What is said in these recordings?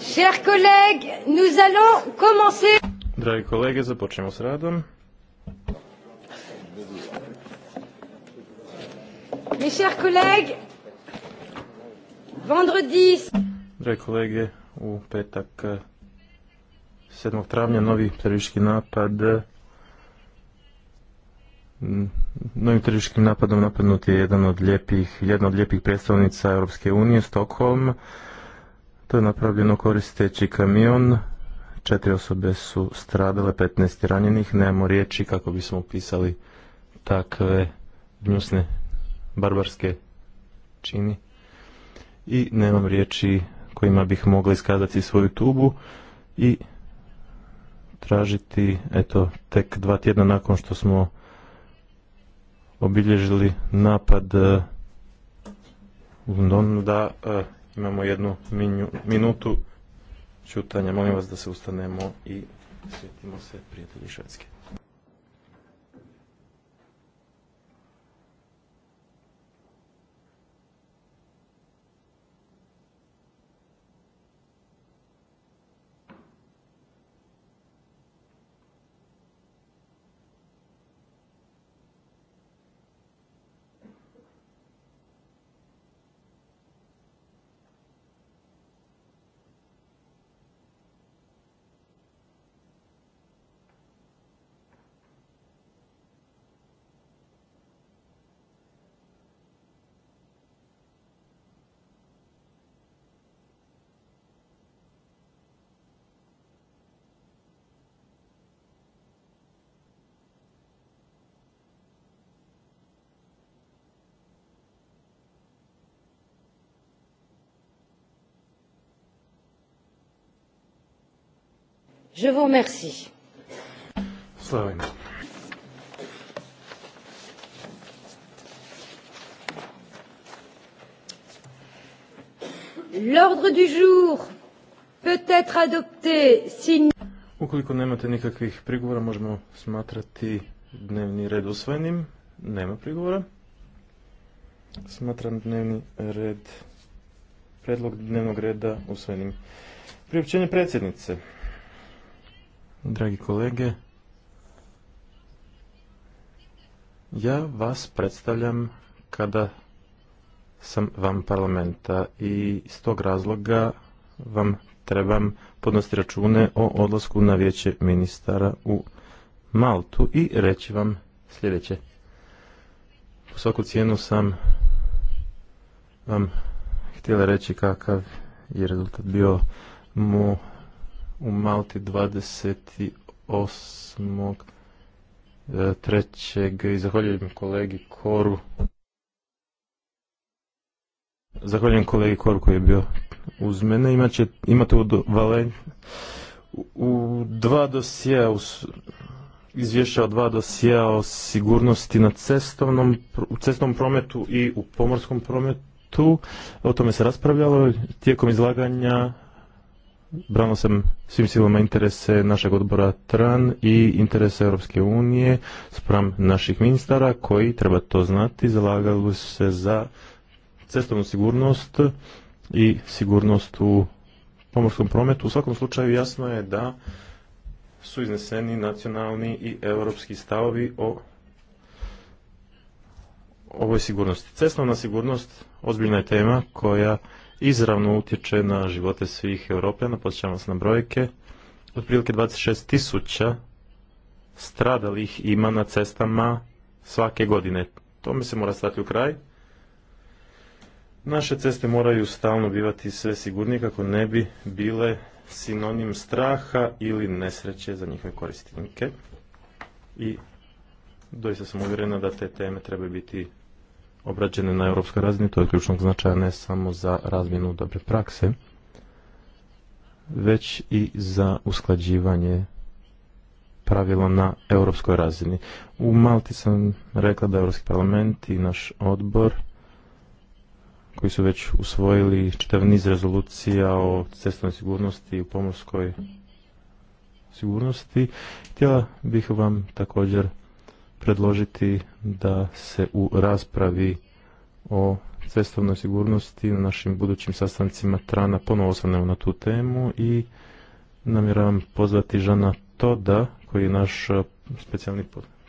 Chers collègues, nous allons commencer. Dragi kolege, započnemo s radom. Mes chers collègues, vendredi... Dragi kolege, u petak 7. Eh, travnja novi teroristički napad Mm, novim tržiškim napadom napadnut je jedan od lijepih, jedna od lijepih predstavnica Europske unije, Stockholm. To je napravljeno koristeći kamion. Četiri osobe su stradale, 15 ranjenih. Nemamo riječi kako bismo opisali takve gnjusne barbarske čini. I nemam riječi kojima bih mogla iskazati svoju tubu i tražiti, eto, tek dva tjedna nakon što smo obilježili napad e, u Londonu da e, imamo jednu minutu čutanja. Molim vas da se ustanemo i sjetimo se prijatelji Švedske. Je vous remercie. Slavim. L'ordre du jour peut être adopté si... Ukoliko nemate nikakvih prigovora, možemo smatrati dnevni red usvojenim. Nema prigovora. Smatram dnevni red, predlog dnevnog reda usvojenim. Priopćenje predsjednice. Dragi kolege, ja vas predstavljam kada sam vam parlamenta i iz tog razloga vam trebam podnositi račune o odlasku na vijeće ministara u Maltu i reći vam sljedeće. U svaku cijenu sam vam htjela reći kakav je rezultat bio mu u Malti 28. E, trećeg i zahvaljujem kolegi Koru zahvaljujem kolegi Koru koji je bio uz mene imate u, Valen, u dva dosija u izvješća dva dosija o sigurnosti na cestovnom, u cestovnom prometu i u pomorskom prometu. O tome se raspravljalo tijekom izlaganja Brano sam svim silama interese našeg odbora TRAN i interese Europske unije spram naših ministara koji, treba to znati, zalagali su se za cestovnu sigurnost i sigurnost u pomorskom prometu. U svakom slučaju jasno je da su izneseni nacionalni i europski stavovi o ovoj sigurnosti. Cestovna sigurnost ozbiljna je tema koja izravno utječe na živote svih Europljana, posjećamo se na brojke, otprilike 26 tisuća stradalih ima na cestama svake godine. Tome se mora stati u kraj. Naše ceste moraju stalno bivati sve sigurnije kako ne bi bile sinonim straha ili nesreće za njihove korisnike. I doista sam uvjerena da te teme trebaju biti obrađene na europskoj razini, to je ključnog značaja ne samo za razmjenu dobre prakse, već i za usklađivanje pravila na europskoj razini. U Malti sam rekla da Europski parlament i naš odbor koji su već usvojili čitav niz rezolucija o cestovnoj sigurnosti i pomorskoj sigurnosti. Htjela bih vam također predložiti da se u raspravi o cestovnoj sigurnosti na našim budućim sastancima Trana ponovo osvrnemo na tu temu i namjeravam pozvati Žana Toda, koji je naš uh, specijalni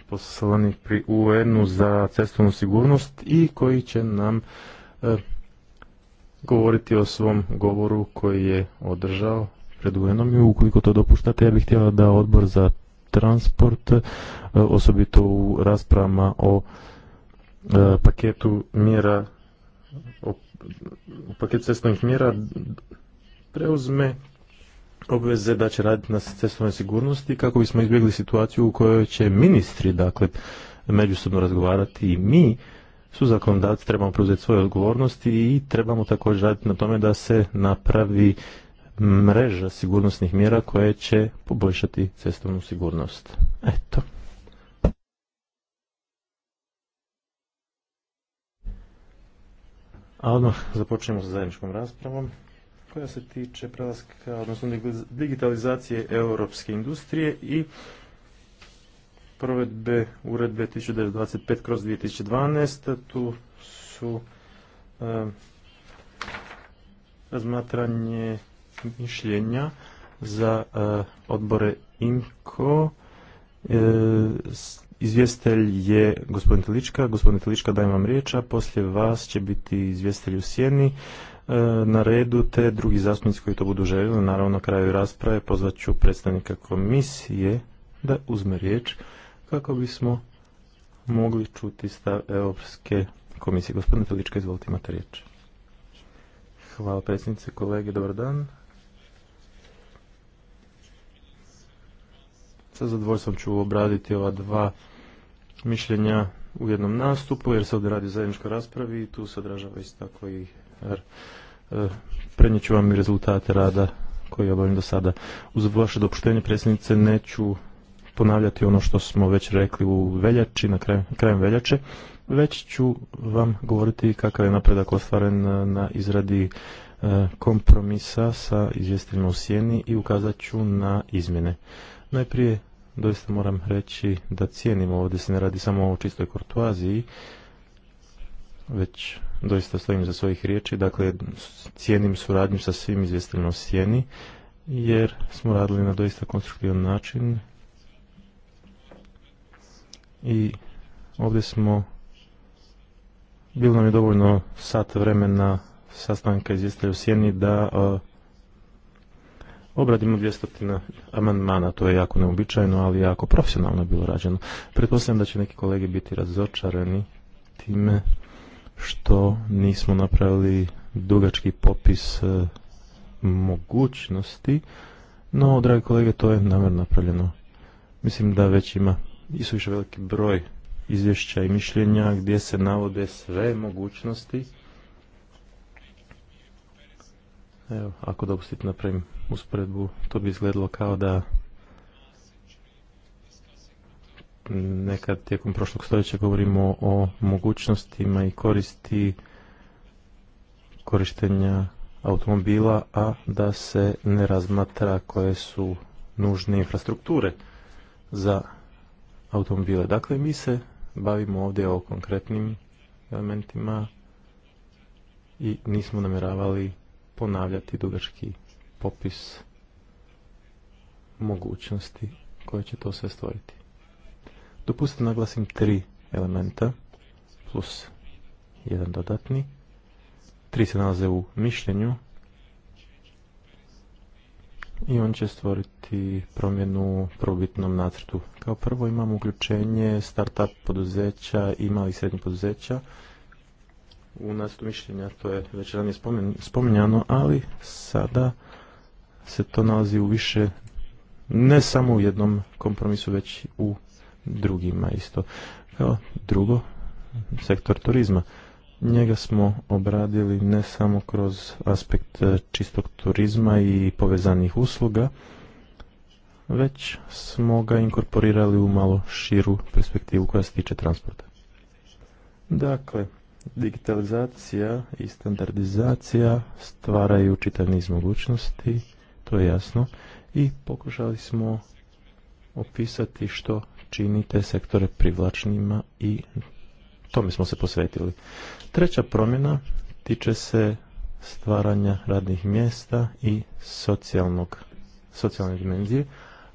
poslanik pri UN-u za cestovnu sigurnost i koji će nam uh, govoriti o svom govoru koji je održao pred UN-om i ukoliko to dopuštate, ja bih htjela da odbor za transport E, osobito u raspravama o e, paketu mjera o paketu cestovnih mjera preuzme obveze da će raditi na cestovnoj sigurnosti kako bismo izbjegli situaciju u kojoj će ministri dakle međusobno razgovarati i mi su zakonodavci trebamo preuzeti svoje odgovornosti i trebamo također raditi na tome da se napravi mreža sigurnosnih mjera koje će poboljšati cestovnu sigurnost. Eto. A odmah započnemo sa zajedničkom raspravom koja se tiče prelaska, odnosno digitalizacije europske industrije i provedbe uredbe 1925 kroz 2012. Tu su razmatranje mišljenja za odbore INKO Izvjestitelj je gospodin Telička. Gospodin Telička, dajem vam riječ, a poslije vas će biti izvjestitelj u sjeni e, na redu, te drugi zastupnici koji to budu željeli. Naravno, na kraju rasprave pozvat ću predstavnika komisije da uzme riječ kako bismo mogli čuti stav Europske komisije. Gospodin Telička, izvolite, imate riječ. Hvala predsjednice, kolege, dobar dan. Sa zadovoljstvom ću obraditi ova dva mišljenja u jednom nastupu, jer se ovdje radi o zajedničkoj raspravi i tu se odražava isto tako i er, e, prenijet ću vam i rezultate rada koji obavim do sada. Uz vaše dopuštenje, predsjednice, neću ponavljati ono što smo već rekli u veljači, na krajem veljače, već ću vam govoriti kakav je napredak ostvaren na izradi e, kompromisa sa izvjestiteljima u sjeni i ukazat ću na izmjene. Najprije doista moram reći da cijenim ovdje se ne radi samo o čistoj kortuaziji, već doista stojim za svojih riječi. Dakle, cijenim suradnju sa svim izvjestiteljima o sjeni, jer smo radili na doista konstruktivan način i ovdje smo bilo nam je dovoljno sat vremena sastanka izvjestitelja u sjeni da obradimo 200 amandmana, to je jako neobičajno, ali jako profesionalno je bilo rađeno. Pretpostavljam da će neki kolege biti razočarani time što nismo napravili dugački popis e, mogućnosti, no, dragi kolege, to je namjerno napravljeno. Mislim da već ima isuviše veliki broj izvješća i mišljenja gdje se navode sve mogućnosti Evo, ako dopustite napravim usporedbu, to bi izgledalo kao da nekad tijekom prošlog stoljeća govorimo o mogućnostima i koristi korištenja automobila, a da se ne razmatra koje su nužne infrastrukture za automobile. Dakle, mi se bavimo ovdje o konkretnim elementima i nismo namjeravali ponavljati dugački popis mogućnosti koje će to sve stvoriti. Dopustite naglasim tri elementa plus jedan dodatni. Tri se nalaze u mišljenju i on će stvoriti promjenu probitnom nacrtu. Kao prvo imamo uključenje startup poduzeća i malih srednjih poduzeća u nastu mišljenja, to je već ranije spominjano, ali sada se to nalazi u više, ne samo u jednom kompromisu, već u drugima isto. Evo, drugo, sektor turizma. Njega smo obradili ne samo kroz aspekt e, čistog turizma i povezanih usluga, već smo ga inkorporirali u malo širu perspektivu koja se tiče transporta. Dakle, Digitalizacija i standardizacija stvaraju čitav niz mogućnosti, to je jasno, i pokušali smo opisati što čini te sektore privlačnima i tome smo se posvetili. Treća promjena tiče se stvaranja radnih mjesta i socijalnog, socijalne dimenzije,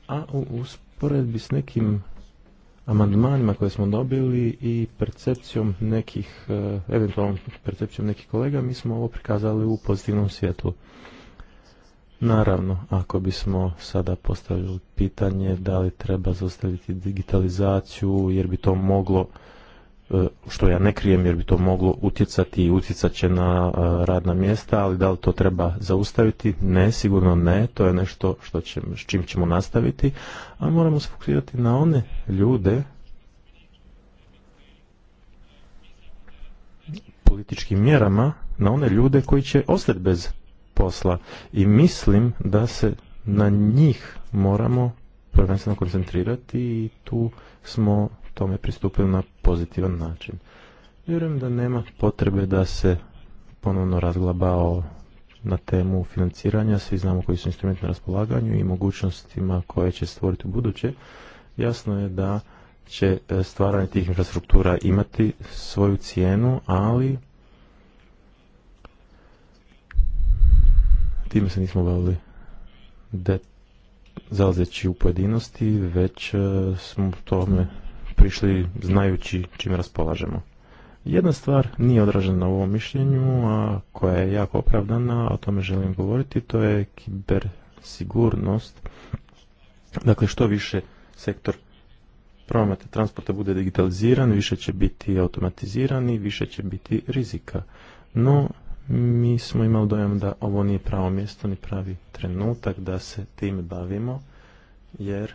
a u usporedbi s nekim amandmanima koje smo dobili i percepcijom nekih, e, eventualno percepcijom nekih kolega, mi smo ovo prikazali u pozitivnom svijetu Naravno, ako bismo sada postavili pitanje da li treba zaustaviti digitalizaciju jer bi to moglo E, što ja ne krijem jer bi to moglo utjecati i utjecat će na e, radna mjesta, ali da li to treba zaustaviti? Ne, sigurno ne, to je nešto što će, s čim ćemo nastaviti, a moramo se fokusirati na one ljude političkim mjerama, na one ljude koji će ostati bez posla i mislim da se na njih moramo prvenstveno koncentrirati i tu smo tome pristupili na pozitivan način. Vjerujem da nema potrebe da se ponovno razglabao na temu financiranja, svi znamo koji su instrumenti na raspolaganju i mogućnostima koje će stvoriti u buduće, jasno je da će e, stvaranje tih infrastruktura imati svoju cijenu, ali time se nismo bavili zalazeći u pojedinosti, već e, smo tome prišli znajući čime raspolažemo. Jedna stvar nije odražena u ovom mišljenju, a koja je jako opravdana, o tome želim govoriti, to je kibersigurnost. Dakle, što više sektor prometa transporta bude digitaliziran, više će biti automatizirani, više će biti rizika. No, mi smo imali dojam da ovo nije pravo mjesto ni pravi trenutak da se tim bavimo, jer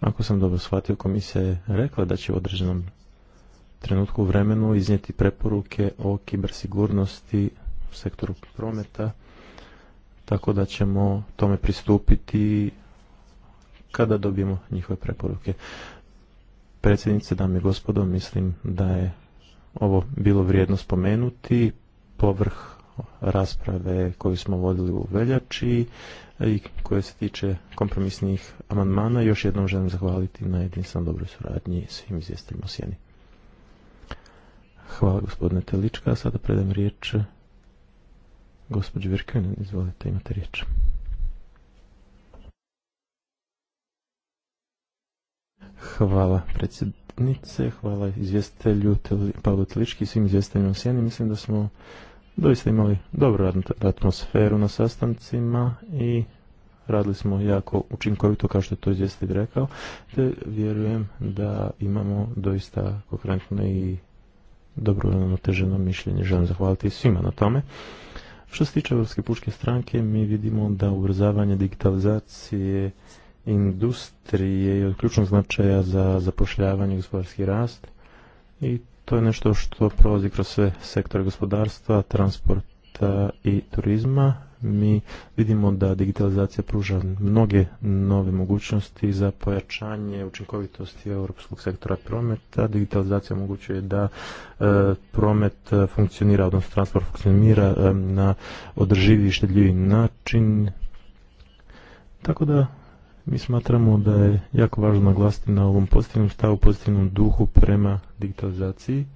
ako sam dobro shvatio, komisija je rekla da će u određenom trenutku vremenu iznijeti preporuke o kibersigurnosti u sektoru prometa, tako da ćemo tome pristupiti kada dobijemo njihove preporuke. Predsjednice, dame i gospodo, mislim da je ovo bilo vrijedno spomenuti povrh rasprave koju smo vodili u veljači i koje se tiče kompromisnih amandmana. Još jednom želim zahvaliti na jedinstvenom dobroj suradnji svim izvjestiteljima Sjeni. Hvala gospodine Telička. Sada predam riječ gospođu Virkinen. Izvolite, imate riječ. Hvala predsjednice, hvala izvjestitelju Pavlu Telički i svim izvjestiteljima u Sjeni. Mislim da smo doista imali dobru atmosferu na sastancima i radili smo jako učinkovito kao što je to izvjestitelj rekao, te vjerujem da imamo doista konkretno i dobro nateženo mišljenje. Želim zahvaliti svima na tome. Što se tiče Evropske pučke stranke, mi vidimo da ubrzavanje digitalizacije industrije je od ključnog značaja za zapošljavanje i gospodarski rast i to je nešto što prolazi kroz sve sektore gospodarstva, transporta i turizma. Mi vidimo da digitalizacija pruža mnoge nove mogućnosti za pojačanje učinkovitosti europskog sektora prometa. Digitalizacija omogućuje da e, promet funkcionira, odnosno transport funkcionira e, na održivi i štedljivi način. Tako da mi smatramo da je jako važno naglasiti na ovom pozitivnom stavu, pozitivnom duhu prema digitalizaciji,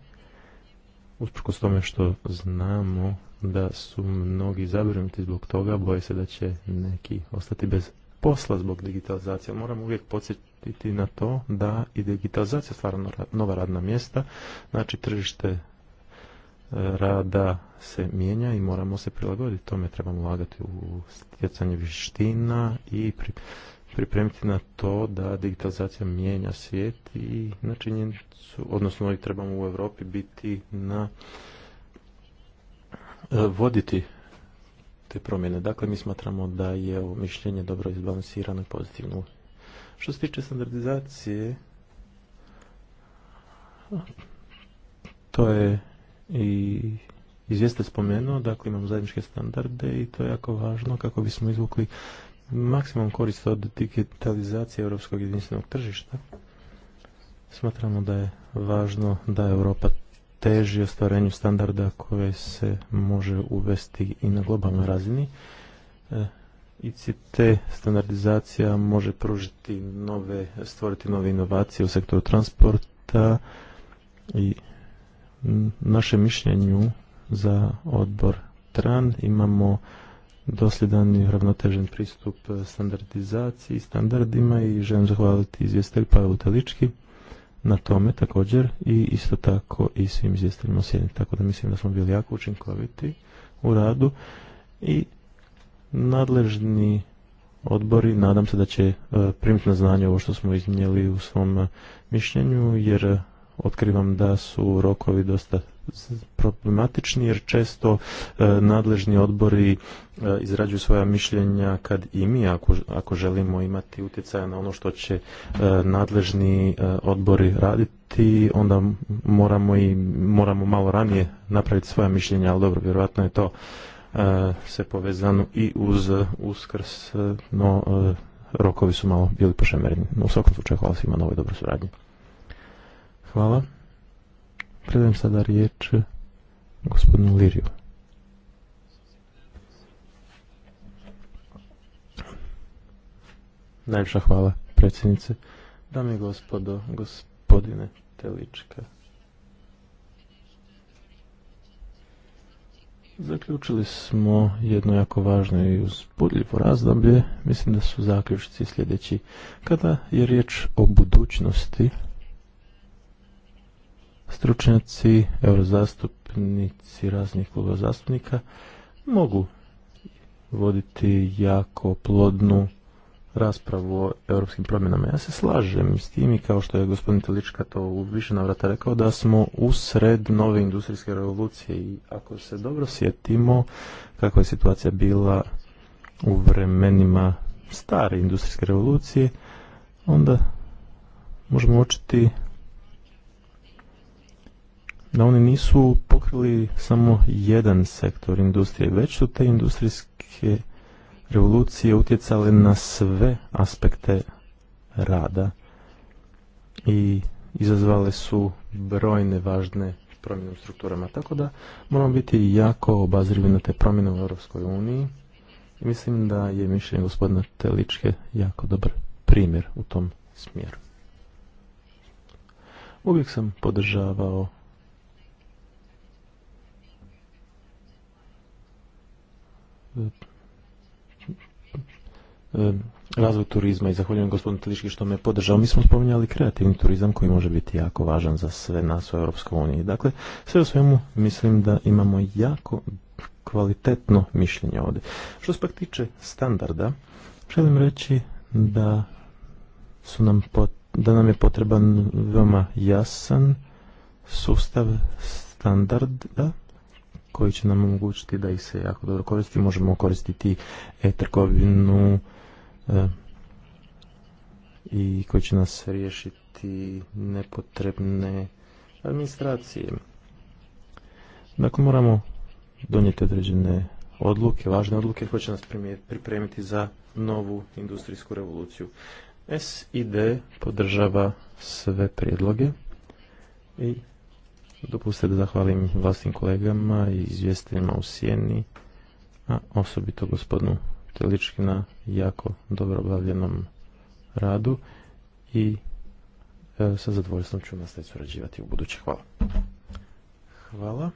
usprkos tome što znamo da su mnogi zabrinuti zbog toga, boje se da će neki ostati bez posla zbog digitalizacije. Moramo uvijek podsjetiti na to da i digitalizacija stvara nova radna mjesta, znači tržište e, rada se mijenja i moramo se prilagoditi tome, trebamo ulagati u stjecanje vještina i pri pripremiti na to da digitalizacija mijenja svijet i na činjenicu, odnosno i trebamo u Europi biti na e, voditi te promjene. Dakle, mi smatramo da je ovo mišljenje dobro izbalansirano i pozitivno. Što se tiče standardizacije, to je i izvjestitelj spomenuo, dakle imamo zajedničke standarde i to je jako važno kako bismo izvukli Maksimum korist od digitalizacije europskog jedinstvenog tržišta, smatramo da je važno da Europa teži ostvarenju standarda koje se može uvesti i na globalnoj razini. E, I ICT standardizacija može pružiti nove, stvoriti nove inovacije u sektoru transporta i našem mišljenju za odbor TRAN imamo dosljedan i ravnotežen pristup e, standardizaciji, standardima i želim zahvaliti izvjestelju Pavel Telički na tome također i isto tako i svim izvjestiteljima sjednice. Tako da mislim da smo bili jako učinkoviti u radu i nadležni odbori nadam se da će e, primiti na znanje ovo što smo iznijeli u svom e, mišljenju jer otkrivam da su rokovi dosta problematični jer često e, nadležni odbori e, izrađuju svoja mišljenja kad i mi ako, ako želimo imati utjecaja na ono što će e, nadležni e, odbori raditi onda moramo i moramo malo ranije napraviti svoja mišljenja ali dobro vjerojatno je to sve povezano i uz uskrs no rokovi su malo bili pošemerni. no, u svakom slučaju hvala svima na ovoj dobroj suradnji Hvala. Predajem sada riječ gospodinu Liriju. Najljepša hvala, predsjednice. Dame i gospodo, gospodine Telička. Zaključili smo jedno jako važno i uzbudljivo razdoblje. Mislim da su zaključci sljedeći. Kada je riječ o budućnosti, stručnjaci, eurozastupnici raznih kluba zastupnika mogu voditi jako plodnu raspravu o europskim promjenama. Ja se slažem s tim i kao što je gospodin Telička to u više navrata rekao da smo u sred nove industrijske revolucije i ako se dobro sjetimo kakva je situacija bila u vremenima stare industrijske revolucije, onda možemo očiti da oni nisu pokrili samo jedan sektor industrije, već su te industrijske revolucije utjecale na sve aspekte rada i izazvale su brojne važne promjene u strukturama. Tako da moramo biti jako obazrivi na te promjene u Europskoj uniji i mislim da je mišljenje gospodina Teličke jako dobar primjer u tom smjeru. Uvijek sam podržavao E, razvoj turizma i zahvaljujem gospodinu Teliški što me podržao. Mi smo spominjali kreativni turizam koji može biti jako važan za sve nas u Europskoj uniji. Dakle, sve u svemu mislim da imamo jako kvalitetno mišljenje ovdje. Što se pak tiče standarda, želim reći da su nam da nam je potreban veoma jasan sustav standarda koji će nam omogućiti da ih se jako dobro koristi. Možemo koristiti e-trgovinu e, i koji će nas riješiti nepotrebne administracije. Dakle, moramo donijeti određene odluke, važne odluke koje će nas pripremiti za novu industrijsku revoluciju. SID podržava sve prijedloge i Dopustite da zahvalim vlastnim kolegama i izvjestiteljima u Sijeni, a osobito gospodinu Telički na jako dobro obavljenom radu i e, sa zadovoljstvom ću nastaviti surađivati u buduće. Hvala. Hvala.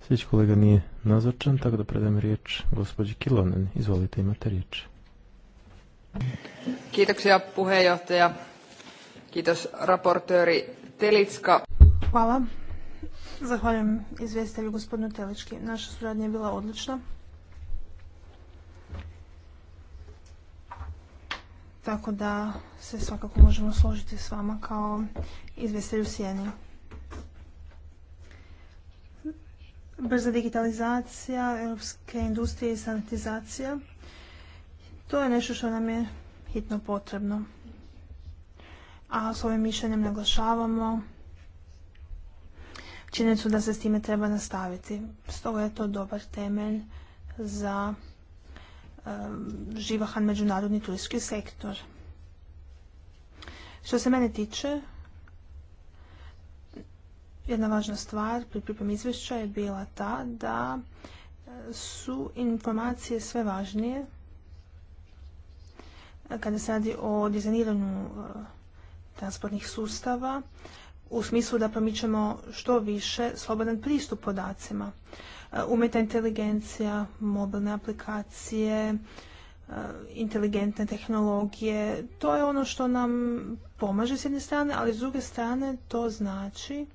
Sljedeći kolega nije nazočan, tako da predajem riječ gospođi Kilonen. Izvolite, imate riječ. Kiitoksia puheenjohtaja. Kiitos raportööri Telitska. Hvala Zahvaljujem izvjestitelju gospodinu Telički. Naša suradnja je bila odlična. Tako da se svakako možemo složiti s vama kao izvjestitelju Sijeni. Brza digitalizacija, europske industrije i sanitizacija. To je nešto što nam je hitno potrebno. A s ovim mišljenjem naglašavamo činjenicu da se s time treba nastaviti. Stoga je to dobar temelj za živahan međunarodni turistički sektor. Što se mene tiče, jedna važna stvar pri pripremi izvješća je bila ta da eh, su informacije sve važnije kada se radi o dizajniranju eh, transportnih sustava, u smislu da promičemo što više slobodan pristup podacima. Uh, umjetna inteligencija, mobilne aplikacije, uh, inteligentne tehnologije, to je ono što nam pomaže s jedne strane, ali s druge strane to znači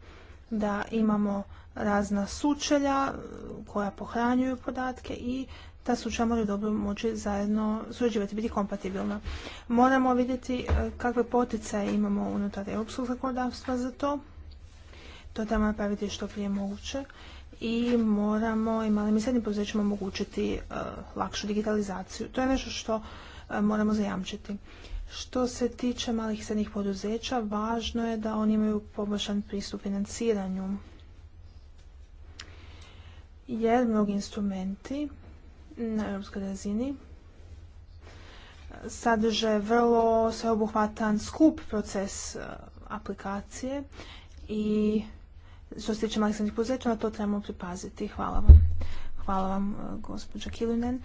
da imamo razna sučelja uh, koja pohranjuju podatke i ta slučaja moraju dobro moći zajedno surađivati, biti kompatibilna. Moramo vidjeti e, kakve poticaje imamo unutar europskog zakonodavstva za to. To trebamo napraviti što prije moguće i moramo i malim i srednjim poduzećima omogućiti e, lakšu digitalizaciju. To je nešto što e, moramo zajamčiti. Što se tiče malih i srednjih poduzeća, važno je da oni imaju poboljšan pristup financiranju. Jer mnogi instrumenti na europskoj razini sadrže vrlo sveobuhvatan skup proces e, aplikacije i što se tiče malih poduzeća, na to trebamo pripaziti. Hvala vam. Hvala vam, e, gospođa Kilinen.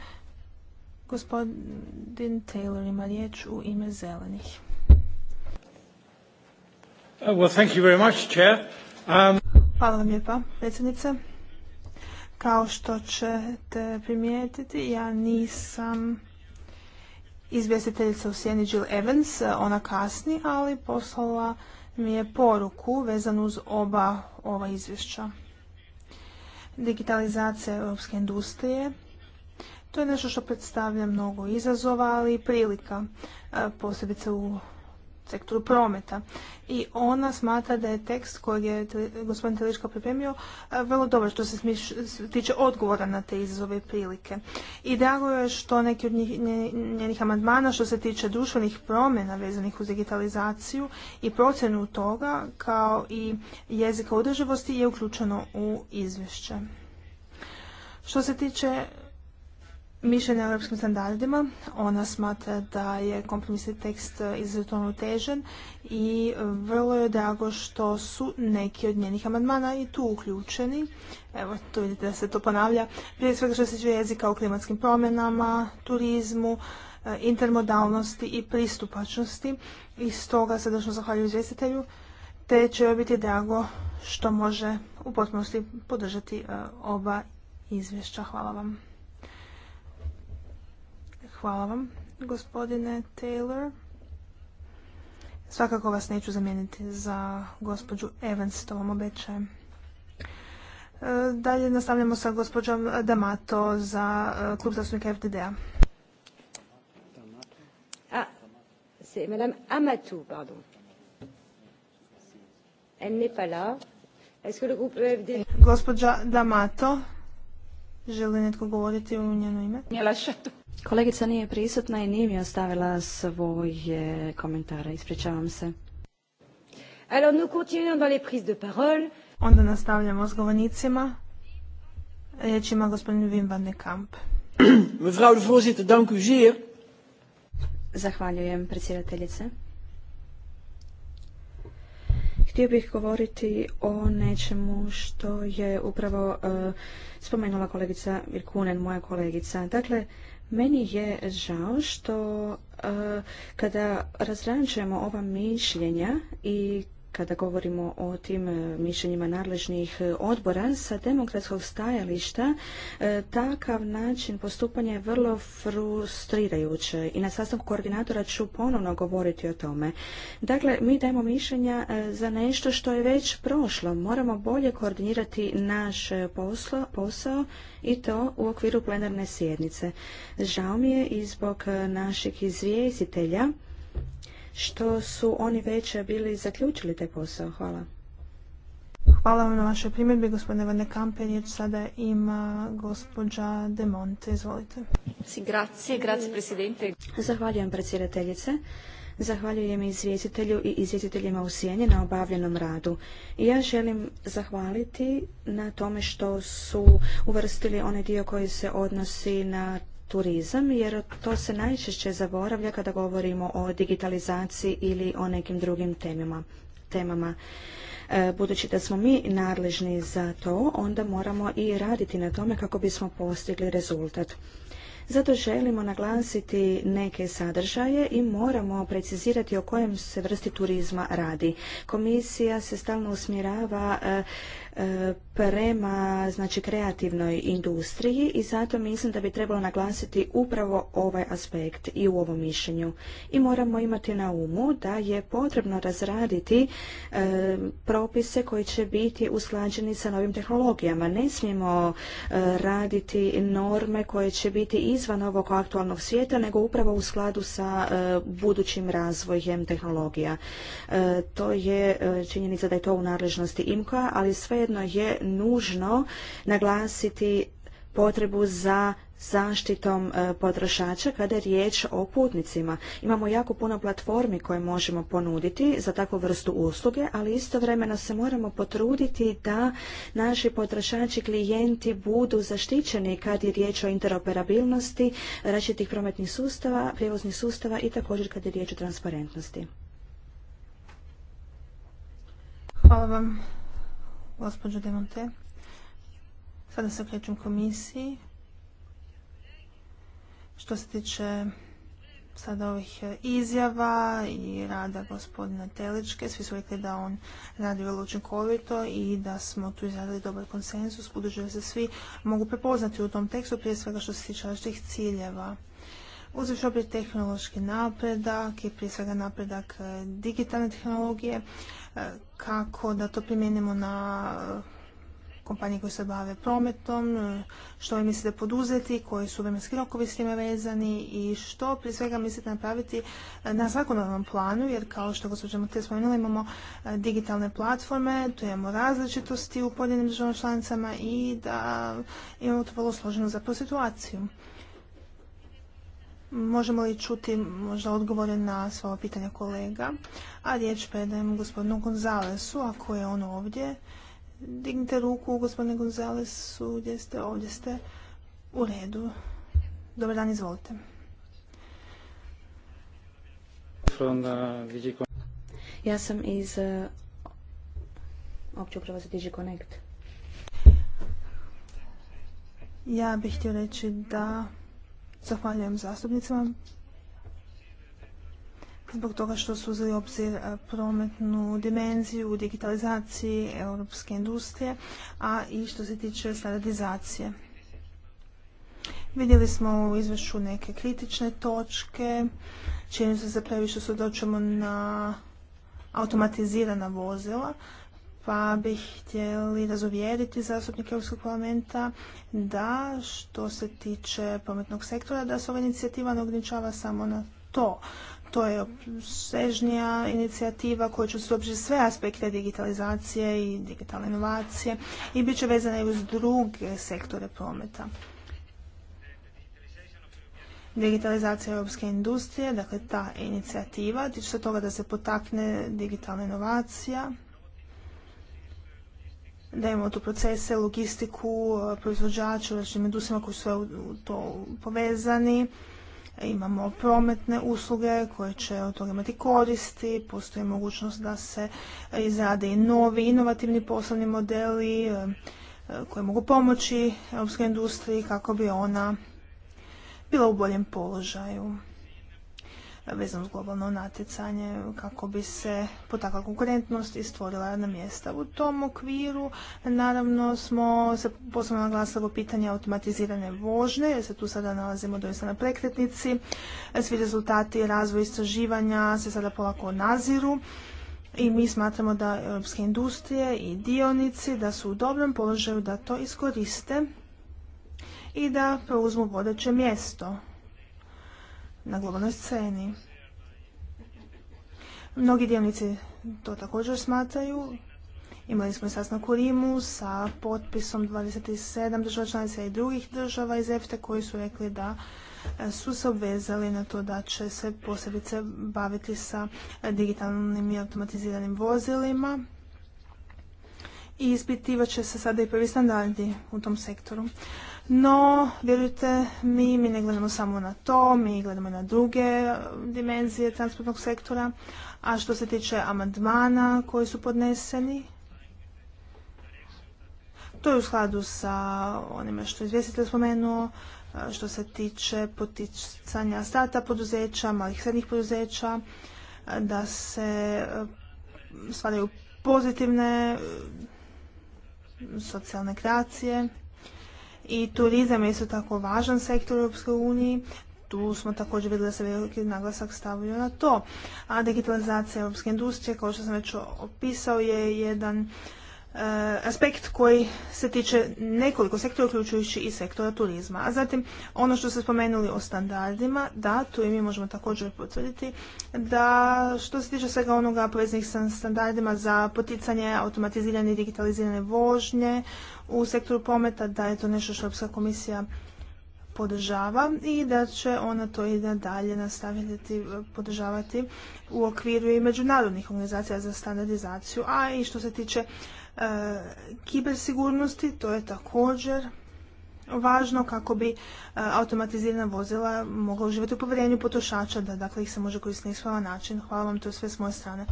Gospodin Taylor ima riječ u ime zelenih. Uh, um, Hvala vam lijepa, predsjednice. Kao što ćete primijetiti, ja nisam izvjestiteljica u sjeni Jill Evans, ona kasni, ali poslala mi je poruku vezanu uz oba ova izvješća. Digitalizacija europske industrije. To je nešto što predstavlja mnogo izazova, ali i prilika, posebice u sektoru prometa. I ona smatra da je tekst koji je gospodin Teliška pripremio e, vrlo dobar što se tiče odgovora na te izazove i prilike. I drago je što neki od njenih amandmana što se tiče društvenih promjena vezanih uz digitalizaciju i procjenu toga kao i jezika održivosti je uključeno u izvješće. Što se tiče mišljenja o europskim standardima. Ona smatra da je kompromisni tekst izuzetno težen i vrlo je drago što su neki od njenih amandmana i tu uključeni. Evo, tu vidite da se to ponavlja. Prije svega što se tiče jezika o klimatskim promjenama, turizmu, eh, intermodalnosti i pristupačnosti. I stoga se došlo zahvaljujem izvjestitelju, te će joj biti drago što može u potpunosti podržati eh, oba izvješća. Hvala vam. Hvala vam, gospodine Taylor. Svakako vas neću zamijeniti za gospođu Evans, to vam obećajem. E, dalje nastavljamo sa gospođom Damato za e, klub zastupnika FDD-a. Ah, c'est Gospođa D'Amato, želi netko govoriti u njeno ime? Njela Šatu. Kolegica nije prisutna i nije mi ostavila svoje komentare. Ispričavam se. Alors nous continuons dans les prises de parole. Onda nastavljamo s govornicima. Riječ ima gospodin Wim van de Kamp. Mevrouw de voorzitter, dank u zeer. Zahvaljujem predsjedateljice. Htio bih govoriti o nečemu što je upravo eh, spomenula kolegica Virkunen, moja kolegica. Dakle, meni je žao što eh, kada razrađujemo ova mišljenja i kada govorimo o tim e, mišljenjima nadležnih e, odbora, sa demokratskog stajališta e, takav način postupanja je vrlo frustrirajuće i na sastanku koordinatora ću ponovno govoriti o tome. Dakle, mi dajemo mišljenja za nešto što je već prošlo. Moramo bolje koordinirati naš poslo, posao i to u okviru plenarne sjednice. Žao mi je i zbog naših izvjestitelja što su oni već bili zaključili taj posao. Hvala. Hvala vam na vašoj primjedbi, gospodine Vane Kampen. sada ima gospođa De Monte. Izvolite. Grazie, grazie presidente. Zahvaljujem predsjedateljice. Zahvaljujem izvjestitelju i izvjestiteljima u sjeni na obavljenom radu. ja želim zahvaliti na tome što su uvrstili onaj dio koji se odnosi na turizam jer to se najčešće zaboravlja kada govorimo o digitalizaciji ili o nekim drugim temima. temama. E, budući da smo mi nadležni za to, onda moramo i raditi na tome kako bismo postigli rezultat. Zato želimo naglasiti neke sadržaje i moramo precizirati o kojem se vrsti turizma radi. Komisija se stalno usmjerava e, E, prema znači kreativnoj industriji i zato mislim da bi trebalo naglasiti upravo ovaj aspekt i u ovom mišljenju. I moramo imati na umu da je potrebno razraditi e, propise koji će biti usklađeni sa novim tehnologijama. Ne smijemo e, raditi norme koje će biti izvan ovog aktualnog svijeta, nego upravo u skladu sa budućim razvojem tehnologija. To je činjenica da je to u nadležnosti IMKA, ali sve je je nužno naglasiti potrebu za zaštitom e, potrošača kada je riječ o putnicima. Imamo jako puno platformi koje možemo ponuditi za takvu vrstu usluge, ali istovremeno se moramo potruditi da naši potrošači, klijenti budu zaštićeni kad je riječ o interoperabilnosti različitih prometnih sustava, prijevoznih sustava i također kad je riječ o transparentnosti. Hvala vam gospođo Demonte. Sada se okrećem komisiji. Što se tiče sada ovih e, izjava i rada gospodina Teličke, svi su rekli da on radi vrlo učinkovito i da smo tu izradili dobar konsensus, budući da se svi mogu prepoznati u tom tekstu, prije svega što se tiče različitih ciljeva uzviš obzir tehnološki napredak i prije svega napredak e, digitalne tehnologije, e, kako da to primijenimo na e, kompanije koje se bave prometom, što vi mislite poduzeti, koji su vremenski rokovi s time vezani i što prije svega mislite napraviti na zakonodavnom planu, jer kao što gospođa Matija spomenula imamo digitalne platforme, tu imamo različitosti u pojedinim državama članicama i da imamo to vrlo složenu zapravo situaciju. Možemo li čuti možda odgovore na sva pitanja kolega? A riječ predajem gospodinu Gonzalesu, ako je on ovdje. Dignite ruku gospodine Gonzalesu, gdje ste? Ovdje ste. U redu. Dobar dan, izvolite. Ja sam iz e, opće uprava za DigiConnect. Ja bih htio reći da Zahvaljujem zastupnicima zbog toga što su uzeli obzir e, prometnu dimenziju u digitalizaciji europske industrije, a i što se tiče standardizacije. Vidjeli smo u izvješću neke kritične točke, čini se zapravo što se na automatizirana vozila, pa bih htjeli razuvjeriti zastupnike Europskog parlamenta da što se tiče prometnog sektora da se ova inicijativa ne ograničava samo na to. To je sežnija inicijativa koja će uopće sve aspekte digitalizacije i digitalne inovacije i bit će vezana i uz druge sektore prometa. Digitalizacija europske industrije, dakle ta inicijativa, tiče se toga da se potakne digitalna inovacija, da imamo tu procese, logistiku, proizvođače u različitim industrijama koji su sve u to povezani. E, imamo prometne usluge koje će od toga imati koristi, postoji mogućnost da se e, izrade i novi inovativni poslovni modeli e, koji mogu pomoći europskoj industriji kako bi ona bila u boljem položaju vezano uz globalno natjecanje kako bi se potakla konkurentnost i stvorila radna mjesta. U tom okviru naravno smo se posebno o pitanje automatizirane vožnje jer se tu sada nalazimo doista na prekretnici. Svi rezultati razvoja istraživanja se sada polako naziru i mi smatramo da europske industrije i dionici da su u dobrom položaju da to iskoriste i da preuzmu vodeće mjesto na globalnoj sceni. Mnogi dionici to također smatraju. Imali smo sastanak u Rimu sa potpisom 27 država članica i drugih država iz EFTA koji su rekli da e, su se obvezali na to da će se posebice baviti sa digitalnim i automatiziranim vozilima i ispitivat će se sada i prvi standardi u tom sektoru. No, vjerujte mi, mi ne gledamo samo na to, mi gledamo na druge eh, dimenzije transportnog sektora. A što se tiče amandmana koji su podneseni, to je u skladu sa onime što je izvjestitelj spomenuo, eh, što se tiče poticanja stata poduzeća, malih srednjih poduzeća, eh, da se stvaraju pozitivne socijalne kreacije i turizam je isto tako važan sektor u Europskoj uniji. Tu smo također vidjeli da se veliki naglasak stavio na to. A digitalizacija europske industrije, kao što sam već opisao, je jedan Eh, aspekt koji se tiče nekoliko sektora, uključujući i sektora turizma. A zatim, ono što ste spomenuli o standardima, da, tu i mi možemo također potvrditi, da što se tiče svega onoga povezanih sa standardima za poticanje automatizirane i digitalizirane vožnje u sektoru prometa, da je to nešto što Europska komisija podržava i da će ona to i nadalje nastaviti eh, podržavati u okviru i međunarodnih organizacija za standardizaciju, a i što se tiče E, kibersigurnosti, to je također važno kako bi e, automatizirana vozila mogla uživati u povjerenju potrošača da dakle ih se može koristiti na ispravan način. Hvala vam to sve s moje strane.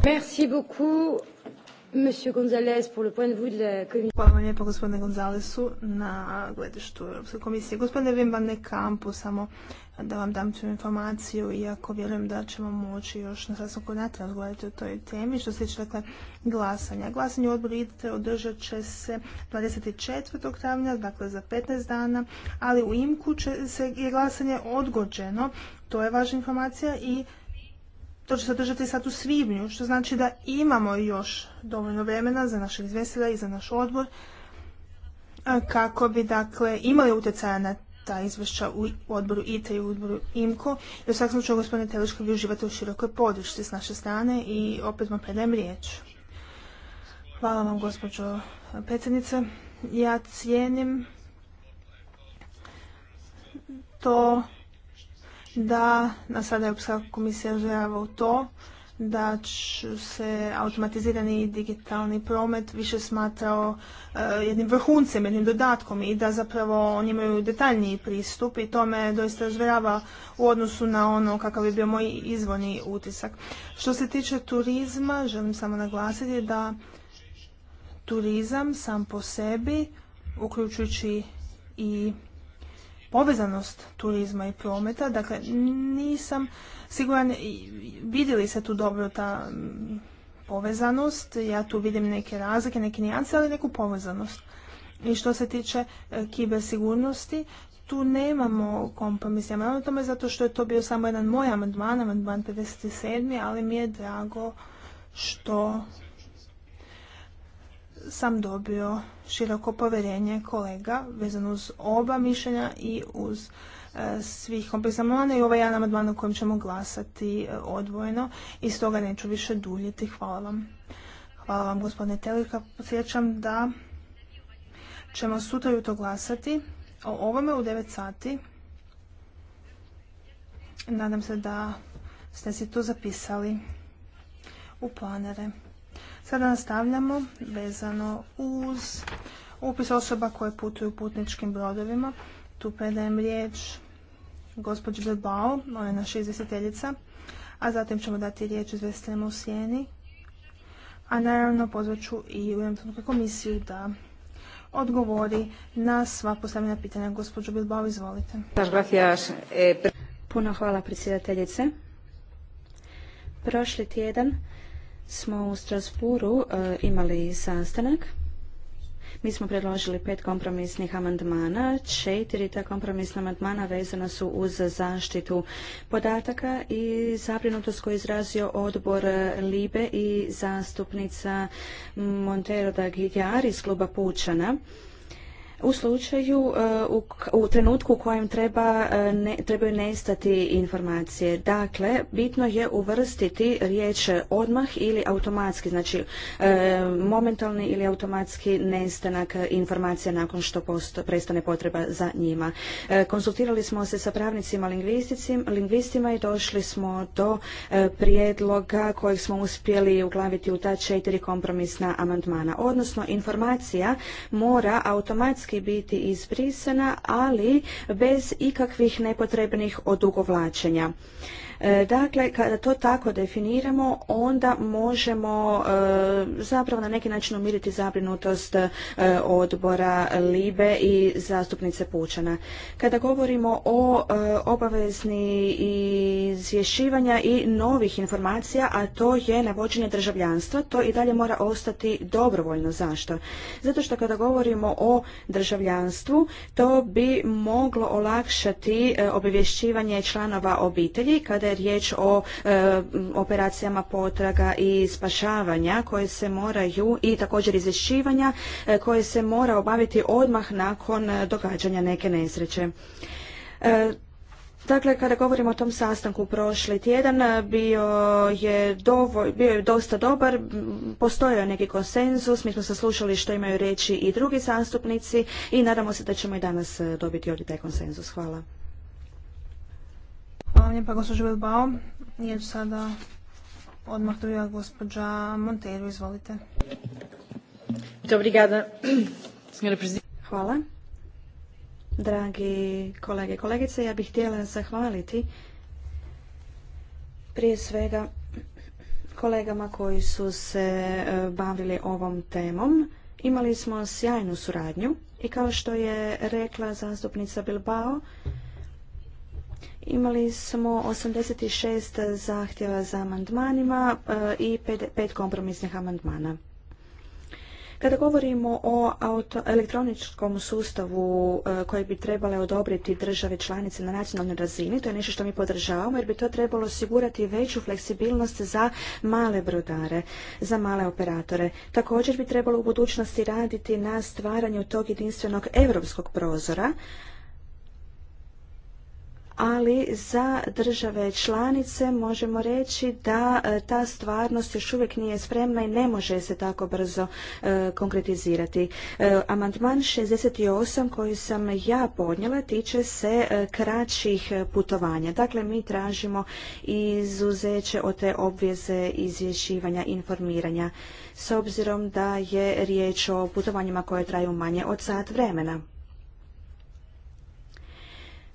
Monsieur Gonzalez, pour le point de vue de la Hvala vam lijepo gospodine Gonzalesu na gledištu Europske komisije. Gospodine van ne kampu, samo da vam dam tu informaciju, iako vjerujem da ćemo moći još na sastanku koordinata razgovarati o toj temi. Što se tiče dakle, glasanja. Glasanje u odboru IDTE održat će se 24. travnja, dakle za 15 dana, ali u IMKU će se je glasanje odgođeno, to je važna informacija i to će se održati sad u svibnju, što znači da imamo još dovoljno vremena za našeg izvestila i za naš odbor e, kako bi dakle imali utjecaja na ta izvješća u odboru ITA i u odboru IMKO. I u svakom slučaju, gospodine teško vi uživate u širokoj podršci s naše strane i opet vam predajem riječ. Hvala vam, gospođo predsjednice. Ja cijenim to da nas sada Europska komisija uvjerava u to da će se automatizirani digitalni promet više smatrao e, jednim vrhuncem, jednim dodatkom i da zapravo oni imaju detaljniji pristup i to me doista razvjerava u odnosu na ono kakav je bio moj izvorni utisak. Što se tiče turizma, želim samo naglasiti da turizam sam po sebi, uključujući i povezanost turizma i prometa. Dakle, nisam siguran vidjeli se tu dobro ta povezanost. Ja tu vidim neke razlike, neke nijance, ali neku povezanost. I što se tiče e, kibersigurnosti, tu nemamo kompromis. Ja o tome zato što je to bio samo jedan moj amandman, amandman 57. ali mi je drago što sam dobio široko povjerenje kolega vezano uz oba mišljenja i uz e, svih kompleksa amandmana i ovaj jedan amandman o kojem ćemo glasati e, odvojeno i stoga neću više duljiti. Hvala vam. Hvala vam gospodine Telika. Podsjećam da ćemo sutra jutro glasati o ovome u 9 sati. Nadam se da ste si to zapisali u planere. Sada nastavljamo vezano uz upis osoba koje putuju putničkim brodovima. Tu predajem riječ gospođi Bilbao, ona je naša izvjestiteljica, a zatim ćemo dati riječ izvjestiteljima u sjeni. A naravno pozvat ću i u komisiju da odgovori na sva postavljena pitanja. Gospođo Bilbao, izvolite. Eh, Puno hvala predsjedateljice. Prošli tjedan smo u Strasburu e, imali sastanak. Mi smo predložili pet kompromisnih amandmana. Četiri ta kompromisna amandmana vezana su uz zaštitu podataka i zabrinutost koju je izrazio odbor Libe i zastupnica Montero da Gidjar iz kluba Pučana u slučaju e, u, trenutku u kojem treba, e, trebaju nestati informacije. Dakle, bitno je uvrstiti riječ odmah ili automatski, znači e, momentalni ili automatski nestanak informacija nakon što prestane potreba za njima. konsultirali smo se sa pravnicima lingvistima i došli smo do prijedloga kojeg smo uspjeli uglaviti u ta četiri kompromisna amandmana. Odnosno, informacija mora automatski automatski biti izbrisana, ali bez ikakvih nepotrebnih odugovlačenja. E, dakle, kada to tako definiramo, onda možemo e, zapravo na neki način umiriti zabrinutost e, odbora Libe i zastupnice Pučana. Kada govorimo o obavezni izvješivanja i novih informacija, a to je navođenje državljanstva, to i dalje mora ostati dobrovoljno. Zašto? Zato što kada govorimo o državljanstvu, to bi moglo olakšati obavješćivanje članova obitelji kada je riječ o e, operacijama potraga i spašavanja koje se moraju i također izvješćivanja e, koje se mora obaviti odmah nakon e, događanja neke nesreće. Dakle, kada govorimo o tom sastanku prošli tjedan, bio je, bio je dosta dobar, postojao neki konsenzus, mi smo saslušali što imaju reći i drugi zastupnici i nadamo se da ćemo i danas dobiti ovdje taj konsenzus. Hvala. Hvala lijepa gospođo Bilbao. nije sada odmah druga gospođa Montero, izvolite. Hvala. Dragi kolege i kolegice, ja bih htjela zahvaliti prije svega kolegama koji su se e, bavili ovom temom. Imali smo sjajnu suradnju i kao što je rekla zastupnica Bilbao, Imali smo 86 zahtjeva za amandmanima e, i 5 kompromisnih amandmana. Kada govorimo o elektroničkom sustavu e, koji bi trebale odobriti države članice na nacionalnoj razini, to je nešto što mi podržavamo jer bi to trebalo osigurati veću fleksibilnost za male brodare, za male operatore. Također bi trebalo u budućnosti raditi na stvaranju tog jedinstvenog europskog prozora, ali za države članice možemo reći da e, ta stvarnost još uvijek nije spremna i ne može se tako brzo e, konkretizirati. E, amandman 68 koji sam ja podnijela tiče se e, kraćih putovanja. Dakle, mi tražimo izuzeće od te obveze izvješivanja informiranja s obzirom da je riječ o putovanjima koje traju manje od sat vremena.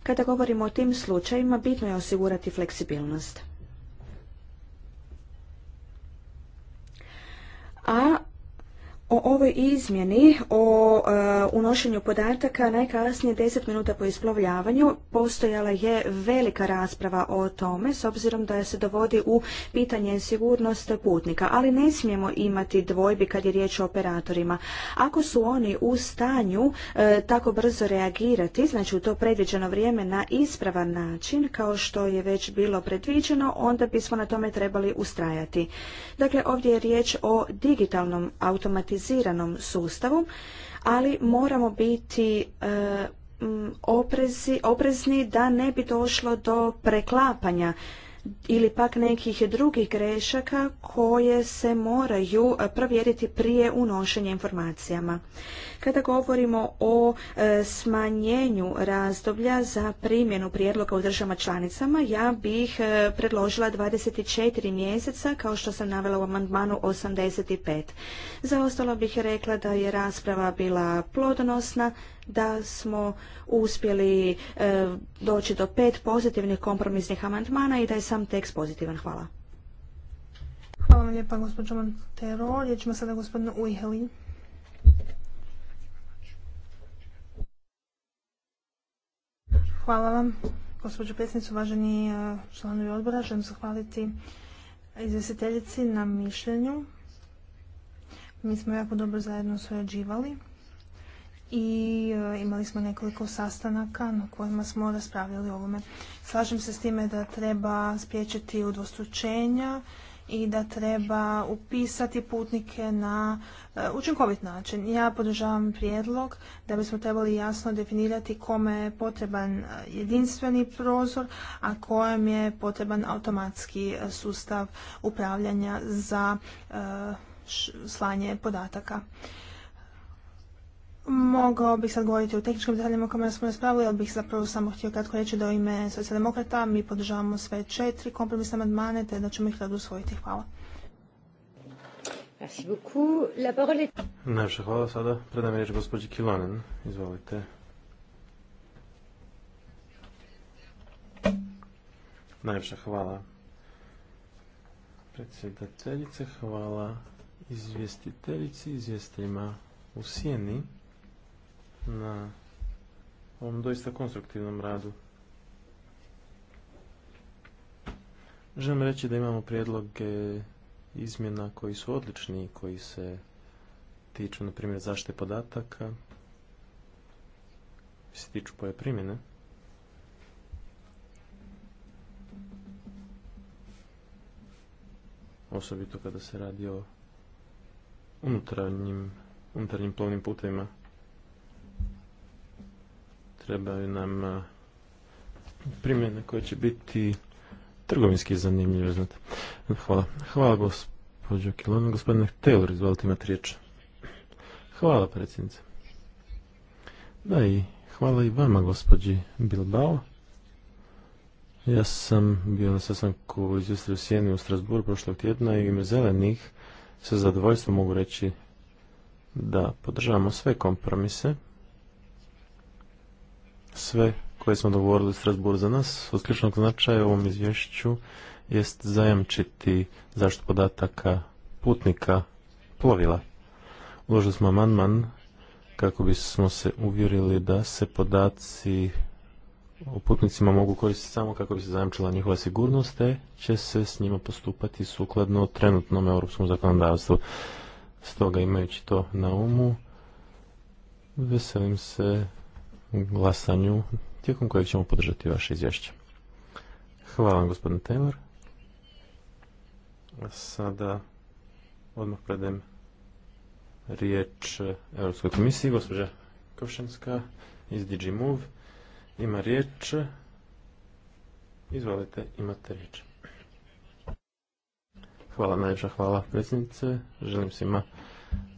Kada govorimo o tim slučajima, bitno je osigurati fleksibilnost. A o ovoj izmjeni o e, unošenju podataka najkasnije 10 minuta po isplovljavanju postojala je velika rasprava o tome s obzirom da se dovodi u pitanje sigurnost putnika, ali ne smijemo imati dvojbi kad je riječ o operatorima. Ako su oni u stanju e, tako brzo reagirati, znači u to predviđeno vrijeme na ispravan način kao što je već bilo predviđeno, onda bismo na tome trebali ustrajati. Dakle, ovdje je riječ o digitalnom automatizaciju organiziranom sustavu, ali moramo biti e, oprezni da ne bi došlo do preklapanja ili pak nekih drugih grešaka koje se moraju e, provjeriti prije unošenja informacijama. Kada govorimo o e, smanjenju razdoblja za primjenu prijedloga u državama članicama, ja bih e, predložila 24 mjeseca, kao što sam navela u amandmanu 85. Za ostalo bih rekla da je rasprava bila plodonosna, da smo uspjeli e, doći do pet pozitivnih kompromisnih amandmana i da je sam tekst pozitivan. Hvala. Hvala vam lijepa gospođo Montero. Riječ sada gospodinu Ujheli. Hvala vam gospođo predsjednicu, uvaženi e, članovi odbora. Želim zahvaliti izvjestiteljici na mišljenju. Mi smo jako dobro zajedno surađivali i e, imali smo nekoliko sastanaka na kojima smo raspravljali o ovome. Slažem se s time da treba spriječiti udvostručenja i da treba upisati putnike na e, učinkovit način. Ja podržavam prijedlog da bismo trebali jasno definirati kome je potreban e, jedinstveni prozor, a kojem je potreban automatski sustav upravljanja za slanje podataka. Mogao bih sad govoriti o tehničkim detaljima o kojima smo raspravili, ali bih zapravo samo htio kratko reći da u ime socijaldemokrata mi podržavamo sve četiri kompromisne amandmane te da ćemo ih rado usvojiti. Hvala. Merci beaucoup. La parole est... hvala sada. Predam riječ gospođi Kilanen. Izvolite. Najviše hvala predsjedateljice, hvala izvjestiteljici, izvjestiteljima u sjeni na ovom doista konstruktivnom radu. Želim reći da imamo prijedloge izmjena koji su odlični, i koji se tiču, na primjer, zaštite podataka, se tiču poje primjene. Osobito kada se radi o unutarnjim, unutarnjim plovnim putevima trebaju nam e, primjene koje će biti trgovinski zanimljive, znate. Hvala. Hvala gospođo Kilona. Gospodine Taylor, izvolite imati riječ. Hvala predsjednice. Da i hvala i vama gospođi Bilbao. Ja sam bio na sastanku iz u Sjeni u Strasburu prošlog tjedna i ime zelenih sa zadovoljstvom mogu reći da podržavamo sve kompromise sve koje smo dogovorili Strasbourg za nas od ključnog značaja u ovom izvješću jest zajamčiti zaštitu podataka putnika plovila. Uložili smo amandman kako bismo se uvjerili da se podaci o putnicima mogu koristiti samo kako bi se zajamčila njihova sigurnost, te će se s njima postupati sukladno trenutnom europskom zakonodavstvu. Stoga imajući to na umu, veselim se glasanju tijekom kojeg ćemo podržati vaše izvješće. Hvala vam gospodin Taylor. Sada odmah predajem riječ Europskoj komisiji. Gospođa Košenska iz DG ima riječ. Izvolite, imate riječ. Hvala najljepša, hvala predsjednice. Želim svima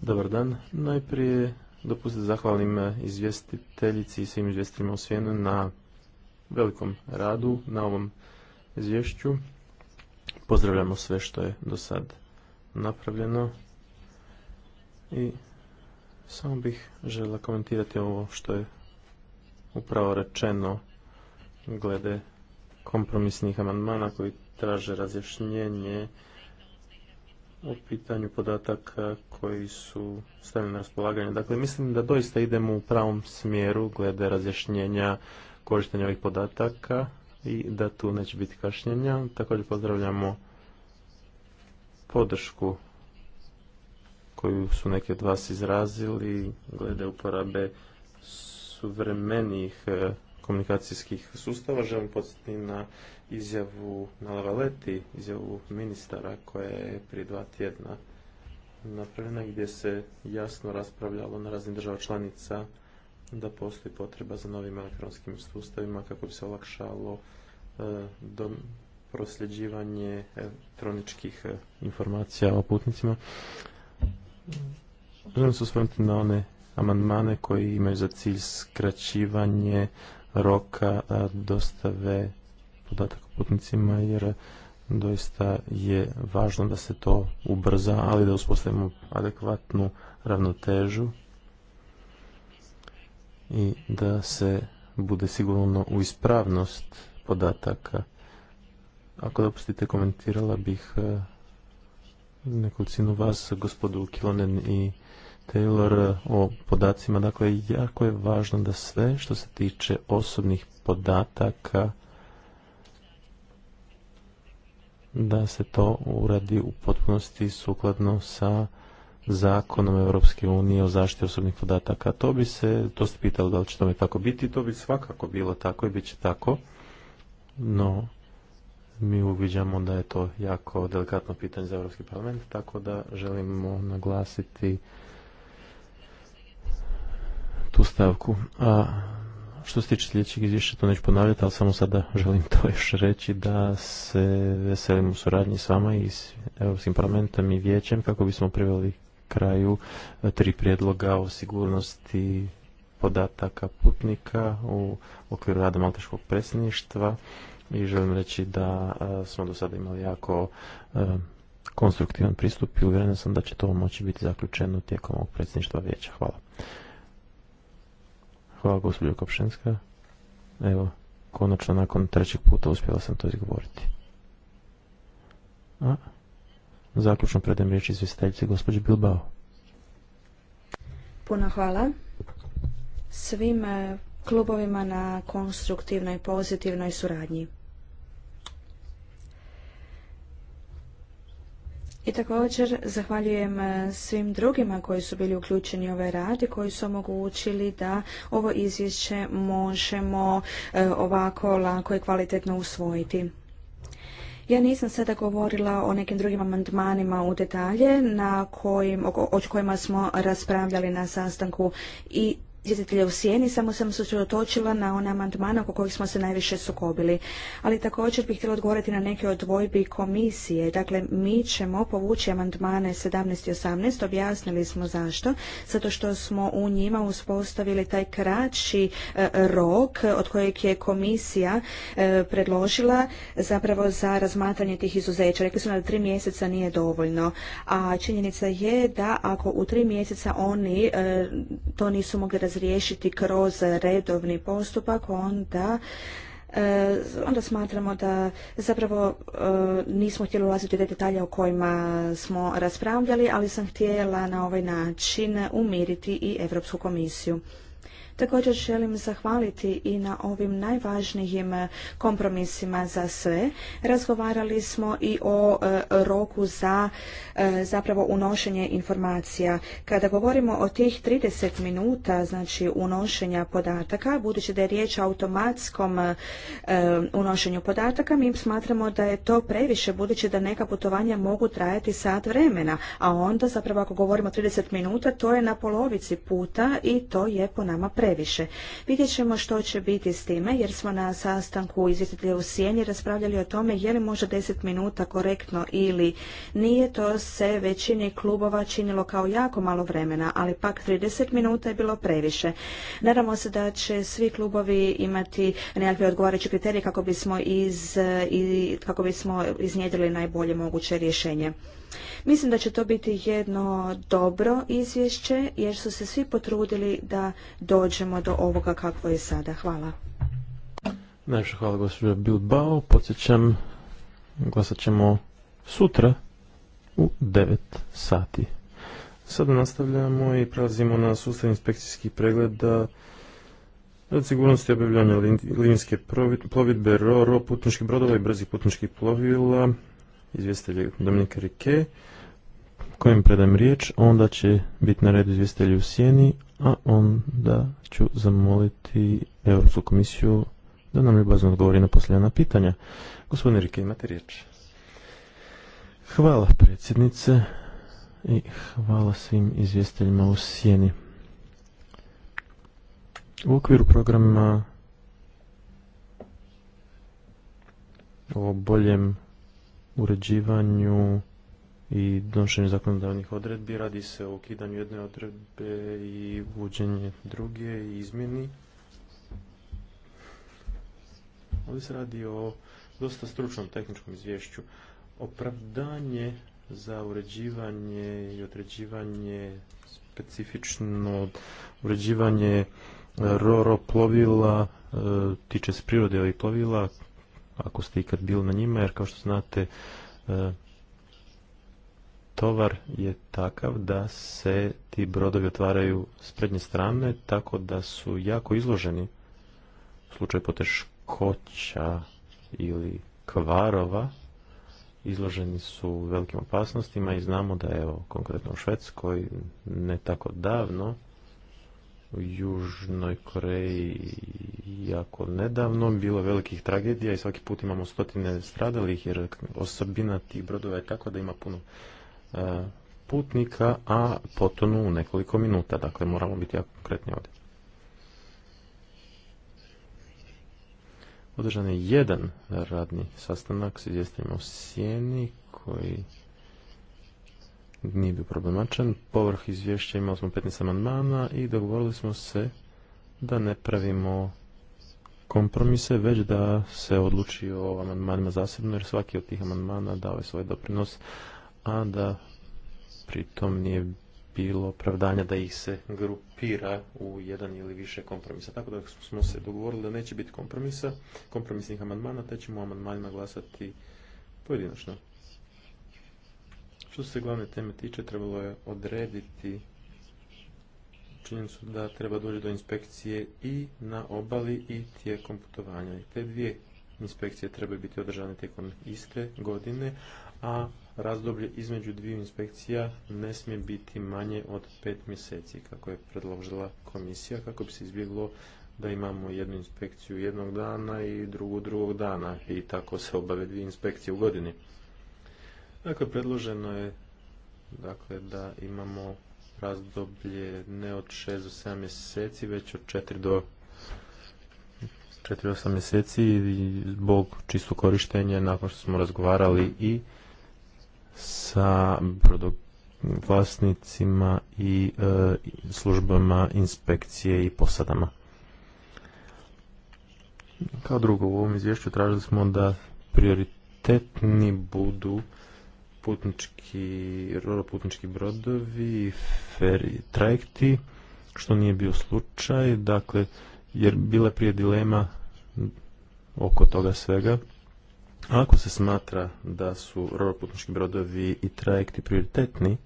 dobar dan. Najprije Dopustite zahvalim e, izvjestiteljici i svim izvjestiteljima u Svijenu na velikom radu na ovom izvješću. Pozdravljamo sve što je do sad napravljeno i samo bih žela komentirati ovo što je upravo rečeno glede kompromisnih amandmana koji traže razjašnjenje o pitanju podataka koji su stavljeni na raspolaganje. Dakle, mislim da doista idemo u pravom smjeru glede razjašnjenja korištenja ovih podataka i da tu neće biti kašnjenja. Također pozdravljamo podršku koju su neki od vas izrazili glede uporabe suvremenih komunikacijskih sustava. Želim podsjetiti na izjavu na Lavaleti, izjavu ministara koja je prije dva tjedna napravljena gdje se jasno raspravljalo na raznim država članica da postoji potreba za novim elektronskim sustavima kako bi se olakšalo e, do prosljeđivanje elektroničkih e, informacija o putnicima. Želim se osvrnuti na one amandmane koji imaju za cilj skraćivanje roka dostave podataka putnicima jer e, doista je važno da se to ubrza, ali da uspostavimo adekvatnu ravnotežu i da se bude sigurno u ispravnost podataka. Ako dopustite, komentirala bih e, nekolicinu vas, gospodu Kilonen i Taylor eh, o podacima. Dakle, jako je važno da sve što se tiče osobnih podataka da se to uradi u potpunosti sukladno sa zakonom Europske unije o zaštiti osobnih podataka. To bi se, to ste pitali da li će tome tako biti, to bi svakako bilo tako i bit će tako, no mi uviđamo da je to jako delikatno pitanje za Europski parlament, tako da želimo naglasiti tu stavku. A što se tiče sljedećeg izvješća, to neću ponavljati, ali samo sada želim to još reći da se veselim u suradnji s vama i s Europskim parlamentom i vijećem kako bismo priveli kraju e, tri prijedloga o sigurnosti podataka putnika u okviru rada Malteškog predsjedništva i želim reći da e, smo do sada imali jako e, konstruktivan pristup i uvjeren sam da će to moći biti zaključeno tijekom ovog predsjedništva vijeća. Hvala. Hvala gospođo Kopšenska. Evo, konačno nakon trećeg puta uspjela sam to izgovoriti. A, zaključno predajem riječ izvjestiteljice gospođe Bilbao. Puno hvala svim eh, klubovima na konstruktivnoj i pozitivnoj suradnji. također zahvaljujem e, svim drugima koji su bili uključeni u ovaj rad i koji su omogućili da ovo izvješće možemo e, ovako lako i kvalitetno usvojiti. Ja nisam sada govorila o nekim drugim amandmanima u detalje na kojim, o, o kojima smo raspravljali na sastanku i izvjetelja u sjeni, samo sam se usredotočila na one amandmane oko kojih smo se najviše sukobili. Ali također bih htjela odgovoriti na neke od dvojbi komisije. Dakle, mi ćemo povući amandmane 17 i 18, objasnili smo zašto, zato što smo u njima uspostavili taj kraći e, rok od kojeg je komisija e, predložila zapravo za razmatranje tih izuzeća. Rekli su nam da tri mjeseca nije dovoljno, a činjenica je da ako u tri mjeseca oni e, to nisu mogli razmatrati, razriješiti kroz redovni postupak, onda e, onda smatramo da zapravo e, nismo htjeli ulaziti u te detalje o kojima smo raspravljali, ali sam htjela na ovaj način umiriti i Europsku komisiju. Također želim zahvaliti i na ovim najvažnijim e, kompromisima za sve. Razgovarali smo i o e, roku za e, zapravo unošenje informacija. Kada govorimo o tih 30 minuta, znači unošenja podataka, budući da je riječ o automatskom unošenju podataka, mi smatramo da je to previše, budući da neka putovanja mogu trajati sat vremena, a onda zapravo ako govorimo 30 minuta, to je na polovici puta i to je po nama previše previše. Vidjet ćemo što će biti s time jer smo na sastanku izvjestitelja u Sjeni raspravljali o tome je li možda 10 minuta korektno ili nije. To se većini klubova činilo kao jako malo vremena, ali pak 30 minuta je bilo previše. Nadamo se da će svi klubovi imati nekakve odgovarajuće kriterije kako bismo, iz, i, kako bismo iznjedili najbolje moguće rješenje. Mislim da će to biti jedno dobro izvješće jer su se svi potrudili da dođemo do ovoga kakvo je sada. Hvala. Najviše hvala gospođa Bilbao. Podsjećam, glasat ćemo sutra u 9 sati. Sada nastavljamo i prelazimo na sustav inspekcijskih pregleda od sigurnosti objavljanja linijske plovidbe, ro putničkih brodova i brzih putničkih plovila izvjestitelju Dominika Rike, kojem predam riječ, onda će biti na redu izvjestitelju u Sijeni, a onda ću zamoliti Europsku komisiju da nam ljubazno odgovori na posljedna pitanja. Gospodine Rike, imate riječ. Hvala predsjednice i hvala svim izvjestiteljima u Sijeni. U okviru programa o boljem uređivanju i donošenju zakonodavnih odredbi. Radi se o ukidanju jedne odredbe i uvođenje druge i izmjeni. Ovdje se radi o dosta stručnom tehničkom izvješću. Opravdanje za uređivanje i određivanje specifično uređivanje roro e, plovila e, tiče se prirode ovih plovila ako ste ikad bili na njima, jer kao što znate, e, tovar je takav da se ti brodovi otvaraju s prednje strane, tako da su jako izloženi u slučaju poteškoća ili kvarova, izloženi su velikim opasnostima i znamo da evo konkretno u Švedskoj ne tako davno Južnoj Koreji jako nedavno. Bilo velikih tragedija i svaki put imamo stotine stradalih jer osobina tih brodova je tako da ima puno e, putnika, a potonu u nekoliko minuta. Dakle, moramo biti jako konkretni ovdje. Održan je jedan radni sastanak s u Sjeni koji nije bio problemačan. Povrh izvješća imali smo 15 amandmana i dogovorili smo se da ne pravimo kompromise, već da se odluči o amandmanima zasebno, jer svaki od tih amandmana dao je svoj doprinos, a da pritom nije bilo opravdanja da ih se grupira u jedan ili više kompromisa. Tako da smo se dogovorili da neće biti kompromisa, kompromisnih amandmana, te ćemo o amandmanima glasati pojedinačno. Što se glavne teme tiče, trebalo je odrediti činjenicu da treba doći do inspekcije i na obali i tijekom putovanja. te dvije inspekcije trebaju biti održane tijekom iste godine, a razdoblje između dviju inspekcija ne smije biti manje od pet mjeseci, kako je predložila komisija, kako bi se izbjeglo da imamo jednu inspekciju jednog dana i drugu drugog dana i tako se obave dvije inspekcije u godini. Dakle, predloženo je dakle, da imamo razdoblje ne od 6 do 7 mjeseci, već od 4 do 4-8 mjeseci i zbog čisto korištenja nakon što smo razgovarali i sa vlasnicima i e, službama inspekcije i posadama. Kao drugo, u ovom izvješću tražili smo da prioritetni budu putnički, putnički brodovi, feri, trajekti, što nije bio slučaj, dakle, jer bila prije dilema oko toga svega. Ako se smatra da su putnički brodovi i trajekti prioritetni,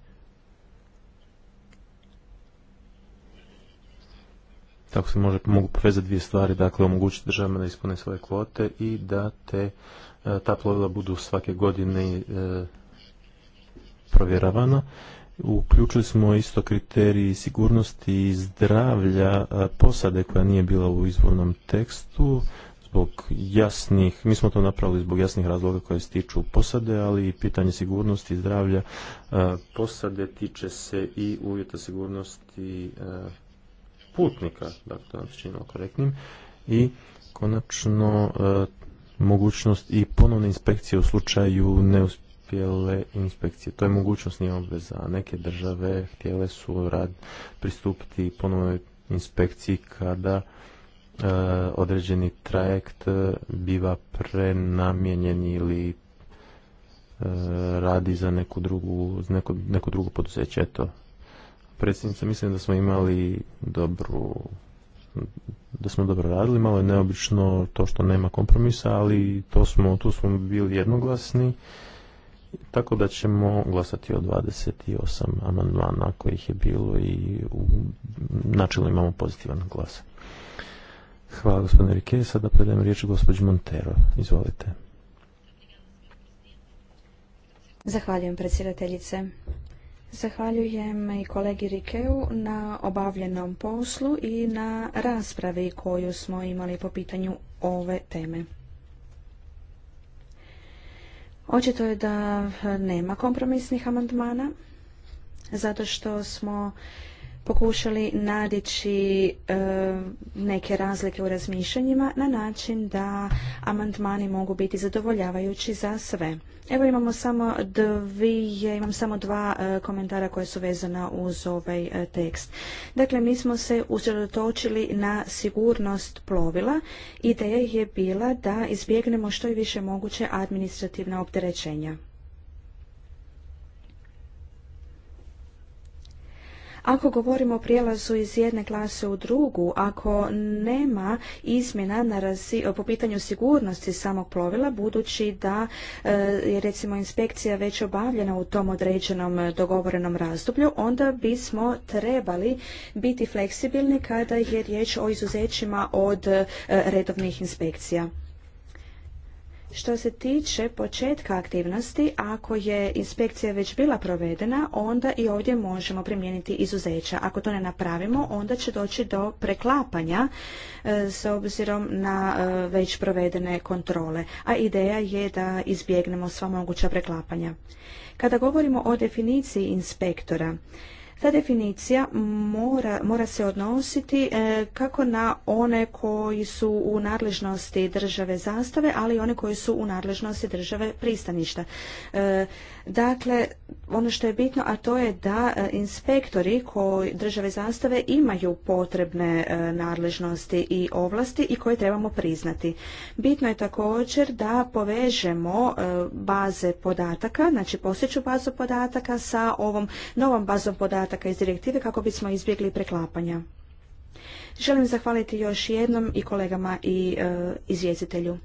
tako se može, mogu povezati dvije stvari, dakle omogućiti državama da ispune svoje kvote i da te e, ta plovila budu svake godine e, provjeravana. Uključili smo isto kriteriji sigurnosti i zdravlja posade koja nije bila u izvornom tekstu zbog jasnih, mi smo to napravili zbog jasnih razloga koje se tiču posade, ali i pitanje sigurnosti i zdravlja posade tiče se i uvjeta sigurnosti putnika, dakle to nam se korektnim, i konačno mogućnost i ponovne inspekcije u slučaju neuspjeća dospjele inspekcije. To je mogućnost, nije obveza. Neke države htjele su rad, pristupiti ponovnoj inspekciji kada e, određeni trajekt e, biva prenamijenjen ili e, radi za neku drugu, neko, neko drugo poduzeće. Eto, predsjednica, mislim da smo imali dobru da smo dobro radili, malo je neobično to što nema kompromisa, ali to smo, tu smo bili jednoglasni tako da ćemo glasati o 28 amandmana kojih je bilo i u načelu imamo pozitivan glas. Hvala gospodine Rike, sada predajem riječ gospođi Montero. Izvolite. Zahvaljujem predsjedateljice. Zahvaljujem i kolegi Rikeu na obavljenom poslu i na raspravi koju smo imali po pitanju ove teme. Očito je da nema kompromisnih amandmana, zato što smo pokušali nadići e, neke razlike u razmišljanjima na način da amandmani mogu biti zadovoljavajući za sve. Evo imamo samo dvije, imam samo dva e, komentara koje su vezana uz ovaj e, tekst. Dakle, mi smo se usredotočili na sigurnost plovila. Ideja je bila da izbjegnemo što je više moguće administrativna opterećenja. Ako govorimo o prijelazu iz jedne klase u drugu, ako nema izmjena na razi, po pitanju sigurnosti samog plovila, budući da e, je recimo inspekcija već obavljena u tom određenom e, dogovorenom razdoblju, onda bismo trebali biti fleksibilni kada je riječ o izuzećima od e, redovnih inspekcija. Što se tiče početka aktivnosti, ako je inspekcija već bila provedena, onda i ovdje možemo primijeniti izuzeća. Ako to ne napravimo, onda će doći do preklapanja e, s obzirom na e, već provedene kontrole, a ideja je da izbjegnemo sva moguća preklapanja. Kada govorimo o definiciji inspektora, ta definicija mora, mora se odnositi e, kako na one koji su u nadležnosti države zastave, ali i one koji su u nadležnosti države pristaništa. E, Dakle, ono što je bitno, a to je da e, inspektori koji države zastave imaju potrebne e, nadležnosti i ovlasti i koje trebamo priznati. Bitno je također da povežemo e, baze podataka, znači posjeću bazu podataka sa ovom novom bazom podataka iz direktive kako bismo izbjegli preklapanja. Želim zahvaliti još jednom i kolegama i izvjezitelju. izvjestitelju.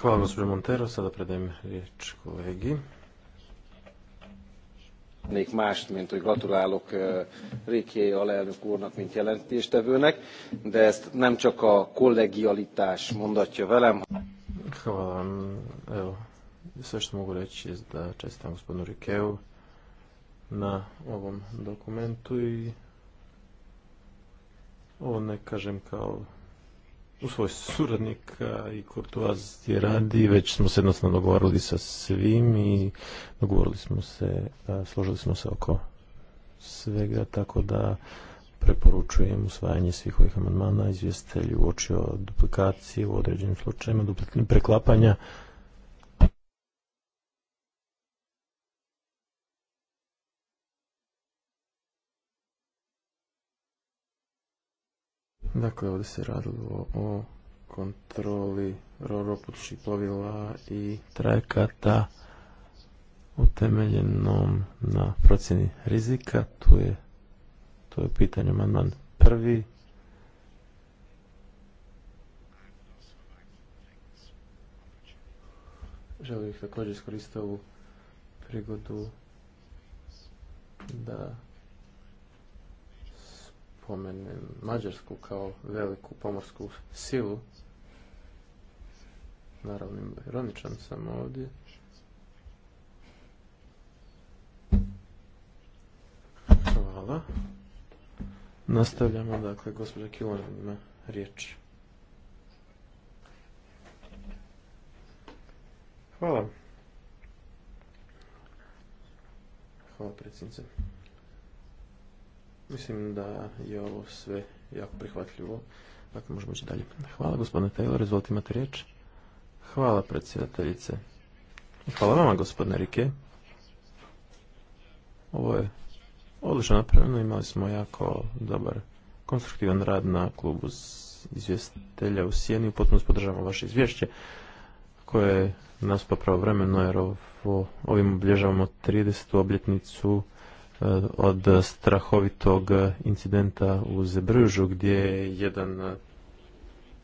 Hvala gospođo Montero, sada predajem riječ kolegi. Nék mást, mint hogy gratulálok eh, Riké alelnök úrnak, mint jelentéstevőnek, de ezt nem csak a kollegialitás mondatja velem. Hvala Evo, sve što mogu reći je da čestitam gospodinu Rikeu na ovom dokumentu i ovo ne kažem kao u svoj suradnik i Kurtuaz je radi, već smo se jednostavno dogovorili sa svim i dogovorili smo se, složili smo se oko svega, tako da preporučujem usvajanje svih ovih amandmana, izvjestelju uočio duplikaciji u određenim slučajima, preklapanja, Dakle, ovdje se radilo o kontroli roroputničkih plovila i trajekata utemeljenom na procjeni rizika. Tu je, to je pitanje amandman prvi. Želim bih također iskoristiti ovu prigodu da spomenem Mađarsku kao veliku pomorsku silu. Naravno, ironičan sam ovdje. Hvala. Nastavljamo, dakle, gospođa Kilonen ima riječ. Hvala. Hvala predsjednice. Mislim da je ovo sve jako prihvatljivo. Dakle, možemo ići dalje. Hvala, gospodine Taylor, izvolite imate riječ. Hvala, predsjedateljice. Hvala vama, gospodine Rike. Ovo je odlično napravljeno, imali smo jako dobar konstruktivan rad na klubu izvjestitelja u Sijeni. Potpuno podržavamo vaše izvješće koje nas popravo vremeno jer ovim obilježavamo 30. obljetnicu Eh, od strahovitog eh, incidenta u Zebružu gdje je jedan eh,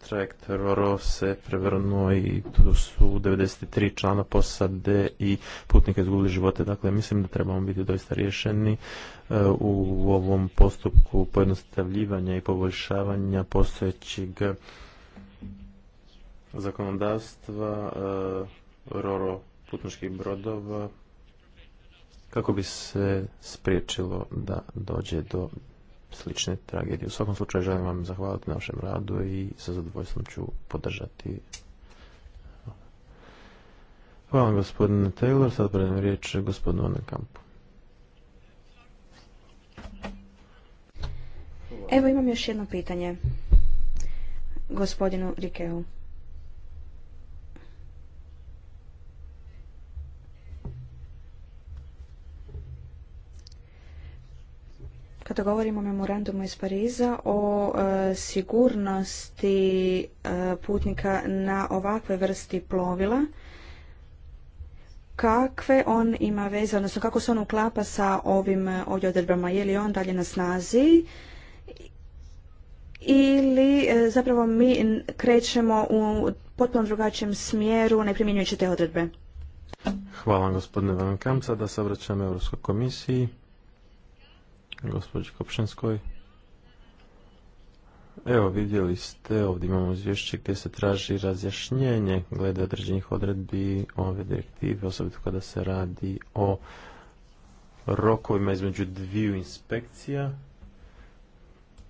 trajekt Roro se prevrnuo i tu su 93 člana posade i putnika izgubili živote. Dakle, mislim da trebamo biti doista rješeni u ovom postupku pojednostavljivanja i poboljšavanja postojećeg zakonodavstva Roro putničkih brodova kako bi se spriječilo da dođe do slične tragedije. U svakom slučaju želim vam zahvaliti na vašem radu i sa zadovoljstvom ću podržati. Hvala vam gospodine Taylor, sad predam riječ gospodinu Van Kampu. Evo imam još jedno pitanje gospodinu Rikeu. Kada govorimo o memorandumu iz Pariza o e, sigurnosti e, putnika na ovakve vrsti plovila, kakve on ima veze, odnosno kako se on uklapa sa ovim e, ovdje odredbama, je li on dalje na snazi ili zapravo mi krećemo u potpuno drugačijem smjeru ne primjenjujući te odredbe? Hvala gospodine Van Kamp, se obraćam Europskoj komisiji gospođi Kopšanskoj. Evo vidjeli ste, ovdje imamo izvješće gdje se traži razjašnjenje glede određenih odredbi ove direktive, osobito kada se radi o rokovima između dviju inspekcija.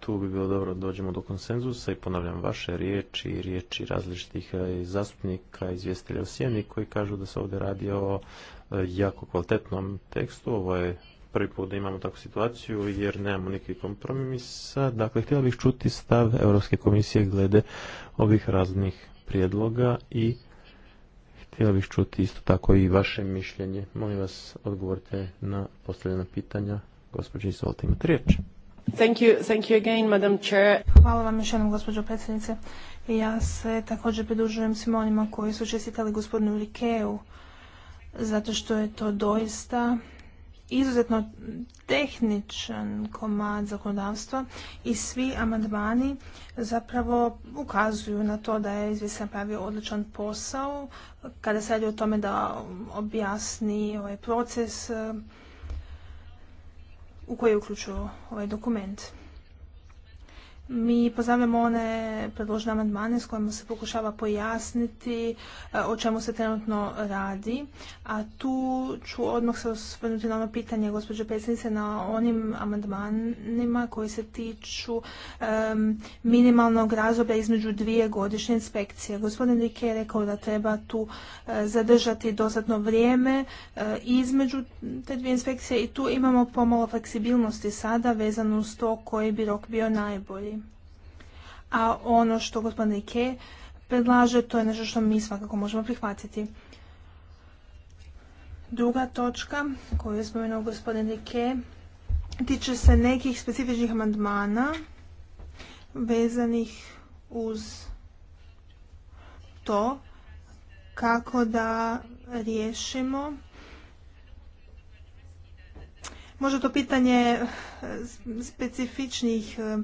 Tu bi bilo dobro da dođemo do konsenzusa i ponavljam vaše riječi i riječi različitih e, zastupnika, izvjestitelja u sjeni koji kažu da se ovdje radi o e, jako kvalitetnom tekstu. Ovo je prvi put da imamo takvu situaciju jer nemamo nikakvih kompromisa. Dakle, htjela bih čuti stav Europske komisije glede ovih raznih prijedloga i htjela bih čuti isto tako i vaše mišljenje. Molim vas, odgovorite na postavljena pitanja. Gospođi, izvolite imate riječ. Thank you, again, Madam Chair. Hvala vam još jednom, gospođo predsjednice. Ja se također pridružujem svima onima koji su čestitali gospodinu Rikeu, zato što je to doista izuzetno tehničan komad zakonodavstva i svi amandmani zapravo ukazuju na to da je izvjesan pravio odličan posao kada se radi o tome da objasni ovaj proces eh, u koji je uključio ovaj dokument. Mi pozdravljamo one predložene amandmane s kojima se pokušava pojasniti e, o čemu se trenutno radi, a tu ću odmah se osvrnuti na ono pitanje gospođe predsjednice na onim amandmanima koji se tiču minimalnog razdoblja između dvije godišnje inspekcije. Gospodin Rike je rekao da treba tu e, zadržati dostatno vrijeme e, između te dvije inspekcije i tu imamo pomalo fleksibilnosti sada vezano uz to koji bi rok bio najbolji a ono što gospodin Ike predlaže, to je nešto što mi svakako možemo prihvatiti. Druga točka koju je spomenuo gospodin Ike tiče se nekih specifičnih amandmana vezanih uz to kako da riješimo možda to pitanje specifičnih eh,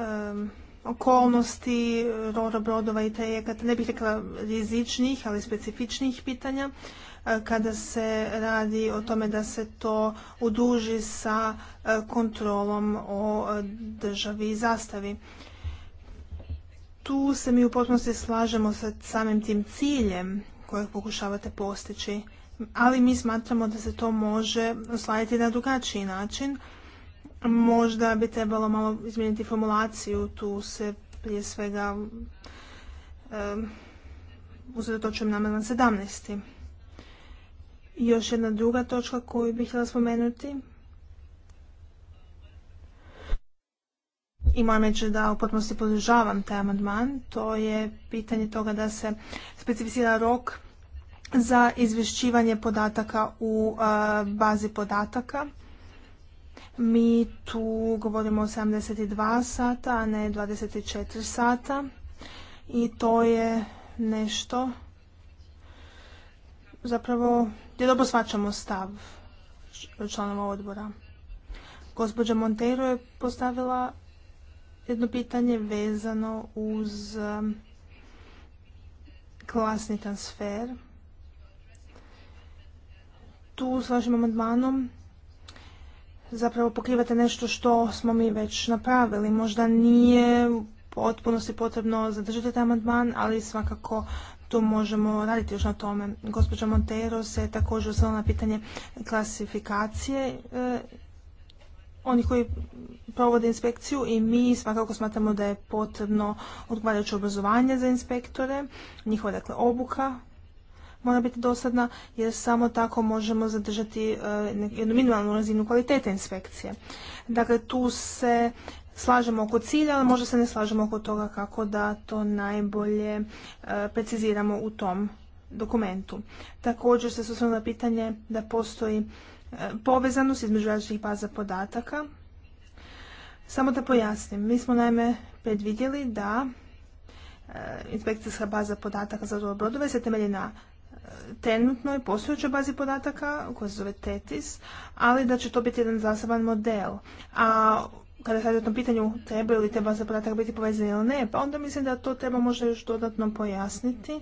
eh, okolnosti roro brodova i trajekata, ne bih rekla rizičnih, ali specifičnih pitanja, e, kada se radi o tome da se to uduži sa e, kontrolom o e, državi i zastavi. Tu se mi u potpunosti slažemo sa samim tim ciljem kojeg pokušavate postići, ali mi smatramo da se to može na drugačiji način Možda bi trebalo malo izmijeniti formulaciju, tu se prije svega uzredotočujem uzredotočujem na amandman 17. Još jedna druga točka koju bih htjela spomenuti. I moram reći da u potpunosti podržavam taj amandman. To je pitanje toga da se specificira rok za izvješćivanje podataka u bazi podataka mi tu govorimo o 72 sata, a ne 24 sata i to je nešto zapravo gdje dobro svačamo stav članova odbora. Gospođa Montero je postavila jedno pitanje vezano uz klasni um, transfer. Tu s vašim amandmanom zapravo pokrivate nešto što smo mi već napravili. Možda nije potpuno si potrebno zadržati taj amandman, ali svakako tu možemo raditi još na tome. Gospođa Montero se također uzela na pitanje klasifikacije e, oni koji provode inspekciju i mi svakako smatramo da je potrebno odgovarajuće obrazovanje za inspektore, njihova dakle obuka mora biti dosadna jer samo tako možemo zadržati e, jednu minimalnu razinu kvalitete inspekcije. Dakle, tu se slažemo oko cilja, ali možda se ne slažemo oko toga kako da to najbolje e, preciziramo u tom dokumentu. Također se na pitanje da postoji e, povezanost između različitih baza podataka. Samo da pojasnim, mi smo naime predvidjeli da inspekcijska baza podataka za brodove se temelji na trenutnoj postojećoj bazi podataka koja se zove TETIS, ali da će to biti jedan zaseban model. A kada se radi o tom pitanju treba li te baze podataka biti povezane ili ne, pa onda mislim da to treba možda još dodatno pojasniti,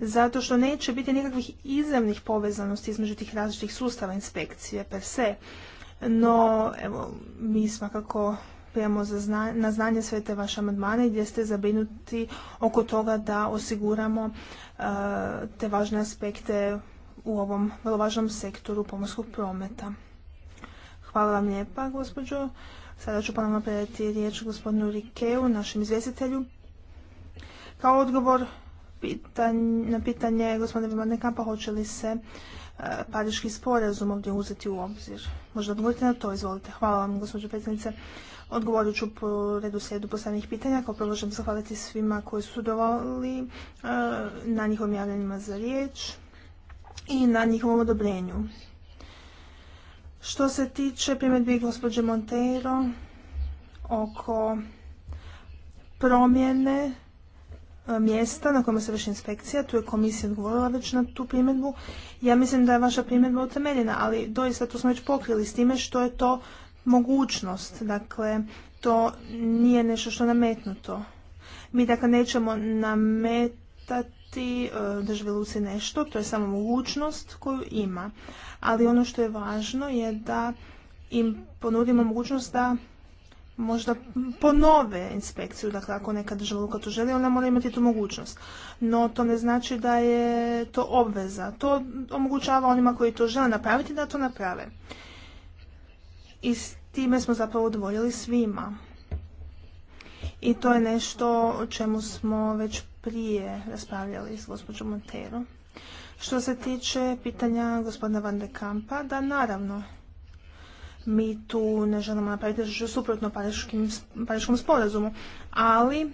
zato što neće biti nikakvih izravnih povezanosti između tih različitih sustava inspekcije per se. No, evo, mi svakako prijemo na znanje sve te vaše amandmane gdje ste zabrinuti oko toga da osiguramo e, te važne aspekte u ovom vrlo važnom sektoru pomorskog prometa. Hvala vam lijepa, gospođo. Sada ću ponovno predati riječ gospodinu Rikeu, našem izvjestitelju. Kao odgovor na pitanje gospodine Vimane Kampa, hoće li se E, pariški sporazum ovdje uzeti u obzir? Možda odgovorite na to, izvolite. Hvala vam, gospođo predsjednice. Odgovorit ću po redu slijedu postavljenih pitanja. Kao prvo želim zahvaliti svima koji su sudovali e, na njihovim javljanjima za riječ i na njihovom odobrenju. Što se tiče primjedbi gospođe Montero oko promjene E, mjesta na kojima se vrši inspekcija, tu je komisija odgovorila već na tu primjedbu. Ja mislim da je vaša primjedba utemeljena, ali doista to smo već pokrili s time što je to mogućnost. Dakle, to nije nešto što je nametnuto. Mi dakle nećemo nametati e, državi nešto, to je samo mogućnost koju ima. Ali ono što je važno je da im ponudimo mogućnost da možda ponove inspekciju. Dakle, ako neka država luka to želi, ona mora imati tu mogućnost. No, to ne znači da je to obveza. To omogućava onima koji to žele napraviti da to naprave. I s time smo zapravo odvoljili svima. I to je nešto o čemu smo već prije raspravljali s gospođom Montero. Što se tiče pitanja gospodina Van de Kampa, da naravno, mi tu ne želimo napraviti suprotno pariškom sporazumu, ali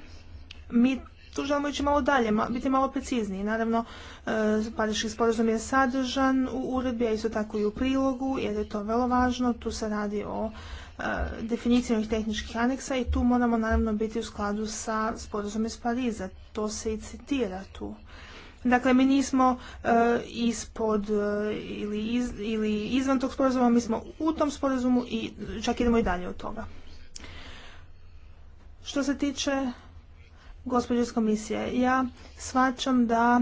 mi tu želimo ići malo dalje, biti malo precizniji. Naravno, e, Pariški sporazum je sadržan u uredbi, a isto tako i u prilogu, jer je to vrlo važno. Tu se radi o e, definicijama ovih tehničkih aneksa i tu moramo naravno biti u skladu sa sporazum iz Pariza. To se i citira tu. Dakle, mi nismo e, ispod e, ili, ili izvan tog sporazuma, mi smo u tom sporazumu i čak idemo i dalje od toga. Što se tiče gospođe komisije, ja svačam da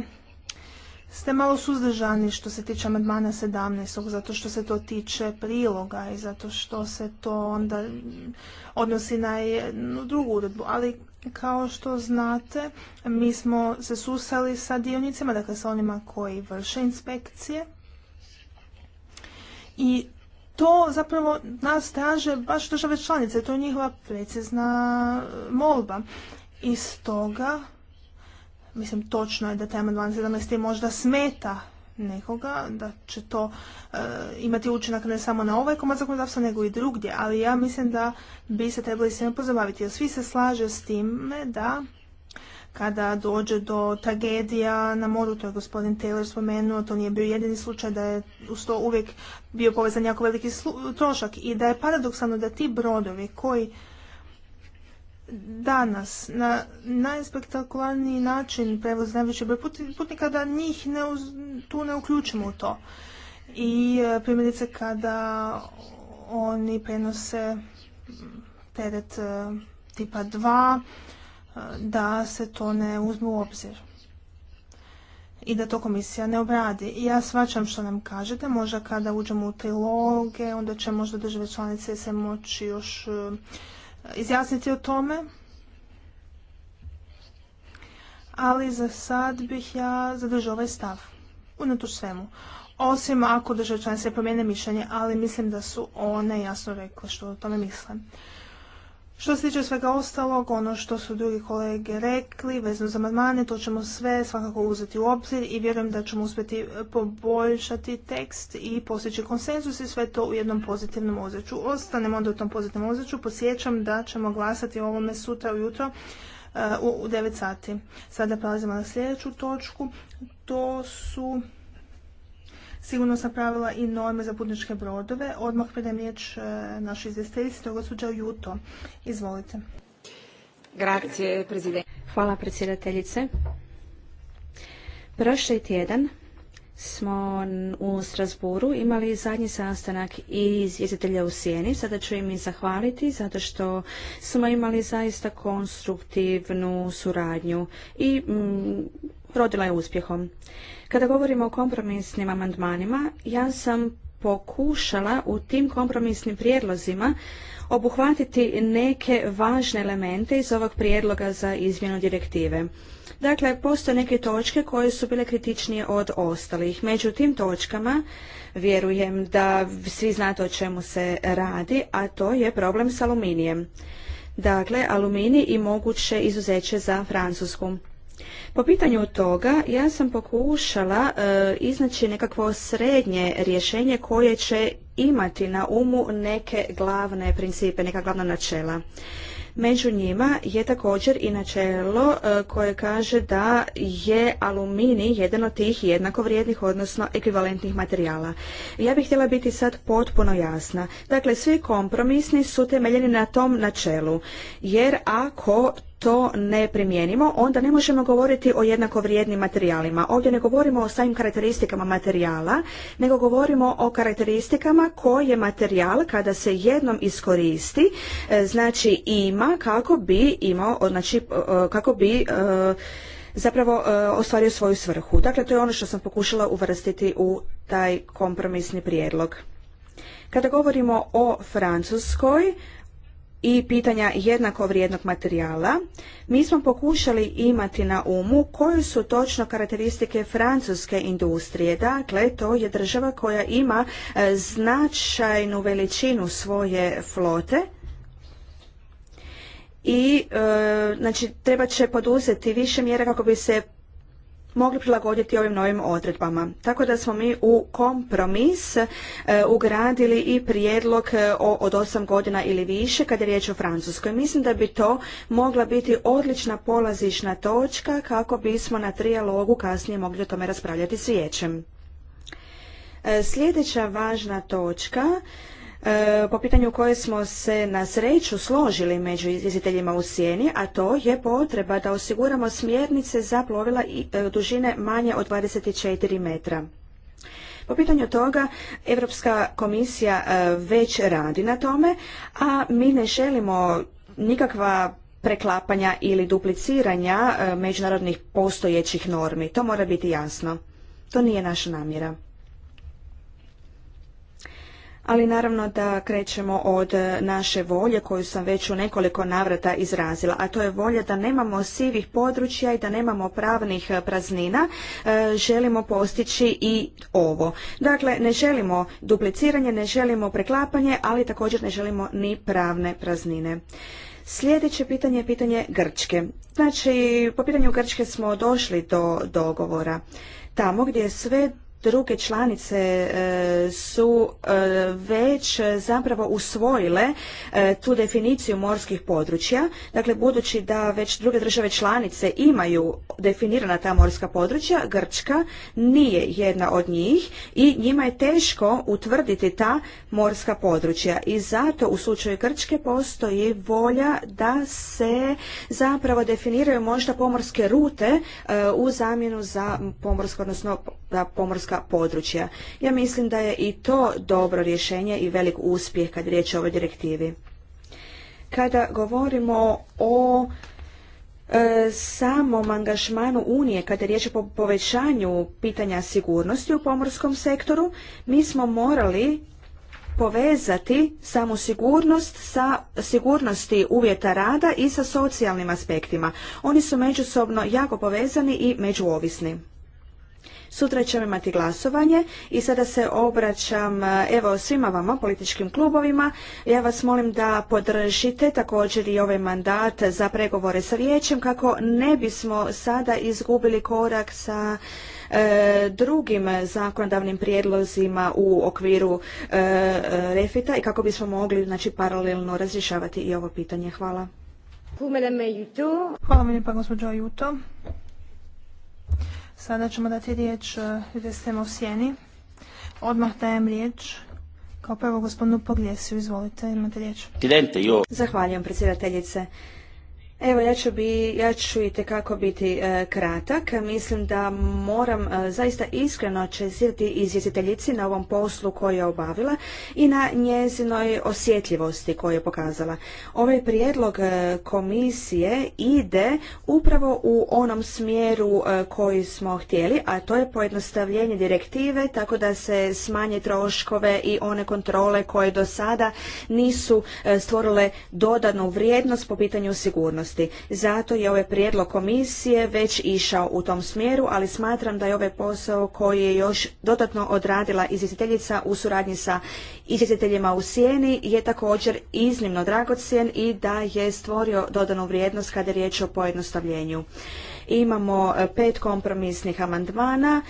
ste malo suzdržani što se tiče amandmana 17. zato što se to tiče priloga i zato što se to onda odnosi na drugu uredbu. Ali kao što znate, mi smo se susali sa dionicima, dakle sa onima koji vrše inspekcije. I to zapravo nas traže baš države članice, to je njihova precizna molba. I stoga, mislim točno je da tema 2017 možda smeta nekoga, da će to e, imati učinak ne samo na ovaj komad zakonodavstva, nego i drugdje. Ali ja mislim da bi se trebali svime pozabaviti, jer svi se slaže s time da kada dođe do tragedija na moru, to je gospodin Taylor spomenuo, to nije bio jedini slučaj da je uz to uvijek bio povezan jako veliki trošak i da je paradoksalno da ti brodovi koji danas na najspektakularniji način prevoz najveći broj putnika da njih ne uz, tu ne uključimo u to. I e, primjerice kada oni prenose teret e, tipa 2 e, da se to ne uzme u obzir i da to komisija ne obradi. I ja svačam što nam kažete, možda kada uđemo u triloge, onda će možda države članice se moći još izjasniti o tome. Ali za sad bih ja zadržao ovaj stav. Unatoč svemu. Osim ako države se promijene mišljenje, ali mislim da su one jasno rekle što o tome misle. Što se tiče svega ostalog, ono što su drugi kolege rekli vezano za amandmane, to ćemo sve svakako uzeti u obzir i vjerujem da ćemo uspjeti e, poboljšati tekst i postići konsenzus i sve to u jednom pozitivnom ozračju. Ostanemo onda u tom pozitivnom ozračju. Posjećam da ćemo glasati o ovome sutra ujutro e, u 9 sati. Sada prelazimo na sljedeću točku. To su sigurnosna pravila i norme za putničke brodove. Odmah predajem riječ e, našoj izvjestiteljici, to je gospođa Juto. Izvolite. Grazie, Hvala predsjedateljice. Prošli tjedan smo u Strasburu imali zadnji sastanak iz izvjestitelja u Sijeni. Sada ću im i zahvaliti zato što smo imali zaista konstruktivnu suradnju i mm, rodila je uspjehom. Kada govorimo o kompromisnim amandmanima, ja sam pokušala u tim kompromisnim prijedlozima obuhvatiti neke važne elemente iz ovog prijedloga za izmjenu direktive. Dakle, postoje neke točke koje su bile kritičnije od ostalih. Među tim točkama vjerujem da svi znate o čemu se radi, a to je problem s aluminijem. Dakle, aluminij i moguće izuzeće za Francusku. Po pitanju toga ja sam pokušala e, iznaći nekakvo srednje rješenje koje će imati na umu neke glavne principe, neka glavna načela. Među njima je također i načelo e, koje kaže da je aluminij jedan od tih jednako vrijednih, odnosno ekvivalentnih materijala. Ja bih htjela biti sad potpuno jasna. Dakle, svi kompromisni su temeljeni na tom načelu, jer ako to ne primijenimo, onda ne možemo govoriti o jednako vrijednim materijalima. Ovdje ne govorimo o samim karakteristikama materijala, nego govorimo o karakteristikama koje materijal kada se jednom iskoristi, e, znači ima kako bi imao, znači kako bi e, zapravo e, ostvario svoju svrhu. Dakle, to je ono što sam pokušala uvrstiti u taj kompromisni prijedlog. Kada govorimo o Francuskoj, i pitanja jednako vrijednog materijala, mi smo pokušali imati na umu koje su točno karakteristike francuske industrije. Dakle, to je država koja ima e, značajnu veličinu svoje flote i e, znači treba će poduzeti više mjera kako bi se mogli prilagoditi ovim novim odredbama. Tako da smo mi u kompromis e, ugradili i prijedlog e, od 8 godina ili više kada je riječ o Francuskoj. Mislim da bi to mogla biti odlična polazišna točka kako bismo na trijalogu kasnije mogli o tome raspravljati s vijećem. E, sljedeća važna točka E, po pitanju koje smo se na sreću složili među izvjestiteljima u sjeni, a to je potreba da osiguramo smjernice za plovila e, dužine manje od 24 metra. Po pitanju toga, Europska komisija e, već radi na tome, a mi ne želimo nikakva preklapanja ili dupliciranja međunarodnih postojećih normi. To mora biti jasno. To nije naša namjera ali naravno da krećemo od naše volje koju sam već u nekoliko navrata izrazila, a to je volja da nemamo sivih područja i da nemamo pravnih praznina, e, želimo postići i ovo. Dakle, ne želimo dupliciranje, ne želimo preklapanje, ali također ne želimo ni pravne praznine. Sljedeće pitanje je pitanje Grčke. Znači, po pitanju Grčke smo došli do dogovora tamo gdje je sve druge članice e, su e, već zapravo usvojile e, tu definiciju morskih područja. Dakle, budući da već druge države članice imaju definirana ta morska područja, Grčka nije jedna od njih i njima je teško utvrditi ta morska područja. I zato u slučaju Grčke postoji volja da se zapravo definiraju možda pomorske rute u zamjenu za pomorsko, odnosno pomorska područja. Ja mislim da je i to dobro rješenje i velik uspjeh kad riječ o ovoj direktivi. Kada govorimo o e, samom angažmanu Unije kada je riječ o povećanju pitanja sigurnosti u pomorskom sektoru, mi smo morali povezati samu sigurnost sa sigurnosti uvjeta rada i sa socijalnim aspektima. Oni su međusobno jako povezani i međuovisni. Sutra ćemo imati glasovanje i sada se obraćam e, evo svima vama, političkim klubovima. Ja vas molim da podržite također i ovaj mandat za pregovore sa vijećem kako ne bismo sada izgubili korak sa e, drugim zakonodavnim prijedlozima u okviru e, refita i kako bismo mogli znači paralelno razrješavati i ovo pitanje. Hvala. Hvala Sada ćemo dati riječ e, Vestemo u sjeni. Odmah dajem riječ kao prvo gospodinu Pogljesiju. Izvolite, imate riječ. Zahvaljujem predsjedateljice. Evo, ja ću, bi, ja ću i tekako biti e, kratak. Mislim da moram e, zaista iskreno čestiti izvjestiteljici na ovom poslu koju je obavila i na njezinoj osjetljivosti koju je pokazala. Ovaj prijedlog e, komisije ide upravo u onom smjeru koji smo htjeli, a to je pojednostavljenje direktive tako da se smanje troškove i one kontrole koje do sada nisu stvorile dodanu vrijednost po pitanju sigurnosti zato je ovaj prijedlog komisije već išao u tom smjeru, ali smatram da je ovaj posao koji je još dodatno odradila izvjestiteljica u suradnji sa izvjestiteljima u sjeni je također iznimno dragocjen i da je stvorio dodanu vrijednost kada je riječ o pojednostavljenju imamo pet kompromisnih amandmana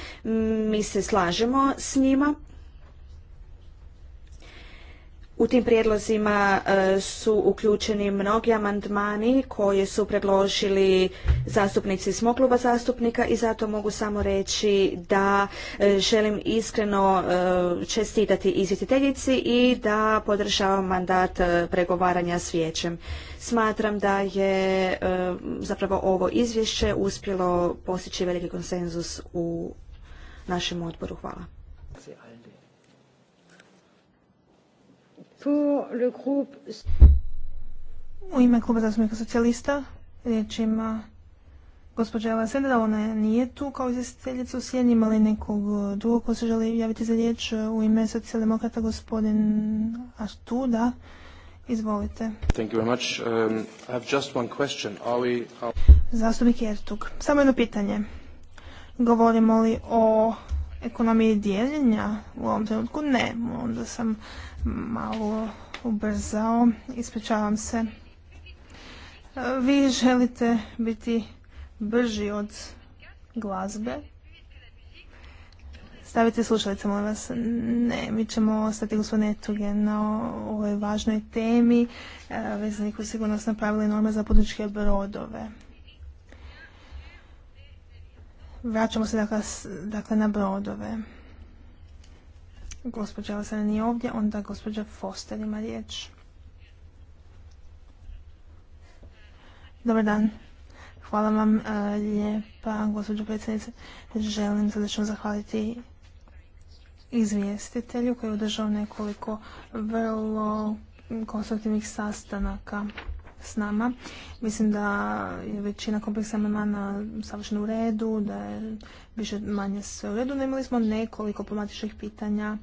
mi se slažemo s njima u tim prijedlozima e, su uključeni mnogi amandmani koje su predložili zastupnici iz kluba zastupnika i zato mogu samo reći da e, želim iskreno e, čestitati izvjestiteljici i da podržavam mandat pregovaranja s vijećem. Smatram da je zapravo ovo izvješće uspjelo postići veliki konsenzus u našem odboru. Hvala. U ime kluba zastupnika socijalista riječ ima gospođa Eva Sendra, ona nije tu kao izvjestiteljica u Sjeni, li nekog drugog ko se želi javiti za riječ u ime socijaldemokrata gospodin Astuda. Izvolite. Thank you very much. Um, I have just one question. Zastupnik Samo jedno pitanje. Govorimo li o ekonomiji dijeljenja u ovom trenutku? Ne. Onda sam malo ubrzao. Ispričavam se. Vi želite biti brži od glazbe. Stavite slušalice, molim vas. Ne, mi ćemo ostati gospodine Tuge na ovoj važnoj temi e, vezanih sigurno sigurnost napravili norme za putničke brodove. Vraćamo se dakle, dakle na brodove. Gospođa vas nije ovdje, onda gospođa Foster ima riječ. Dobar dan. Hvala vam e, lijepa, gospođo predsjednice. Želim sadačno zahvaliti izvjestitelju koji je održao nekoliko vrlo konstruktivnih sastanaka s nama. Mislim da je većina kompleksa amandmana savršeno u redu, da je više manje sve u redu. imali smo nekoliko problematičnih pitanja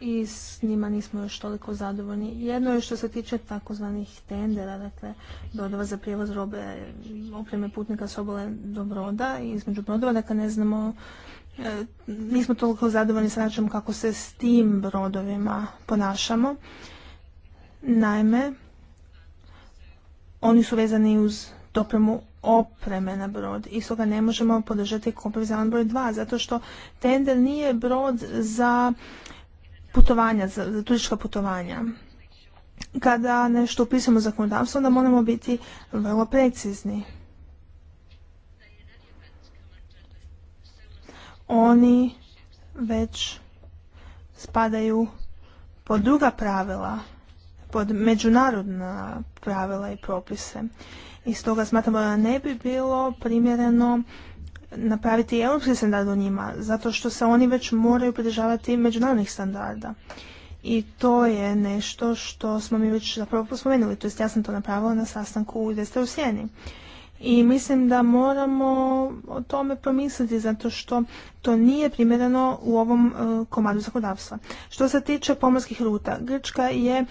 i s njima nismo još toliko zadovoljni. Jedno je što se tiče takozvanih tendera, dakle brodova za prijevoz robe opreme putnika s do broda i između brodova, dakle ne znamo e, nismo toliko zadovoljni sa načinom kako se s tim brodovima ponašamo. Naime, oni su vezani uz dopremu opreme na brod i stoga ne možemo podržati kompromis broj 2 zato što tender nije brod za putovanja, za turistička putovanja. Kada nešto upisujemo u zakonodavstvo, onda moramo biti vrlo precizni. Oni već spadaju pod druga pravila pod međunarodna pravila i propise. I stoga smatramo da ne bi bilo primjereno napraviti europski standard u njima, zato što se oni već moraju pridržavati međunarodnih standarda. I to je nešto što smo mi već zapravo pospomenuli, to jest ja sam to napravila na sastanku u Ideste u Sjeni. I mislim da moramo o tome promisliti zato što to nije primjereno u ovom e, komadu zakonodavstva. Što se tiče pomorskih ruta, Grčka je e,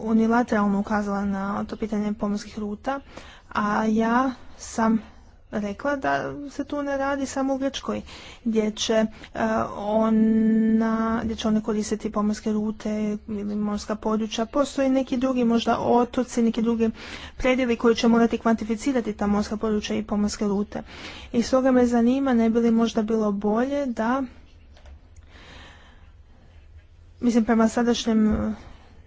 unilateralno ukazala na to pitanje pomorskih ruta, a ja sam rekla da se tu ne radi samo u Grčkoj, gdje će, e, ona, gdje će one koristiti pomorske rute ili morska područja. Postoji neki drugi možda otoci, neki drugi predjeli koji će morati kvantificirati ta morska područja i pomorske rute. I stoga me zanima ne bi li možda bilo bolje da Mislim, prema sadašnjem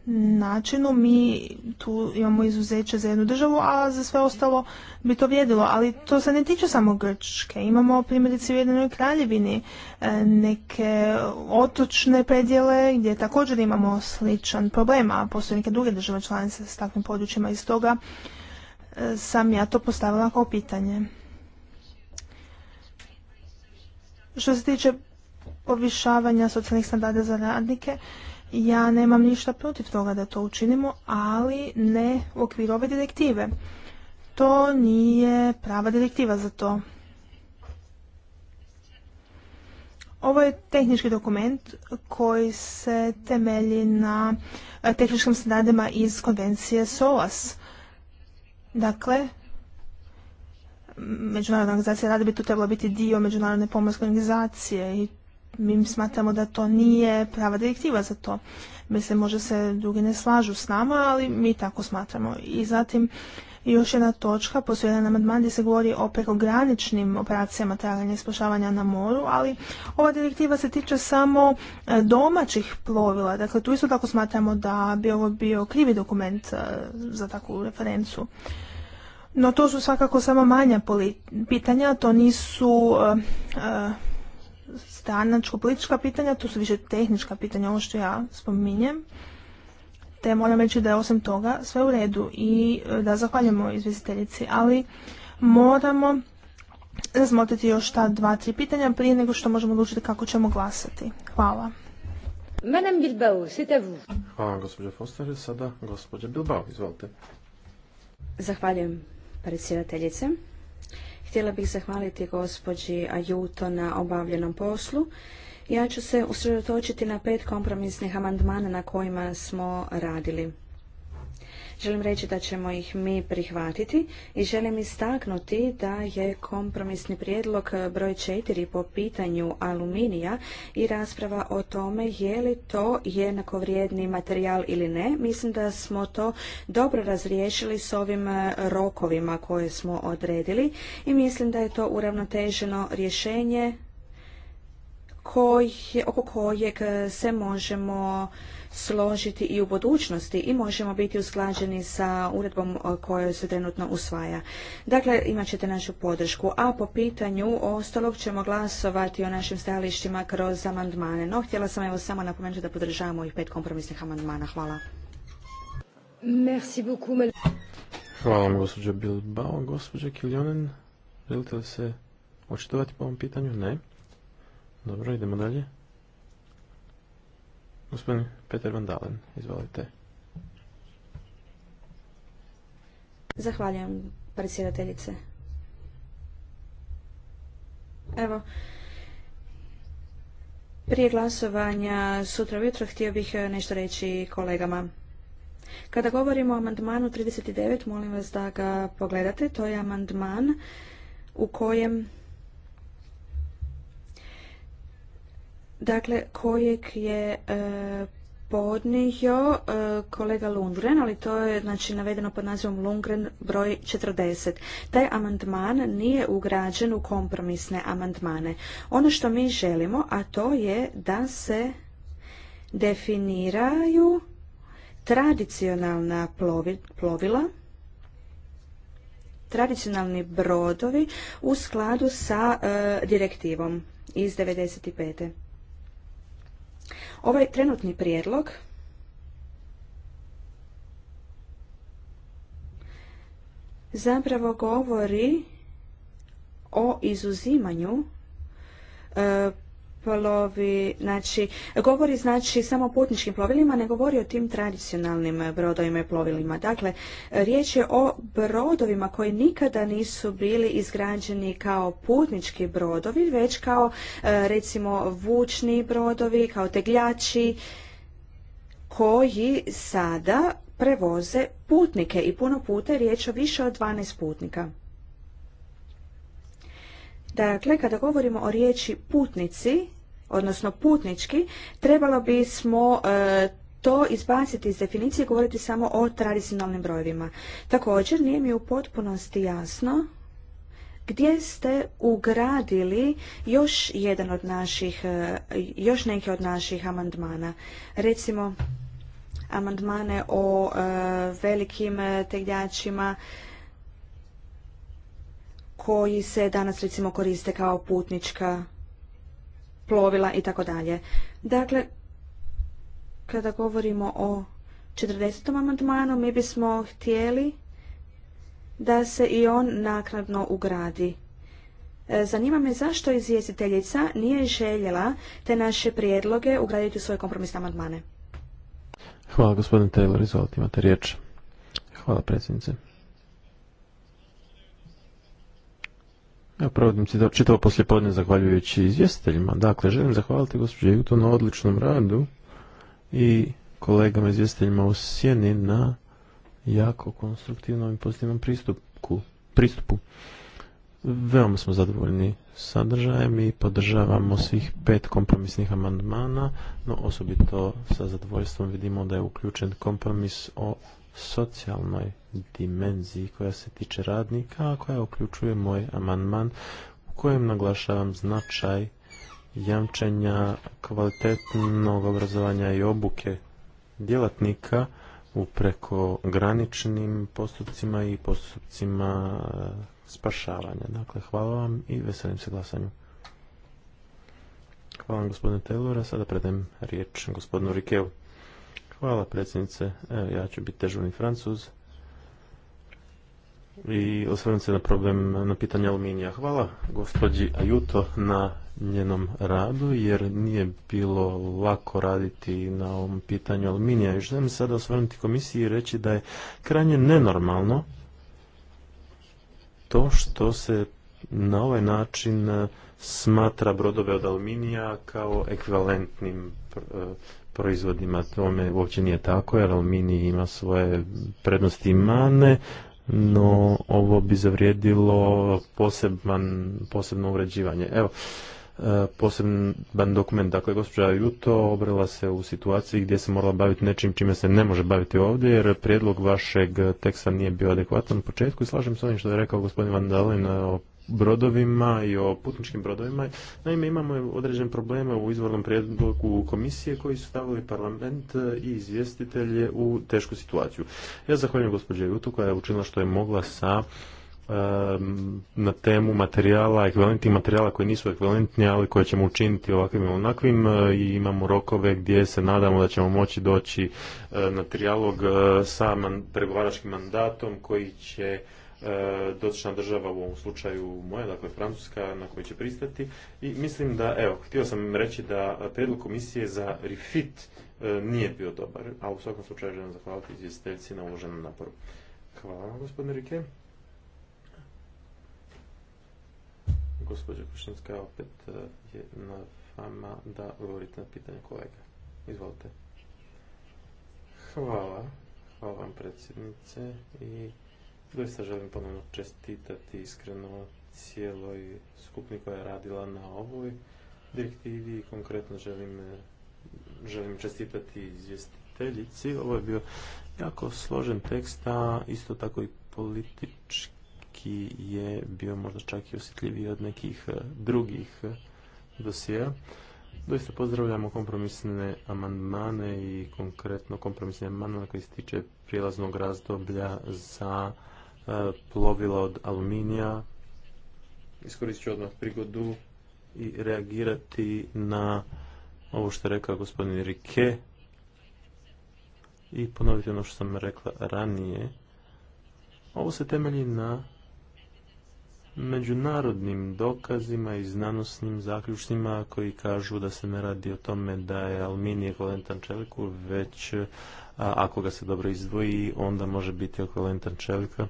načinu mi tu imamo izuzeće za jednu državu, a za sve ostalo bi to vrijedilo. Ali to se ne tiče samo Grčke. Imamo primjerice u jednoj kraljevini e, neke otočne predjele gdje također imamo sličan problem, a postoje neke druge države članice s takvim područjima. Iz toga e, sam ja to postavila kao pitanje. Što se tiče povišavanja socijalnih standarda za radnike, ja nemam ništa protiv toga da to učinimo, ali ne u okviru ove direktive. To nije prava direktiva za to. Ovo je tehnički dokument koji se temelji na e, tehničkim standardima iz konvencije SOAS. Dakle, Međunarodna organizacija rada bi tu trebala biti dio Međunarodne pomorske organizacije i mi smatramo da to nije prava direktiva za to. Mislim, može se drugi ne slažu s nama, ali mi tako smatramo. I zatim, još jedna točka, postoji jedan amandman gdje se govori o prekograničnim operacijama traganja i spašavanja na moru, ali ova direktiva se tiče samo e, domaćih plovila. Dakle, tu isto tako smatramo da bi ovo bio krivi dokument e, za takvu referencu. No to su svakako samo manja pitanja, to nisu e, stranačko-politička pitanja, tu su više tehnička pitanja, ovo što ja spominjem. Te moram reći da je osim toga sve u redu i e, da zahvaljujemo izvjestiteljici, ali moramo razmotriti još ta dva, tri pitanja prije nego što možemo odlučiti kako ćemo glasati. Hvala. Madame Bilbao, c'est à vous. Hvala, gospođa Foster. Sada gospođa Bilbao, izvolite. Zahvaljujem predsjedateljice. Htjela bih zahvaliti gospođi Ajuto na obavljenom poslu. Ja ću se usredotočiti na pet kompromisnih amandmana na kojima smo radili. Želim reći da ćemo ih mi prihvatiti i želim istaknuti da je kompromisni prijedlog broj četiri po pitanju aluminija i rasprava o tome je li to jednako vrijedni materijal ili ne. Mislim da smo to dobro razriješili s ovim e, rokovima koje smo odredili i mislim da je to uravnoteženo rješenje oko kojeg e, se možemo složiti i u budućnosti i možemo biti usklađeni sa uredbom koja se trenutno usvaja. Dakle, imat ćete našu podršku. A po pitanju ostalog ćemo glasovati o našim stajalištima kroz amandmane. No, htjela sam evo samo napomenuti da podržavamo ih pet kompromisnih amandmana. Hvala. Hvala vam, gospođa Bilbao. Gospođa Kiljonen, želite li se očitovati po ovom pitanju? Ne. Dobro, idemo dalje. Peter Izvolite. Zahvaljujem, predsjedateljice. Evo, prije glasovanja sutra ujutro htio bih e, nešto reći kolegama. Kada govorimo o amandmanu 39, molim vas da ga pogledate. To je amandman u kojem dakle kojeg je e, podnio e, kolega Lundgren, ali to je znači navedeno pod nazivom Lundgren broj 40. Taj amandman nije ugrađen u kompromisne amandmane. Ono što mi želimo, a to je da se definiraju tradicionalna plovila, tradicionalni brodovi u skladu sa e, direktivom iz 95. Ovaj trenutni prijedlog zapravo govori o izuzimanju e, plovi, znači, govori znači samo o putničkim plovilima, ne govori o tim tradicionalnim brodovima i plovilima. Dakle, riječ je o brodovima koji nikada nisu bili izgrađeni kao putnički brodovi, već kao e, recimo vučni brodovi, kao tegljači, koji sada prevoze putnike i puno puta je riječ o više od 12 putnika. Dakle, kada govorimo o riječi putnici, odnosno putnički, trebalo bismo smo e, to izbaciti iz definicije i govoriti samo o tradicionalnim brojevima. Također, nije mi u potpunosti jasno gdje ste ugradili još jedan od naših, e, još neke od naših amandmana. Recimo, amandmane o e, velikim tegljačima koji se danas recimo koriste kao putnička plovila i tako dalje. Dakle, kada govorimo o 40. amandmanu, mi bismo htjeli da se i on naknadno ugradi. E, zanima me zašto izvjestiteljica nije željela te naše prijedloge ugraditi u svoje kompromisne amandmane. Hvala gospodin Taylor, izvolite, imate riječ. Hvala predsjednice. Ja provodim se čitavo poslijepodne zahvaljujući izvjestiteljima. Dakle, želim zahvaliti gospođe Juto na odličnom radu i kolegama izvjestiteljima u Sjeni na jako konstruktivnom i pozitivnom pristupku, pristupu. Veoma smo zadovoljni sadržajem i podržavamo svih pet kompromisnih amandmana, no osobito sa zadovoljstvom vidimo da je uključen kompromis o socijalnoj dimenziji koja se tiče radnika, a koja uključuje moj amandman u kojem naglašavam značaj jamčenja kvalitetnog obrazovanja i obuke djelatnika u prekograničnim postupcima i postupcima e, spašavanja. Dakle, hvala vam i veselim se glasanju. Hvala vam gospodine Taylora, sada predajem riječ gospodinu Rikeu. Hvala predsjednice. Evo, ja ću biti težavni francuz i osvrnuti se na problem na pitanje aluminija. Hvala gospođi Ajuto na njenom radu jer nije bilo lako raditi na ovom pitanju aluminija i želim sada osvrnuti komisiji i reći da je krajnje nenormalno to što se na ovaj način smatra brodove od aluminija kao ekvivalentnim eh, proizvodima. Tome uopće nije tako jer aluminij ima svoje prednosti i mane, no ovo bi zavrijedilo poseban, posebno uređivanje. Evo, e, poseban dokument. Dakle, gospođa Juto obrela se u situaciji gdje se morala baviti nečim čime se ne može baviti ovdje, jer prijedlog vašeg teksta nije bio adekvatan u početku i slažem se onim što je rekao gospodin Vandalin o brodovima i o putničkim brodovima. Naime, imamo određene probleme u izvornom prijedlogu komisije koji su stavili parlament i izvjestitelje u tešku situaciju. Ja zahvaljujem gospođe Jutu koja je učinila što je mogla sa na temu materijala, ekvivalentnih materijala koji nisu ekvivalentni, ali koje ćemo učiniti ovakvim i onakvim e, i imamo rokove gdje se nadamo da ćemo moći doći e, na trijalog e, sa pregovaračkim mandatom koji će E, dotična država u ovom slučaju moja, dakle Francuska, na koju će pristati. I mislim da, evo, htio sam reći da prijedlog komisije za refit e, nije bio dobar, a u svakom slučaju želim zahvaliti izvjestiteljci na uloženom naporu. Hvala vam, gospodine Rike. Gospođa Kušinska opet e, je na vama da govorite na pitanje kolega. Izvolite. Hvala. Hvala vam predsjednice i Doista želim ponovno čestitati iskreno cijeloj skupni koja je radila na ovoj direktivi i konkretno želim, želim čestitati izvjestiteljici. Ovo je bio jako složen tekst, a isto tako i politički je bio možda čak i osjetljiviji od nekih e, drugih e, dosija. Doista pozdravljamo kompromisne amandmane i konkretno kompromisne amandmane koji se tiče prijelaznog razdoblja za E, plovila od aluminija. Iskoristit ću odmah prigodu i reagirati na ovo što je rekao gospodin Rike i ponoviti ono što sam rekla ranije. Ovo se temelji na međunarodnim dokazima i znanosnim zaključcima koji kažu da se ne radi o tome da je alminije ekvivalentan čeliku, već ako ga se dobro izdvoji onda može biti ekvivalentan čelika.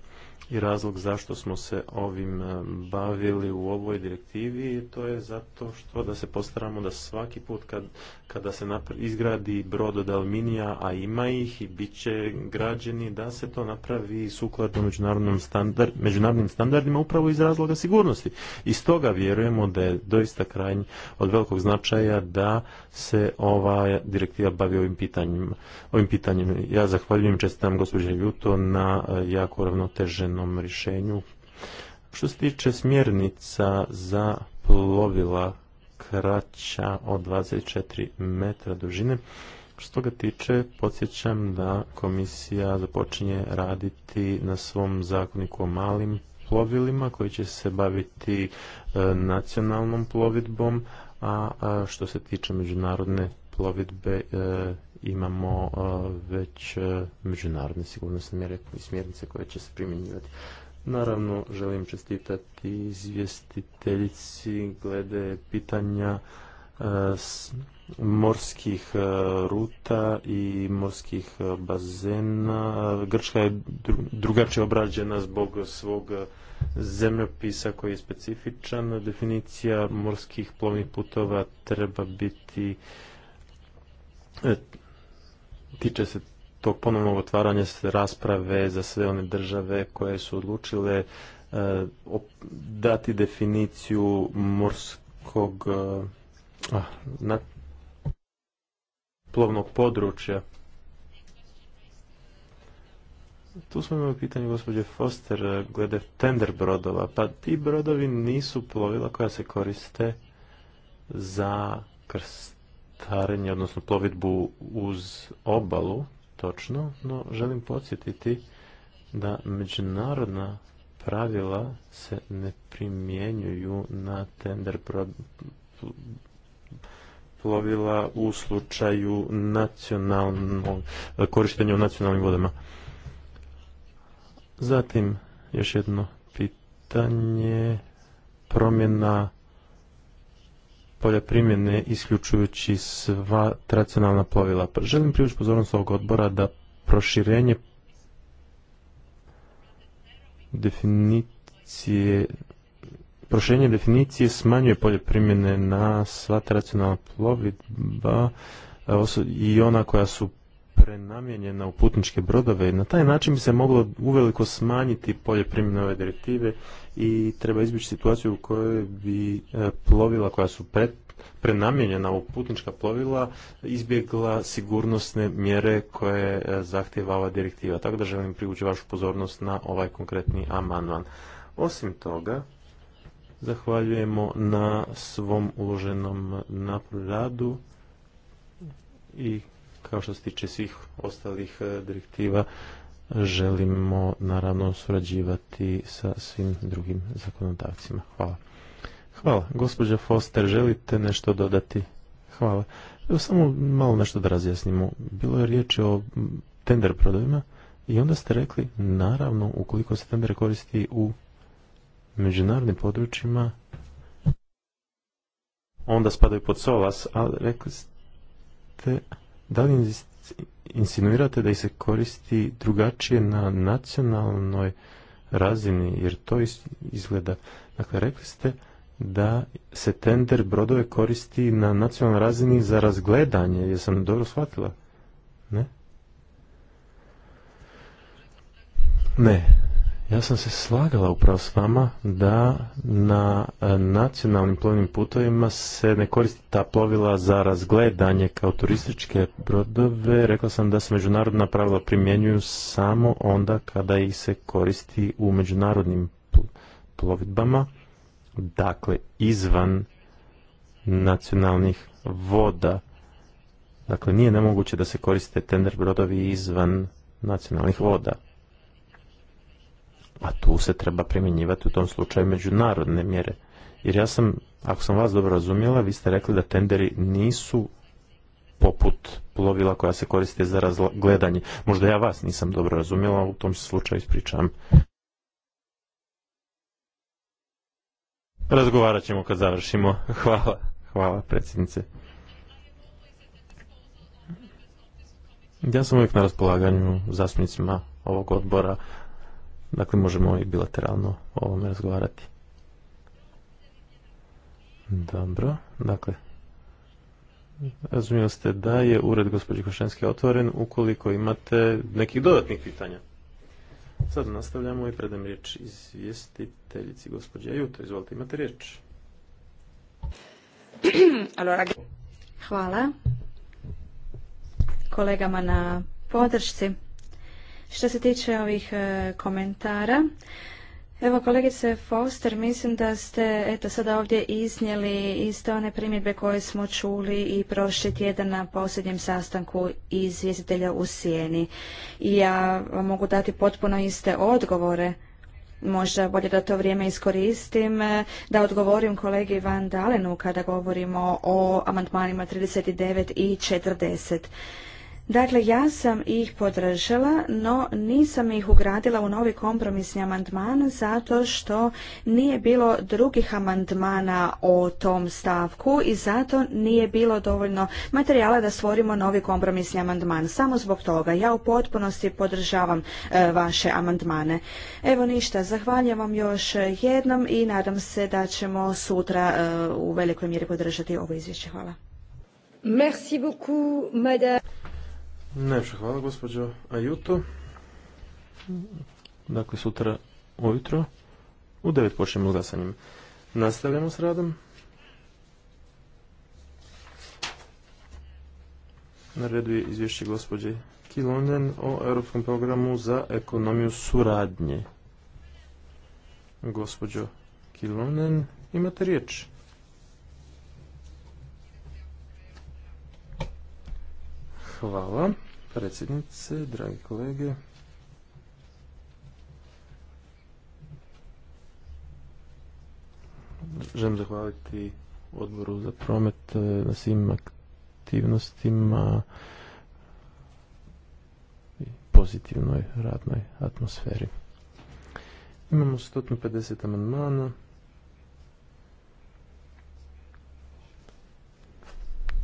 I razlog zašto smo se ovim e, bavili u ovoj direktivi to je zato što da se postaramo da svaki put kad, kada se izgradi brod od Alminija, a ima ih i bit će građeni, da se to napravi sukladno međunarodnim, standard, međunarodnim standardima upravo iz razloga sigurnosti. I stoga vjerujemo da je doista krajnj od velikog značaja da se ova direktiva bavi ovim pitanjima. Ovim pitanjima ja zahvaljujem čestitam gospođe Juto na e, jako ravnoteženom rješenju. Što se tiče smjernica za plovila kraća od 24 metra dužine, što toga tiče, podsjećam da komisija započinje raditi na svom zakoniku o malim plovilima koji će se baviti e, nacionalnom plovidbom, a što se tiče međunarodne plovidbe e, imamo e, već e, međunarodne sigurnosne mjere i smjernice koje će se primjenjivati. Naravno, želim čestitati izvjestiteljici glede pitanja e, morskih ruta i morskih bazena. Grčka je drugačije obrađena zbog svog zemljopisa koji je specifičan. Definicija morskih plovnih putova treba biti tiče se tog ponovnog otvaranja rasprave za sve one države koje su odlučile e, dati definiciju morskog e, ah, plovnog područja. Tu smo imali pitanje gospođe Foster e, glede tender brodova. Pa ti brodovi nisu plovila koja se koriste za krst tarenje, odnosno plovidbu uz obalu, točno, no želim podsjetiti da međunarodna pravila se ne primjenjuju na tender plovila u slučaju nacionalnog, korištenja u nacionalnim vodama. Zatim, još jedno pitanje, promjena polja primjene isključujući sva tradicionalna plovila. Pa želim privući pozornost ovog odbora da proširenje definicije proširenje definicije smanjuje polje primjene na sva tradicionalna plovidba i ona koja su prenamijenjena u putničke brodove. Na taj način bi se moglo uveliko smanjiti polje primjene ove direktive i treba izbjeći situaciju u kojoj bi e, plovila koja su pre, prenamijenjena u putnička plovila izbjegla sigurnosne mjere koje e, zahtjeva ova direktiva. Tako da želim privući vašu pozornost na ovaj konkretni amandman. Osim toga, zahvaljujemo na svom uloženom radu i kao što se tiče svih ostalih e, direktiva želimo naravno surađivati sa svim drugim zakonodavcima. Hvala. Hvala. Gospođa Foster, želite nešto dodati? Hvala. Evo samo malo nešto da razjasnimo. Bilo je riječ o tender prodajima i onda ste rekli, naravno, ukoliko se tender koristi u međunarodnim područjima, onda spadaju pod solas, ali rekli ste da li insinuirate da ih se koristi drugačije na nacionalnoj razini, jer to izgleda. Dakle, rekli ste da se tender brodove koristi na nacionalnoj razini za razgledanje. Jesam dobro shvatila? Ne? Ne. Ja sam se slagala upravo s vama da na e, nacionalnim plovnim putovima se ne koristi ta plovila za razgledanje kao turističke brodove. Rekla sam da se međunarodna pravila primjenjuju samo onda kada ih se koristi u međunarodnim plovidbama, dakle izvan nacionalnih voda. Dakle, nije nemoguće da se koriste tender brodovi izvan nacionalnih voda. A tu se treba primjenjivati u tom slučaju međunarodne mjere. Jer ja sam, ako sam vas dobro razumjela, vi ste rekli da tenderi nisu poput plovila koja se koriste za razgledanje Možda ja vas nisam dobro razumjela, u tom slučaju ispričavam. Razgovarat ćemo kad završimo. Hvala, hvala predsjednice. Ja sam uvijek na raspolaganju zastupnicima ovog odbora Dakle, možemo i bilateralno o ovome razgovarati. Dobro, dakle, razumijeli ste da je ured gospođe Košenske otvoren ukoliko imate nekih dodatnih pitanja. Sad nastavljamo i predam riječ izvjestiteljici gospođe Juto. Izvolite, imate riječ. Hvala kolegama na podršci. Što se tiče ovih e, komentara, Evo kolegice Foster, mislim da ste eto sada ovdje iznijeli iste one primjedbe koje smo čuli i prošli tjedan na posljednjem sastanku izvjestitelja u Sijeni. I ja vam mogu dati potpuno iste odgovore. Možda bolje da to vrijeme iskoristim, e, da odgovorim kolegi Van Dalenu kada govorimo o amandmanima 39 i 40. Dakle, ja sam ih podržala, no nisam ih ugradila u novi kompromisni amandman zato što nije bilo drugih amandmana o tom stavku i zato nije bilo dovoljno materijala da stvorimo novi kompromisni amandman. Samo zbog toga ja u potpunosti podržavam e, vaše amandmane. Evo ništa, zahvaljujem vam još jednom i nadam se da ćemo sutra e, u velikoj mjeri podržati ovo izvješće. Hvala. Najpša hvala gospođo Ajuto. Dakle, sutra ujutro u 9 počnemo glasanjem. Nastavljamo s radom. Na redu je izvješće gospođe Kilonen o Europskom programu za ekonomiju suradnje. Gospođo Kilonen, imate riječ. Hvala predsjednice, dragi kolege. Želim zahvaliti odboru za promet eh, na svim aktivnostima i pozitivnoj radnoj atmosferi. Imamo 150 amandmana.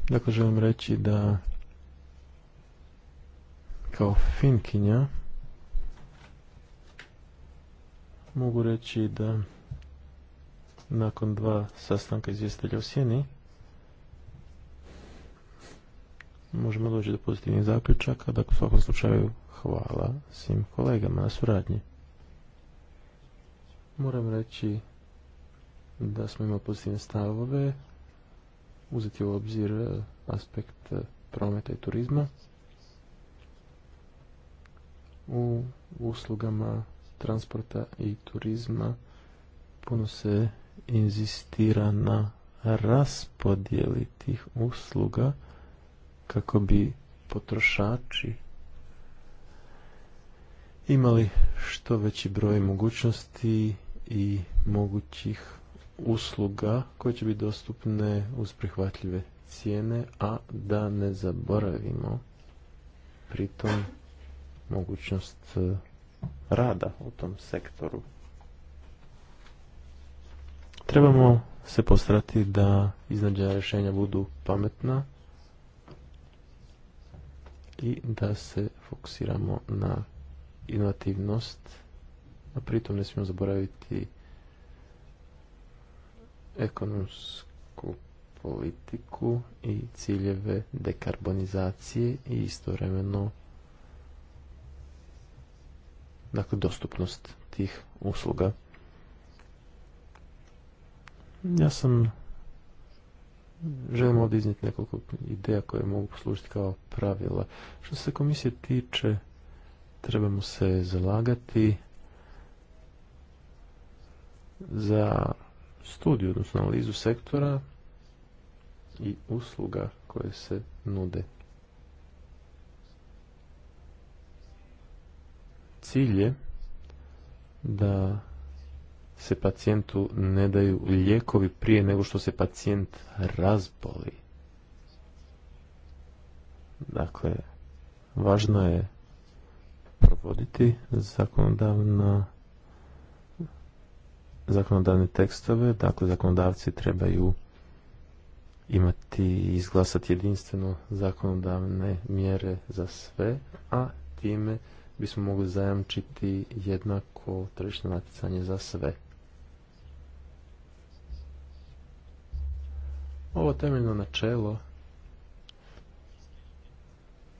Dakle, želim reći da kao Finkinja mogu reći da nakon dva sastanka izvjestelja u Sjeni možemo doći do pozitivnih zaključaka, dakle u svakom slučaju hvala svim kolegama na suradnji. Moram reći da smo imali pozitivne stavove, uzeti u obzir aspekt prometa i turizma u uslugama transporta i turizma puno se inzistira na raspodjeli tih usluga kako bi potrošači imali što veći broj mogućnosti i mogućih usluga koje će biti dostupne uz prihvatljive cijene, a da ne zaboravimo pritom mogućnost e, rada u tom sektoru. Trebamo se postarati da iznađena rješenja budu pametna i da se fokusiramo na inovativnost, a pritom ne smijemo zaboraviti ekonomsku politiku i ciljeve dekarbonizacije i istovremeno dakle dostupnost tih usluga. Ja sam želim ovdje iznijeti nekoliko ideja koje mogu poslužiti kao pravila. Što se komisije tiče, trebamo se zalagati za studiju, odnosno analizu sektora i usluga koje se nude Cilj je da se pacijentu ne daju lijekovi prije nego što se pacijent razboli. Dakle, važno je provoditi zakonodavna zakonodavne tekstove, dakle zakonodavci trebaju imati i izglasati jedinstveno zakonodavne mjere za sve, a time bismo mogli zajamčiti jednako tržišno natjecanje za sve. Ovo temeljno načelo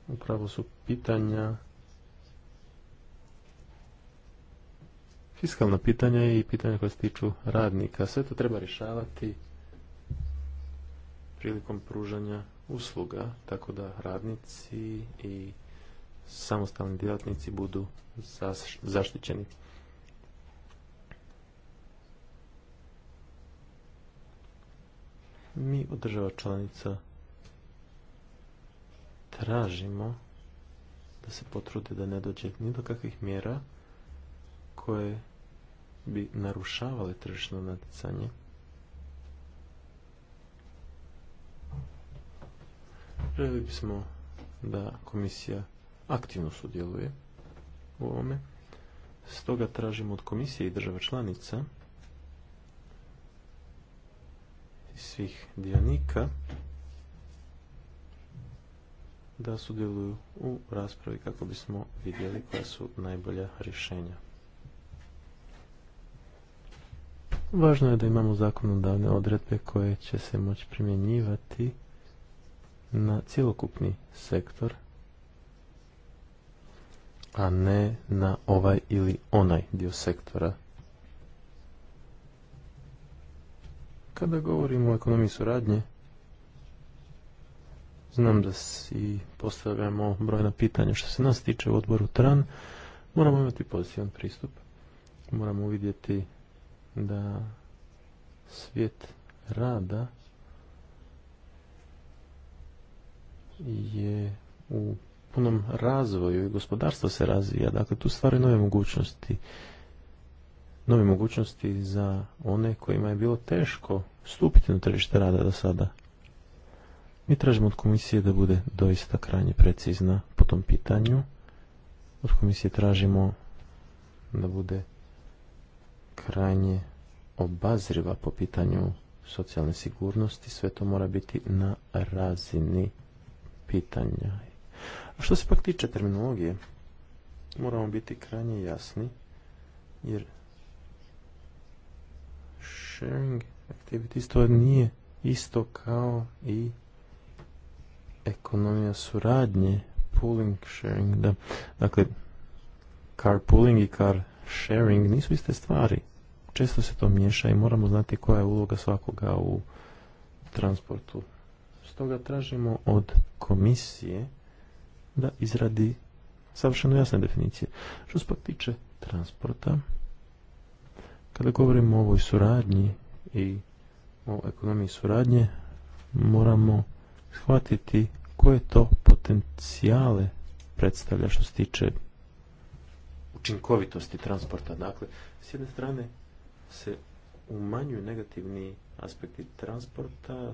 upravo su pitanja fiskalna pitanja i pitanja koja se tiču radnika. Sve to treba rješavati prilikom pružanja usluga, tako da radnici i samostalni djelatnici budu zaštićeni. Mi od država članica tražimo da se potrude da ne dođe ni do kakvih mjera koje bi narušavale tržišno natjecanje. Želi bismo da komisija aktivno sudjeluje u ovome. Stoga tražimo od komisije i država članica i svih dionika da sudjeluju u raspravi kako bismo vidjeli koja su najbolja rješenja. Važno je da imamo zakonodavne odredbe koje će se moći primjenjivati na cjelokupni sektor a ne na ovaj ili onaj dio sektora. Kada govorimo o ekonomiji suradnje, znam da si postavljamo brojna pitanja. Što se nas tiče u odboru TRAN, moramo imati pozitivan pristup. Moramo vidjeti da svijet rada je u punom razvoju i gospodarstvo se razvija. Dakle, tu stvari nove mogućnosti. Nove mogućnosti za one kojima je bilo teško stupiti na tržište rada do sada. Mi tražimo od komisije da bude doista krajnje precizna po tom pitanju. Od komisije tražimo da bude krajnje obazriva po pitanju socijalne sigurnosti. Sve to mora biti na razini pitanja a što se pak tiče terminologije, moramo biti krajnje jasni, jer sharing activities to nije isto kao i ekonomija suradnje, pooling, sharing, da. Dakle, car pooling i car sharing nisu iste stvari. Često se to miješa i moramo znati koja je uloga svakoga u transportu. Stoga tražimo od komisije da izradi savršeno jasne definicije. Što se pak tiče transporta, kada govorimo o ovoj suradnji i o ekonomiji suradnje, moramo shvatiti koje to potencijale predstavlja što se tiče učinkovitosti transporta. Dakle, s jedne strane se umanjuju negativni aspekti transporta,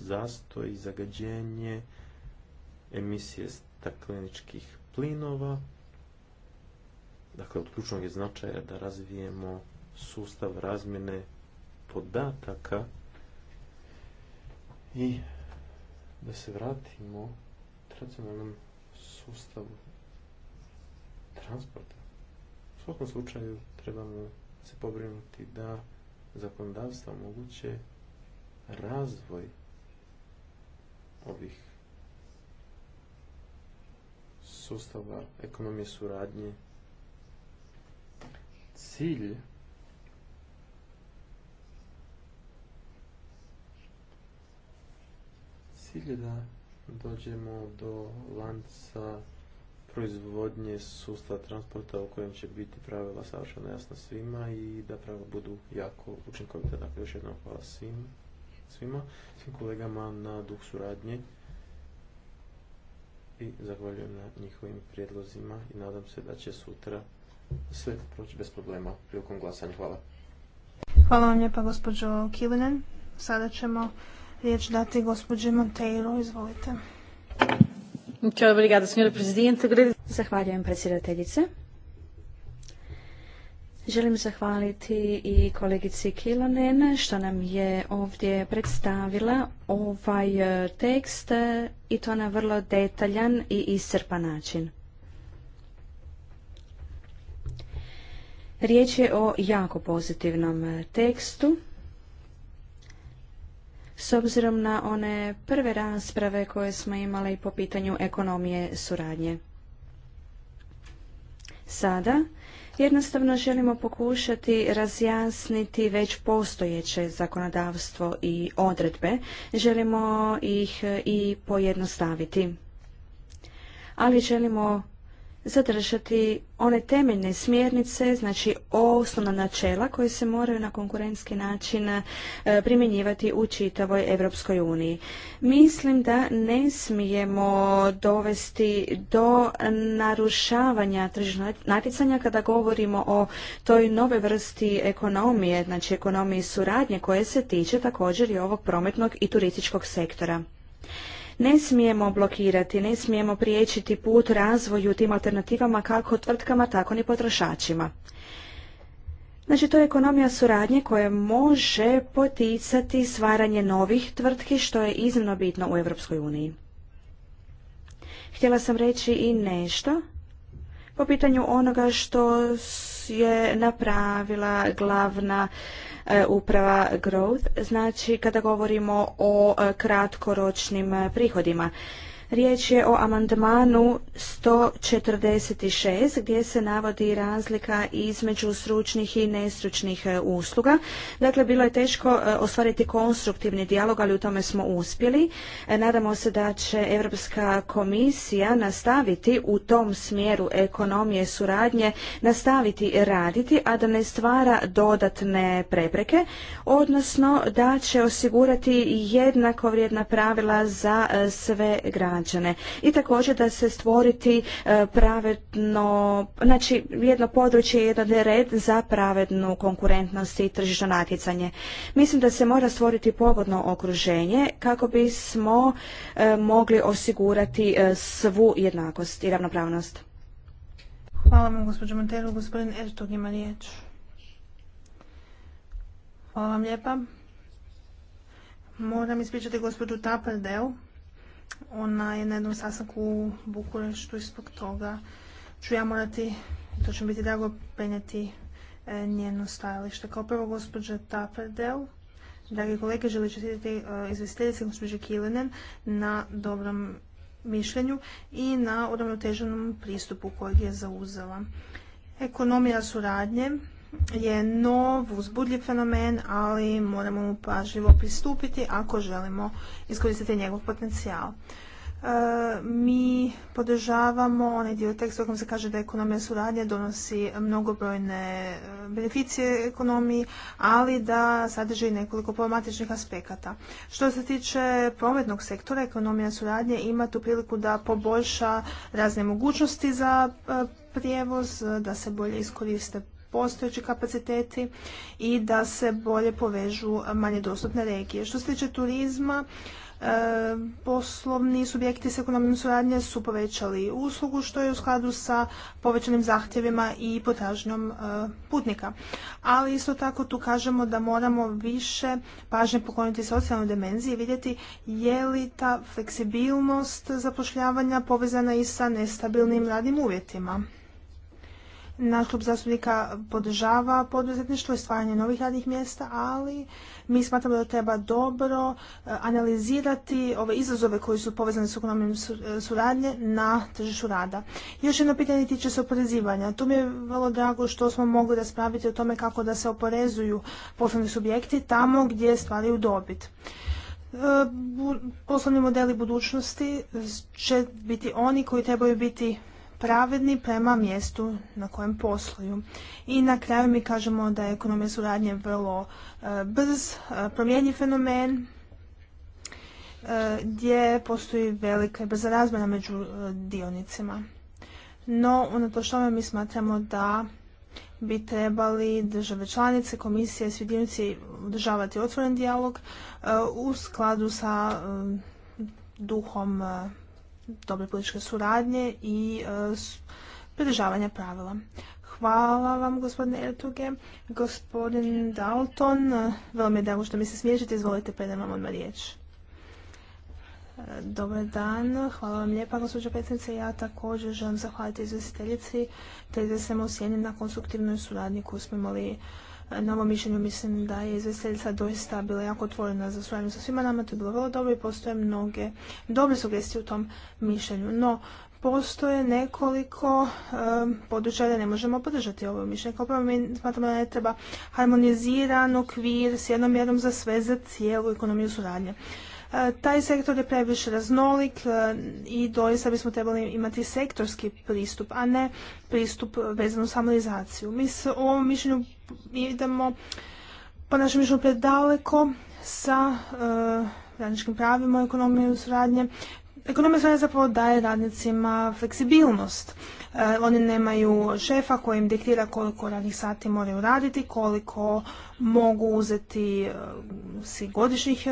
zastoj, zagađenje, emisije stakleničkih plinova. Dakle, od ključnog je značaja da razvijemo sustav razmjene podataka i da se vratimo tradicionalnom sustavu transporta. U svakom slučaju trebamo se pobrinuti da zakonodavstvo moguće razvoj ovih sustava ekonomije suradnje. Cilj cilj je da dođemo do lanca proizvodnje sustava transporta u kojem će biti pravila savršeno jasna svima i da pravila budu jako učinkovita. Dakle, još jednom hvala svim, svima, svim kolegama na duh suradnje i zahvaljujem na njihovim prijedlozima i nadam se da će sutra sve proći bez problema prilikom glasanja. Hvala. Hvala vam lijepa gospođo Kilinen. Sada ćemo riječ dati gospođi Monteiro. Izvolite. Zahvaljujem predsjedateljice. Želim zahvaliti i kolegici Kilonen što nam je ovdje predstavila ovaj e, tekst e, i to na vrlo detaljan i iscrpan način. Riječ je o jako pozitivnom e, tekstu. S obzirom na one prve rasprave koje smo imali po pitanju ekonomije suradnje. Sada Jednostavno želimo pokušati razjasniti već postojeće zakonodavstvo i odredbe. Želimo ih i pojednostaviti. Ali želimo zadržati one temeljne smjernice, znači osnovna načela koje se moraju na konkurentski način e, primjenjivati u čitavoj Europskoj uniji. Mislim da ne smijemo dovesti do narušavanja tržišnog natjecanja kada govorimo o toj nove vrsti ekonomije, znači ekonomiji suradnje koje se tiče također i ovog prometnog i turističkog sektora. Ne smijemo blokirati, ne smijemo priječiti put razvoju tim alternativama kako tvrtkama, tako ni potrošačima. Znači, to je ekonomija suradnje koja može poticati stvaranje novih tvrtki, što je iznimno bitno u Europskoj uniji. Htjela sam reći i nešto po pitanju onoga što je napravila glavna E, uprava Growth, znači kada govorimo o e, kratkoročnim e, prihodima. Riječ je o amandmanu 146 gdje se navodi razlika između stručnih i nestručnih e, usluga. Dakle, bilo je teško e, ostvariti konstruktivni dijalog, ali u tome smo uspjeli. E, nadamo se da će Europska komisija nastaviti u tom smjeru ekonomije suradnje, nastaviti raditi, a da ne stvara dodatne prepreke, odnosno da će osigurati jednako vrijedna pravila za sve građane građane i također da se stvoriti e, pravedno, znači jedno područje, jedan red za pravednu konkurentnost i tržišno natjecanje. Mislim da se mora stvoriti pogodno okruženje kako bismo e, mogli osigurati e, svu jednakost i ravnopravnost. Hvala vam, gospođo Montero. Gospodin Ertog ima riječ. Hvala vam lijepa. Moram ispričati gospođu Tapardeu ona je na jednom sastanku u Bukureštu i zbog toga ću ja morati, to će mi biti drago, penjati e, njeno stajalište. Kao prvo, gospođa Taperdel, dragi kolege, želim čestitati e, izvjestiteljice gospođe Kilinen na dobrom mišljenju i na uravnoteženom pristupu kojeg je zauzela. Ekonomija suradnje je nov, uzbudljiv fenomen, ali moramo mu pažljivo pristupiti ako želimo iskoristiti njegov potencijal. E, mi podržavamo onaj dio teksta u kojem se kaže da ekonomija suradnje donosi mnogobrojne e, beneficije ekonomiji, ali da sadrži nekoliko problematičnih aspekata. Što se tiče prometnog sektora, ekonomija suradnje ima tu priliku da poboljša razne mogućnosti za e, prijevoz, da se bolje iskoriste postojeći kapaciteti i da se bolje povežu manje dostupne regije. Što se tiče turizma, e, poslovni subjekti s suradnje su povećali uslugu što je u skladu sa povećanim zahtjevima i potražnjom e, putnika. Ali isto tako tu kažemo da moramo više pažnje pokloniti socijalnoj demenziji i vidjeti je li ta fleksibilnost zapošljavanja povezana i sa nestabilnim radnim uvjetima. Naš klub zastupnika podržava poduzetništvo i stvaranje novih radnih mjesta, ali mi smatramo da treba dobro eh, analizirati ove izazove koji su povezani s ekonomijom eh, suradnje na tržištu rada. Još jedno pitanje tiče se oporezivanja. Tu mi je vrlo drago što smo mogli raspraviti o tome kako da se oporezuju poslovni subjekti tamo gdje stvaraju dobit. Eh, poslovni modeli budućnosti će biti oni koji trebaju biti pravedni prema mjestu na kojem posluju. I na kraju mi kažemo da je ekonomija suradnje vrlo e, brz, e, fenomen, e, gdje postoji velika i brza razmjena među dionicima. No, unatoč tome mi smatramo da bi trebali države članice, komisije, svi dionici održavati otvoren dijalog u skladu sa duhom dobre političke suradnje i e, pridržavanja pravila. Hvala vam, gospodine Ertuge. Gospodin Dalton, e, veoma mi je drago što mi se smiješite. Izvolite, predajem vam odmah riječ. E, dobar dan, hvala vam lijepa gospođo predsjednice. Ja također želim zahvaliti izvjestiteljici te se sjeni na konstruktivnoj suradnji koju smo imali na ovom mišljenju mislim da je izvjestiteljica doista bila jako otvorena za suradnju sa svima nama, to je bilo vrlo dobro i postoje mnoge dobre sugestije u tom mišljenju. No, postoje nekoliko područja da ne možemo podržati ovo mišljenje. Kao prvo mi smatramo da ne treba harmoniziran okvir s jednom mjerom za sve za cijelu ekonomiju suradnje. E, taj sektor je previše raznolik e, i doista bismo trebali imati sektorski pristup, a ne pristup vezan uz samolizaciju. Mi se ovom mišljenju idemo po našem mišljenju predaleko sa e, radničkim pravima, ekonomije suradnje. Ekonomija suradnja zapravo daje radnicima fleksibilnost. oni nemaju šefa koji im diktira koliko radnih sati moraju raditi, koliko mogu uzeti godišnjih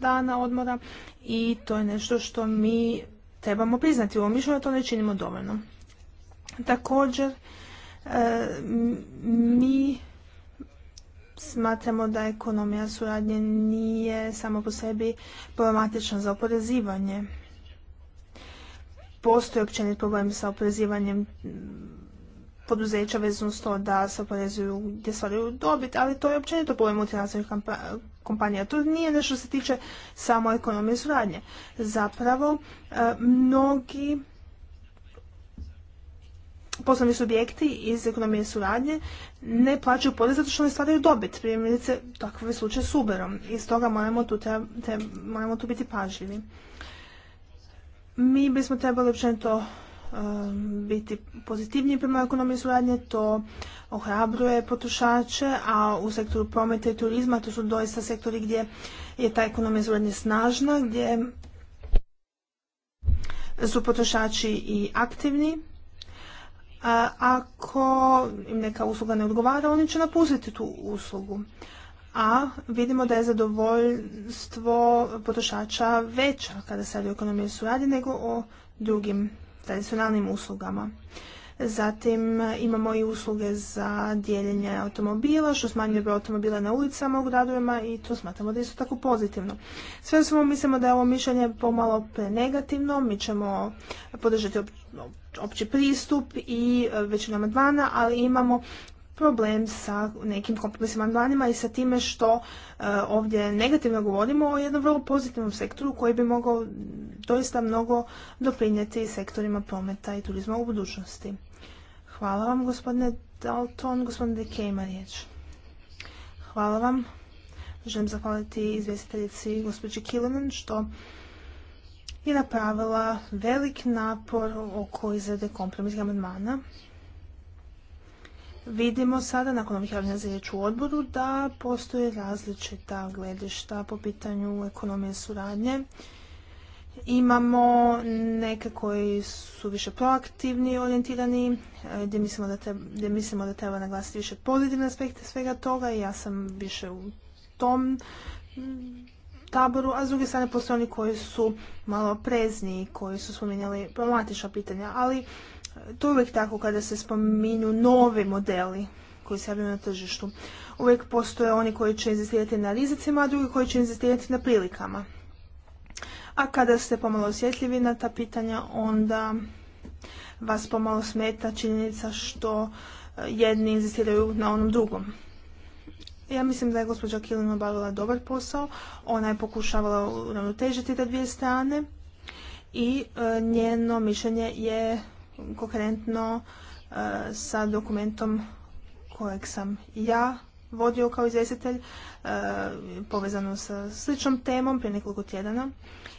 dana odmora i to je nešto što mi trebamo priznati u ovom mišljenju, to ne činimo dovoljno. Također, e, mi smatramo da ekonomija suradnje nije samo po sebi problematična za oporezivanje. Postoje općenit problem sa oporezivanjem poduzeća vezano s to da se oporezuju gdje stvaraju dobit, ali to je općenito problem multinacionalnih kompanija. To nije nešto što se tiče samo ekonomije suradnje. Zapravo, e, mnogi poslovni subjekti iz ekonomije suradnje ne plaćaju porez zato što ne stvaraju dobit. Primjerice, takav je slučaj s Uberom. I stoga moramo tu, moramo tu biti pažljivi. Mi bismo trebali općenito Um, biti pozitivniji prema ekonomiji suradnje, to ohrabruje potrošače, a u sektoru prometa i turizma to su doista sektori gdje je ta ekonomija suradnje snažna, gdje su potrošači i aktivni. ako im neka usluga ne odgovara, oni će napustiti tu uslugu. A vidimo da je zadovoljstvo potrošača veća kada se radi o ekonomiji suradnje nego o drugim tradicionalnim uslugama. Zatim imamo i usluge za dijeljenje automobila, što smanjuje broj automobila na ulicama u gradovima i to smatramo da je isto tako pozitivno. Sve u svemu mislimo da je ovo mišljenje pomalo prenegativno, mi ćemo podržati opći pristup i većinu amandmana, ali imamo problem sa nekim kompromisnim amandmanima i sa time što e, ovdje negativno govorimo o jednom vrlo pozitivnom sektoru koji bi mogao doista mnogo doprinijeti sektorima prometa i turizma u budućnosti. Hvala vam gospodine Dalton, gospodine Deke riječ. Hvala vam. Želim zahvaliti izvjestiteljici gospođi Kilonen što je napravila velik napor oko izrede kompromisnih amandmana Vidimo sada, nakon ovih javljanja za riječ u odboru, da postoje različita gledišta po pitanju ekonomije suradnje. Imamo neke koji su više proaktivni orijentirani, e, gdje mislimo da, treba, da naglasiti više pozitivne aspekte svega toga i ja sam više u tom mm, taboru, a s druge strane postoje oni koji su malo i koji su spominjali problematična pitanja, ali to je uvijek tako kada se spominju novi modeli koji se javljaju na tržištu. Uvijek postoje oni koji će inzistirati na rizicima, a drugi koji će inzistirati na prilikama. A kada ste pomalo osjetljivi na ta pitanja, onda vas pomalo smeta činjenica što eh, jedni inzistiraju na onom drugom. Ja mislim da je gospođa Kilin obavila dobar posao. Ona je pokušavala uravnotežiti te dvije strane i eh, njeno mišljenje je koherentno e, sa dokumentom kojeg sam ja vodio kao izvjestitelj, e, povezano sa sličnom temom prije nekoliko tjedana.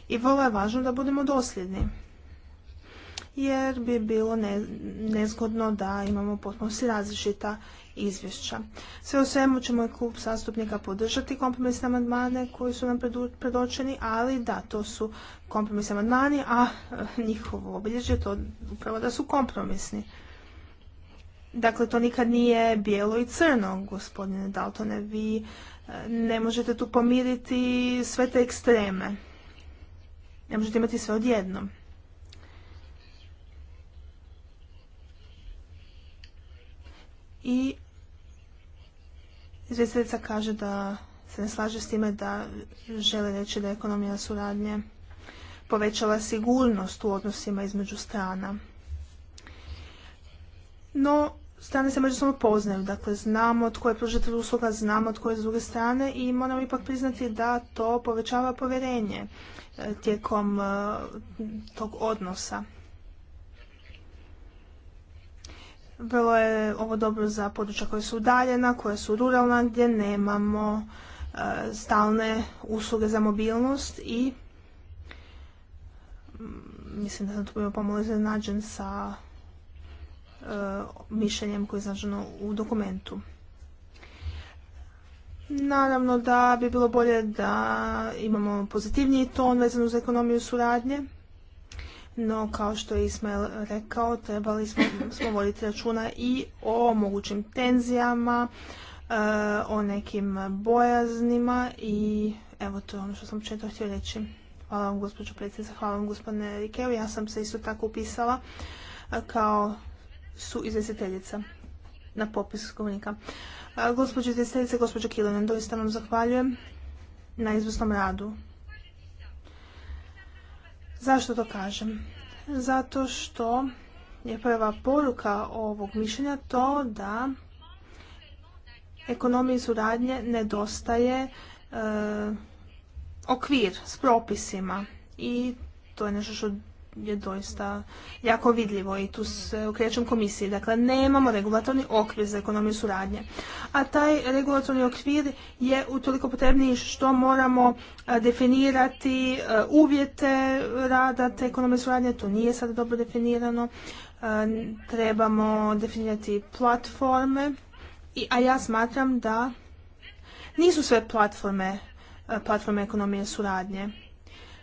I vrlo je važno da budemo dosljedni, jer bi bilo nezgodno da imamo potpuno različita izvješća. Sve u svemu će moj klub zastupnika podržati kompromisne amandmane koji su nam predočeni, ali da, to su kompromisni amandmani, a e, njihovo obilježje je to upravo da su kompromisni. Dakle, to nikad nije bijelo i crno, gospodine Daltone. Vi e, ne možete tu pomiriti sve te ekstreme. Ne možete imati sve odjedno. I Izvjestiteljica kaže da se ne slaže s time da žele reći da je ekonomija suradnje povećala sigurnost u odnosima između strana. No, strane se međusobno poznaju, dakle znamo tko je pružatelj usluga, znamo tko je s druge strane i moramo ipak priznati da to povećava povjerenje e, tijekom e, tog odnosa. Vrlo je ovo dobro za područja koja su udaljena, koja su ruralna, gdje nemamo e, stalne usluge za mobilnost i mm, mislim da sam tu bio pomalo iznenađen sa e, mišljenjem koje je izraženo u dokumentu. Naravno da bi bilo bolje da imamo pozitivniji ton vezan uz ekonomiju suradnje no kao što je Ismail rekao, trebali smo, smo računa i o mogućim tenzijama, eh, o nekim bojaznima i evo to je ono što sam početno htio reći. Hvala vam gospođo predsjednice, hvala vam gospodine Rikeu. Ja sam se isto tako upisala eh, kao su izvjestiteljica na popis govornika. Eh, gospođo izvjestiteljice, gospođo Kilonen, doista vam zahvaljujem na izvrsnom radu Zašto to kažem? Zato što je prva poruka ovog mišljenja to da ekonomiji suradnje nedostaje e, okvir s propisima i to je nešto što je doista jako vidljivo i tu se okrećem komisiji. Dakle, nemamo regulatorni okvir za ekonomiju suradnje. A taj regulatorni okvir je utoliko potrebniji što moramo definirati uvjete rada te ekonomije suradnje. To nije sad dobro definirano. Trebamo definirati platforme. A ja smatram da nisu sve platforme platforme ekonomije suradnje.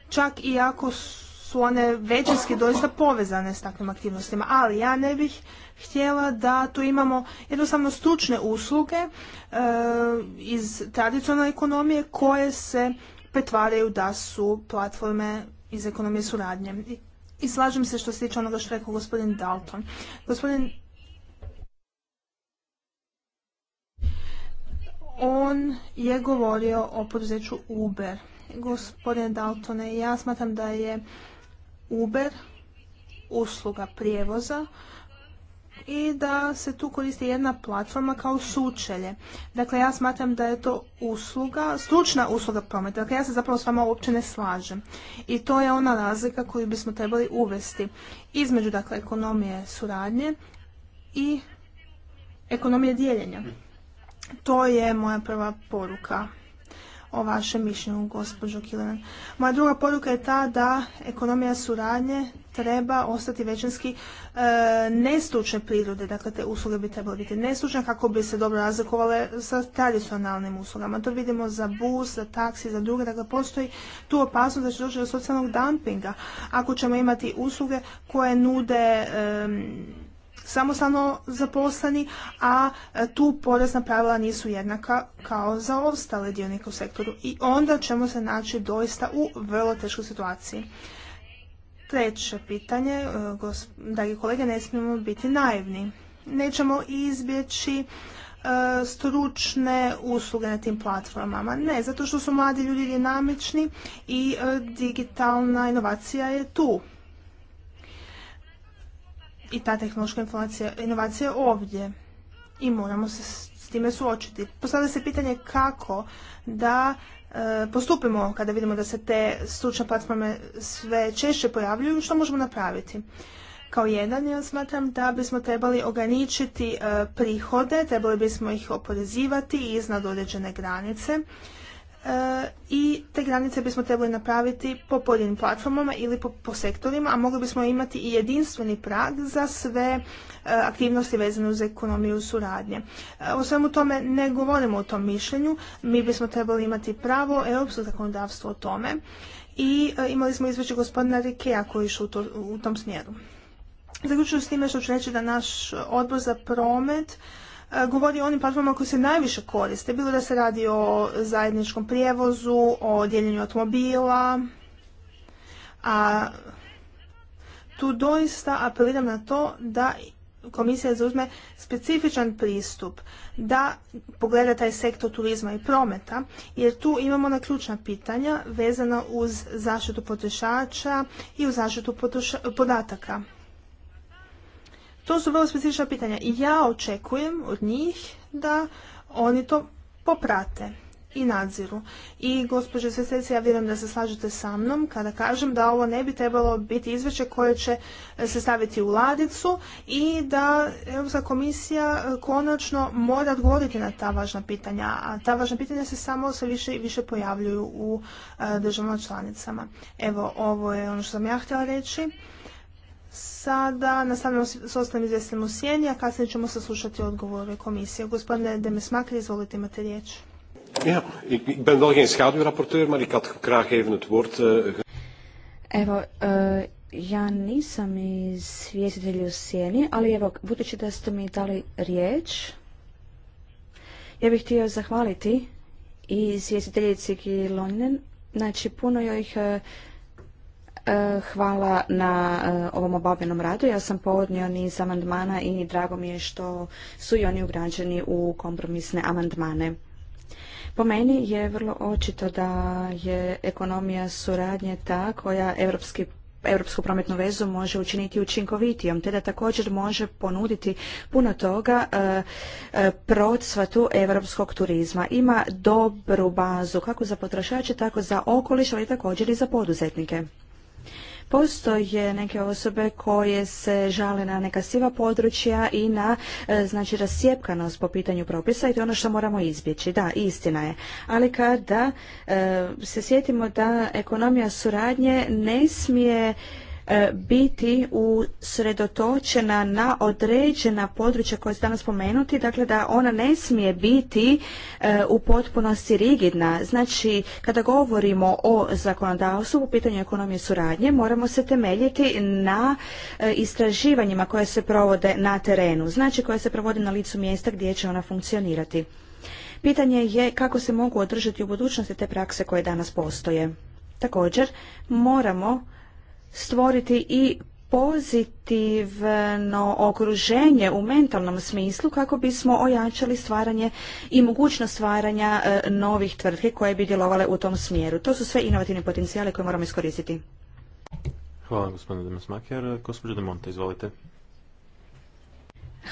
Čak i ako su su one većinski doista povezane s takvim aktivnostima, ali ja ne bih htjela da tu imamo jednostavno stručne usluge e, iz tradicionalne ekonomije koje se pretvaraju da su platforme iz ekonomije suradnje. I, slažem se što se tiče onoga što rekao gospodin Dalton. Gospodin on je govorio o poduzeću Uber. Gospodine Daltone, ja smatram da je Uber, usluga prijevoza i da se tu koristi jedna platforma kao sučelje. Dakle, ja smatram da je to usluga, stručna usluga prometa. Dakle, ja se zapravo s vama uopće ne slažem. I to je ona razlika koju bismo trebali uvesti između, dakle, ekonomije suradnje i ekonomije dijeljenja. To je moja prva poruka o vašem mišljenju, gospođo Kilenan. Moja druga poruka je ta da ekonomija suradnje treba ostati većinski e, nestručne prirode, dakle te usluge bi trebale biti nestručne kako bi se dobro razlikovale sa tradicionalnim uslugama. To vidimo za bus, za taksi, za druge, dakle postoji tu opasnost da će doći do socijalnog dumpinga. Ako ćemo imati usluge koje nude samostalno zaposleni, a e, tu porezna pravila nisu jednaka kao za ostale dionike u sektoru i onda ćemo se naći doista u vrlo teškoj situaciji. Treće pitanje, e, dragi kolege, ne smijemo biti naivni. Nećemo izbjeći e, stručne usluge na tim platformama. Ne, zato što su mladi ljudi dinamični i digitalna inovacija je tu i ta tehnološka inovacija ovdje i moramo se s time suočiti. Postavlja se pitanje kako da e, postupimo kada vidimo da se te stručne platforme sve češće pojavljuju, što možemo napraviti. Kao jedan ja smatram da bismo trebali ograničiti e, prihode, trebali bismo ih oporezivati iznad određene granice E, i te granice bismo trebali napraviti po pojedinim platformama ili po, sektorima, a mogli bismo imati i jedinstveni prag za sve e, aktivnosti vezane uz ekonomiju suradnje. E, o svemu tome ne govorimo o tom mišljenju, mi bismo trebali imati pravo europsko zakonodavstvo o tome i imali smo izveće gospodina rikea koji je u tom smjeru. Zaključujem s time što ću reći da naš odbor za promet govori o onim platformama koje se najviše koriste, bilo da se radi o zajedničkom prijevozu, o dijeljenju automobila, a tu doista apeliram na to da komisija zauzme specifičan pristup, da pogleda taj sektor turizma i prometa, jer tu imamo na ključna pitanja vezana uz zaštitu potrošača i uz zaštitu podataka. To su vrlo specifična pitanja i ja očekujem od njih da oni to poprate i nadziru. I gospođo Sesteci, ja vjerujem da se slažete sa mnom kada kažem da ovo ne bi trebalo biti izveće koje će e, se staviti u ladicu i da Europska komisija e, konačno mora odgovoriti na ta važna pitanja, a ta važna pitanja se samo sve više i više pojavljuju u e, državama članicama. Evo, ovo je ono što sam ja htjela reći. Sada nastavljamo s ostalim izvjestiteljem u sjeni, a kasnije ćemo saslušati odgovore komisije. Gospodine Makar, izvolite, imate riječ. Ja, ik, ben wel geen schaduwrapporteur, maar ik had graag even eh, Evo, eh, ja nisam izvjestitelj u sjeni, ali evo, budući da ste mi dali riječ, ja bih htio zahvaliti i izvjestiteljici london Znači, puno joj ih eh, E, hvala na e, ovom obavljenom radu. Ja sam povodnio niz amandmana i drago mi je što su i oni ugrađeni u kompromisne amandmane. Po meni je vrlo očito da je ekonomija suradnje ta koja evropski europsku prometnu vezu može učiniti učinkovitijom, te da također može ponuditi puno toga e, procvatu europskog turizma. Ima dobru bazu kako za potrošače, tako za okoliš, ali također i za poduzetnike. Postoje neke osobe koje se žale na neka siva područja i na e, znači rasjepkanost po pitanju propisa i to je ono što moramo izbjeći. Da, istina je. Ali kada e, se sjetimo da ekonomija suradnje ne smije E, biti usredotočena na određena područja koja su danas spomenuti, dakle da ona ne smije biti e, u potpunosti rigidna. Znači, kada govorimo o zakonodavstvu u pitanju ekonomije suradnje, moramo se temeljiti na e, istraživanjima koje se provode na terenu, znači koje se provode na licu mjesta gdje će ona funkcionirati. Pitanje je kako se mogu održati u budućnosti te prakse koje danas postoje. Također, moramo stvoriti i pozitivno okruženje u mentalnom smislu kako bismo ojačali stvaranje i mogućnost stvaranja e, novih tvrtki koje bi djelovale u tom smjeru. To su sve inovativni potencijale koje moramo iskoristiti. Hvala gospodine izvolite.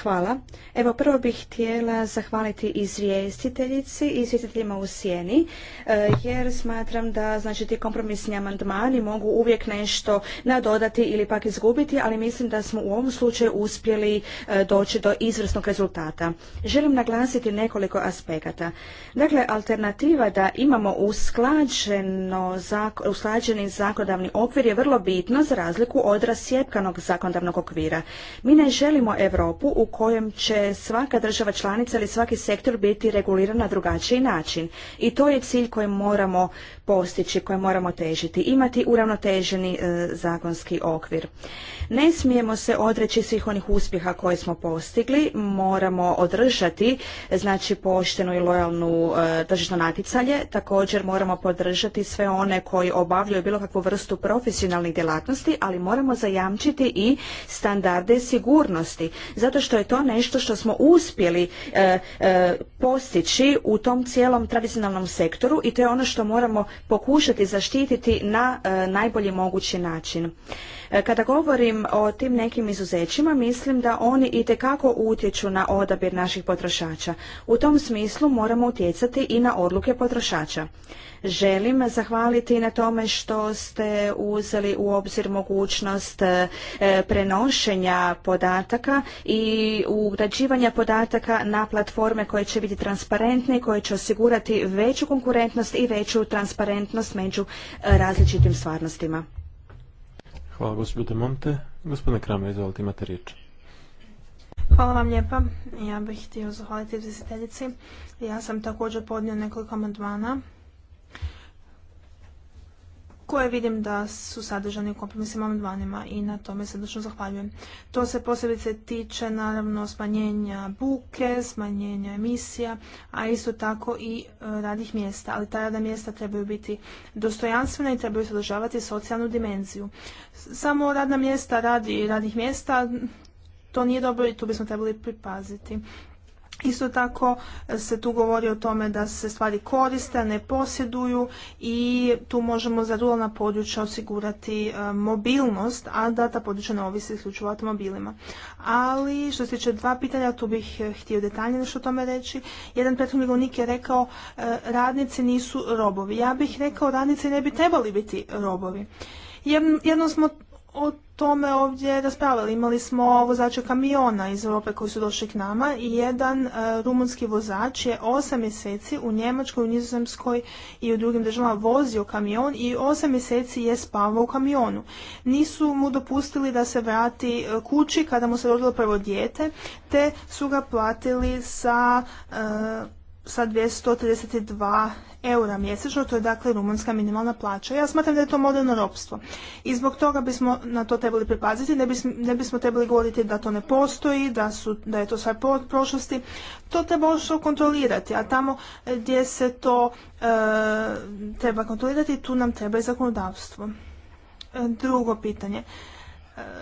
Hvala. Evo prvo bih htjela zahvaliti izvjestiteljici i izvjestiteljima u sjeni e, jer smatram da znači ti kompromisni amandmani mogu uvijek nešto nadodati ili pak izgubiti, ali mislim da smo u ovom slučaju uspjeli e, doći do izvrsnog rezultata. Želim naglasiti nekoliko aspekata. Dakle, alternativa da imamo usklađeno, usklađeni zakonodavni okvir je vrlo bitno za razliku od rasjepkanog zakonodavnog okvira. Mi ne želimo Europu u kojem će svaka država članica ili svaki sektor biti reguliran na drugačiji način. I to je cilj kojem moramo postići, koje moramo težiti, imati uravnoteženi e, zakonski okvir. Ne smijemo se odreći svih onih uspjeha koje smo postigli, moramo održati znači poštenu i lojalnu e, tržišno natjecanje, također moramo podržati sve one koji obavljaju bilo kakvu vrstu profesionalnih djelatnosti, ali moramo zajamčiti i standarde sigurnosti, zato što je to nešto što smo uspjeli e, e, postići u tom cijelom tradicionalnom sektoru i to je ono što moramo pokušati zaštititi na e, najbolji mogući način. E, kada govorim o tim nekim izuzećima, mislim da oni i tekako utječu na odabir naših potrošača. U tom smislu moramo utjecati i na odluke potrošača. Želim zahvaliti na tome što ste uzeli u obzir mogućnost e, prenošenja podataka i ugrađivanja podataka na platforme koje će biti transparentne i koje će osigurati veću konkurentnost i veću transparentnost među e, različitim stvarnostima. Hvala gospođo Monte. Gospodine Kramer, izvolite, imate riječ. Hvala vam lijepa. Ja bih htio zahvaliti izvjestiteljici. Ja sam također podnio nekoliko amandmana koje vidim da su sadržani u kompromisnim amandmanima i na tome se srdečno zahvaljujem. To se posebice tiče naravno smanjenja buke, smanjenja emisija, a isto tako i e, radnih mjesta. Ali ta radna mjesta trebaju biti dostojanstvena i trebaju sadržavati socijalnu dimenziju. Samo radna mjesta radi radnih mjesta, to nije dobro i tu bismo trebali pripaziti. Isto tako se tu govori o tome da se stvari koriste, ne posjeduju i tu možemo za ruralna područja osigurati e, mobilnost, a da ta područja ne ovisi isključivo automobilima. Ali što se tiče dva pitanja, tu bih e, htio detaljnije nešto o tome reći. Jedan prethodni govornik je rekao e, radnici nisu robovi. Ja bih rekao radnici ne bi trebali biti robovi. Jedno smo od tome ovdje raspravili. Imali smo vozače kamiona iz Europe koji su došli k nama i jedan e, rumunski vozač je osam mjeseci u Njemačkoj, u Nizozemskoj i u drugim državama vozio kamion i osam mjeseci je spavao u kamionu. Nisu mu dopustili da se vrati e, kući kada mu se rodilo prvo dijete, te su ga platili sa e, sa 232 eura mjesečno, to je dakle rumunska minimalna plaća. Ja smatram da je to moderno ropstvo i zbog toga bismo na to trebali pripaziti, ne bismo, trebali govoriti da to ne postoji, da, su, da je to sve prošlosti. To treba ošto kontrolirati, a tamo gdje se to e, treba kontrolirati, tu nam treba i zakonodavstvo. E, drugo pitanje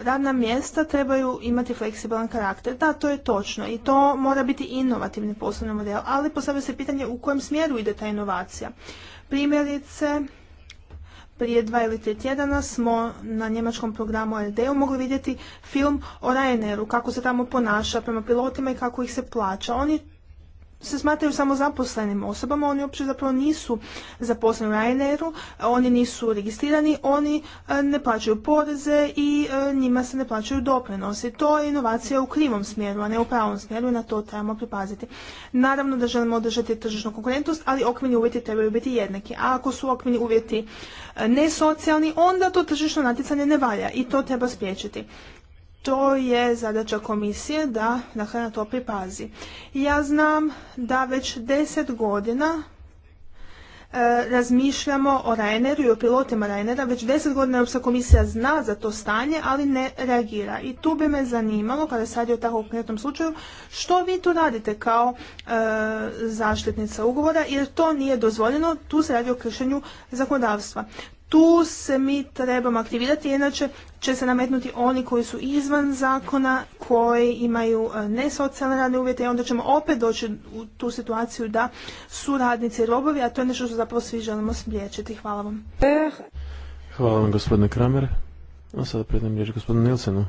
radna mjesta trebaju imati fleksibilan karakter. Da, to je točno i to mora biti inovativni poslovni model, ali postavlja se pitanje u kojem smjeru ide ta inovacija. Primjerice, prije dva ili tri tjedana smo na njemačkom programu RD-u mogli vidjeti film o Ryanairu, kako se tamo ponaša prema pilotima i kako ih se plaća. Oni se smatraju samo zaposlenim osobama, oni uopće zapravo nisu zaposleni u Ryanairu, oni nisu registrirani, oni e, ne plaćaju poreze i e, njima se ne plaćaju doprinosi. To je inovacija u krivom smjeru, a ne u pravom smjeru i na to trebamo pripaziti. Naravno da želimo održati tržišnu konkurentnost, ali okvirni uvjeti trebaju biti jednaki. A ako su okvirni uvjeti e, nesocijalni, onda to tržišno natjecanje ne valja i to treba spriječiti to je zadaća komisije da na to pripazi. Ja znam da već deset godina e, razmišljamo o Raineru i o pilotima Rainera. Već deset godina Europska komisija zna za to stanje, ali ne reagira. I tu bi me zanimalo, kada sad radi o takvom konkretnom slučaju, što vi tu radite kao e, zaštitnica ugovora, jer to nije dozvoljeno, tu se radi o kršenju zakonodavstva tu se mi trebamo aktivirati, inače će se nametnuti oni koji su izvan zakona, koji imaju e, nesocijalne radne uvjete i onda ćemo opet doći u tu situaciju da su radnici robovi, a to je nešto što zapravo svi želimo spriječiti. Hvala vam. Hvala vam gospodine Kramer. A sada predajem riječ gospodinu Nilsenu.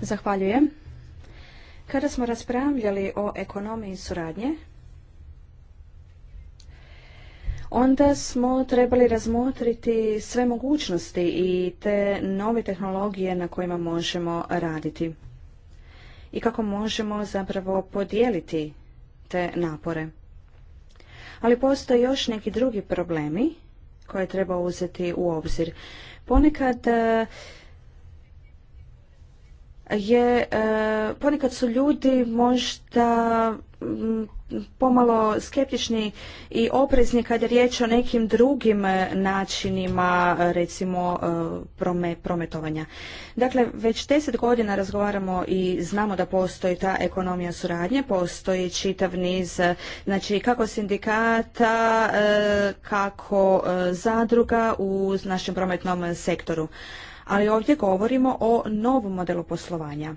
Zahvaljujem. Kada smo raspravljali o ekonomiji suradnje, onda smo trebali razmotriti sve mogućnosti i te nove tehnologije na kojima možemo raditi i kako možemo zapravo podijeliti te napore. Ali postoje još neki drugi problemi koje treba uzeti u obzir. Ponekad je e, ponekad su ljudi možda pomalo skeptični i oprezni kada je riječ o nekim drugim e, načinima recimo e, prometovanja. Dakle, već deset godina razgovaramo i znamo da postoji ta ekonomija suradnje, postoji čitav niz, znači kako sindikata, kako zadruga u našem prometnom sektoru ali ovdje govorimo o novom modelu poslovanja.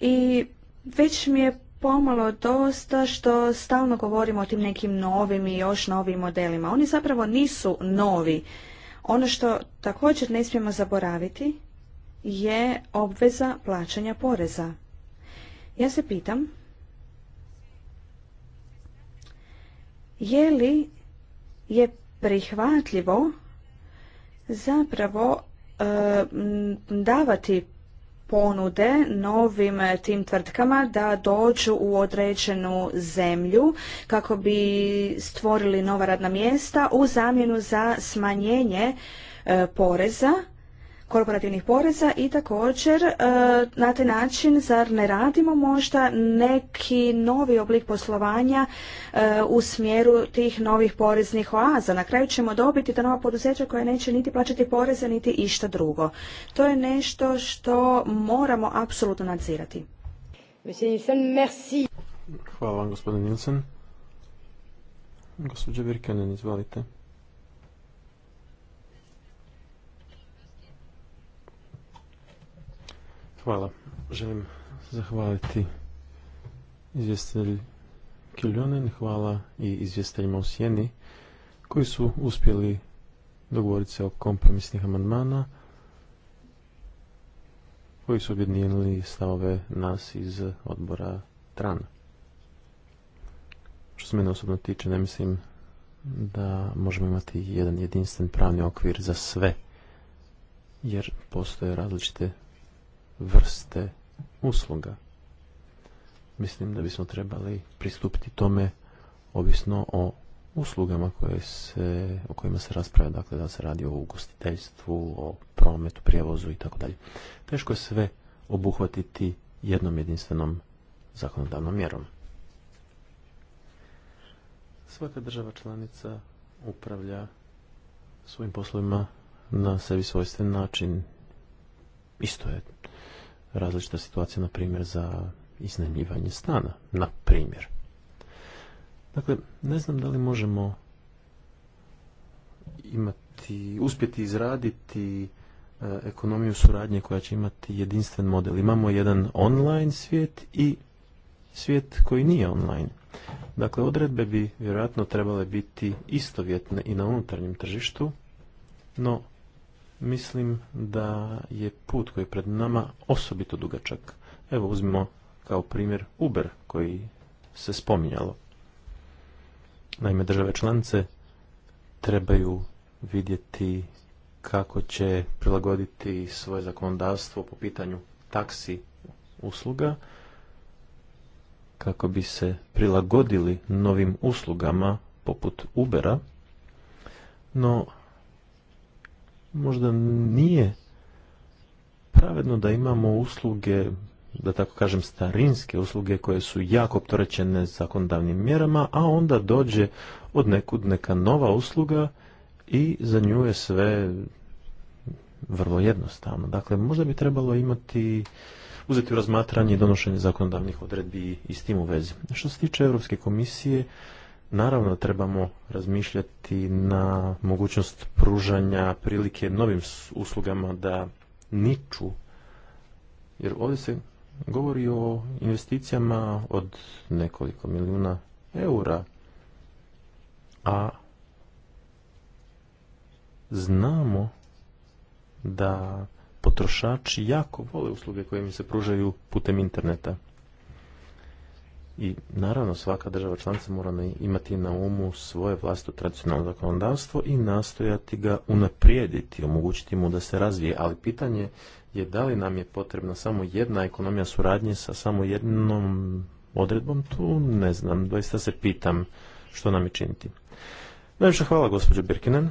I već mi je pomalo dosta što stalno govorimo o tim nekim novim i još novim modelima. Oni zapravo nisu novi. Ono što također ne smijemo zaboraviti je obveza plaćanja poreza. Ja se pitam, je li je prihvatljivo zapravo e, davati ponude novim e, tim tvrtkama da dođu u određenu zemlju kako bi stvorili nova radna mjesta u zamjenu za smanjenje e, poreza korporativnih poreza i također e, na taj način zar ne radimo možda neki novi oblik poslovanja e, u smjeru tih novih poreznih oaza. Na kraju ćemo dobiti ta nova poduzeća koja neće niti plaćati poreze niti išta drugo. To je nešto što moramo apsolutno nadzirati. Hvala vam gospodin Nilsen. Gospodin Hvala. Želim zahvaliti izvjestitelji Kiljonen, hvala i izvjestiteljima u Sjeni koji su uspjeli dogovoriti se o kompromisnih amandmana koji su objedinili stavove nas iz odbora TRAN. Što se mene osobno tiče, ne mislim da možemo imati jedan jedinstven pravni okvir za sve, jer postoje različite vrste usluga. Mislim da bismo trebali pristupiti tome ovisno o uslugama koje se, o kojima se raspravlja, dakle da se radi o ugostiteljstvu, o prometu, prijevozu i tako dalje. Teško je sve obuhvatiti jednom jedinstvenom zakonodavnom mjerom. Svaka država članica upravlja svojim poslovima na sebi svojstven način. Isto je različita situacija, na primjer, za iznajmljivanje stana, na primjer. Dakle, ne znam da li možemo imati, uspjeti izraditi e, ekonomiju suradnje koja će imati jedinstven model. Imamo jedan online svijet i svijet koji nije online. Dakle, odredbe bi vjerojatno trebale biti istovjetne i na unutarnjem tržištu, no Mislim da je put koji je pred nama osobito dugačak. Evo uzmimo kao primjer Uber koji se spominjalo. Naime, države članice trebaju vidjeti kako će prilagoditi svoje zakonodavstvo po pitanju taksi usluga kako bi se prilagodili novim uslugama poput Ubera, no možda nije pravedno da imamo usluge, da tako kažem starinske usluge koje su jako opterećene zakonodavnim mjerama, a onda dođe od nekud neka nova usluga i za nju je sve vrlo jednostavno. Dakle, možda bi trebalo imati uzeti u razmatranje i donošenje zakonodavnih odredbi i s tim u vezi. Što se tiče Europske komisije, Naravno, trebamo razmišljati na mogućnost pružanja prilike novim uslugama da niču, jer ovdje se govori o investicijama od nekoliko milijuna eura, a znamo da potrošači jako vole usluge koje im se pružaju putem interneta. I naravno svaka država članica mora imati na umu svoje vlastito tradicionalno zakonodavstvo i nastojati ga unaprijediti, omogućiti mu da se razvije. Ali pitanje je da li nam je potrebna samo jedna ekonomija suradnje sa samo jednom odredbom, tu ne znam, doista se pitam što nam je činiti. Najviše hvala gospođo Birkinen.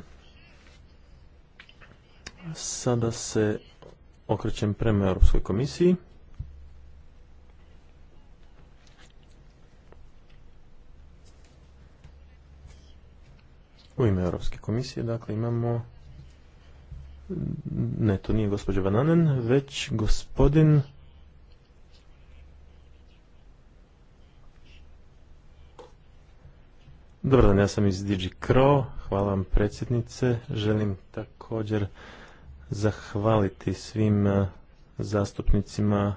Sada se okrećem prema Europskoj komisiji. U ime Europske komisije, dakle, imamo... Ne, to nije gospođa Vananen, već gospodin... Dobar ja sam iz Digi Hvala vam predsjednice. Želim također zahvaliti svim eh, zastupnicima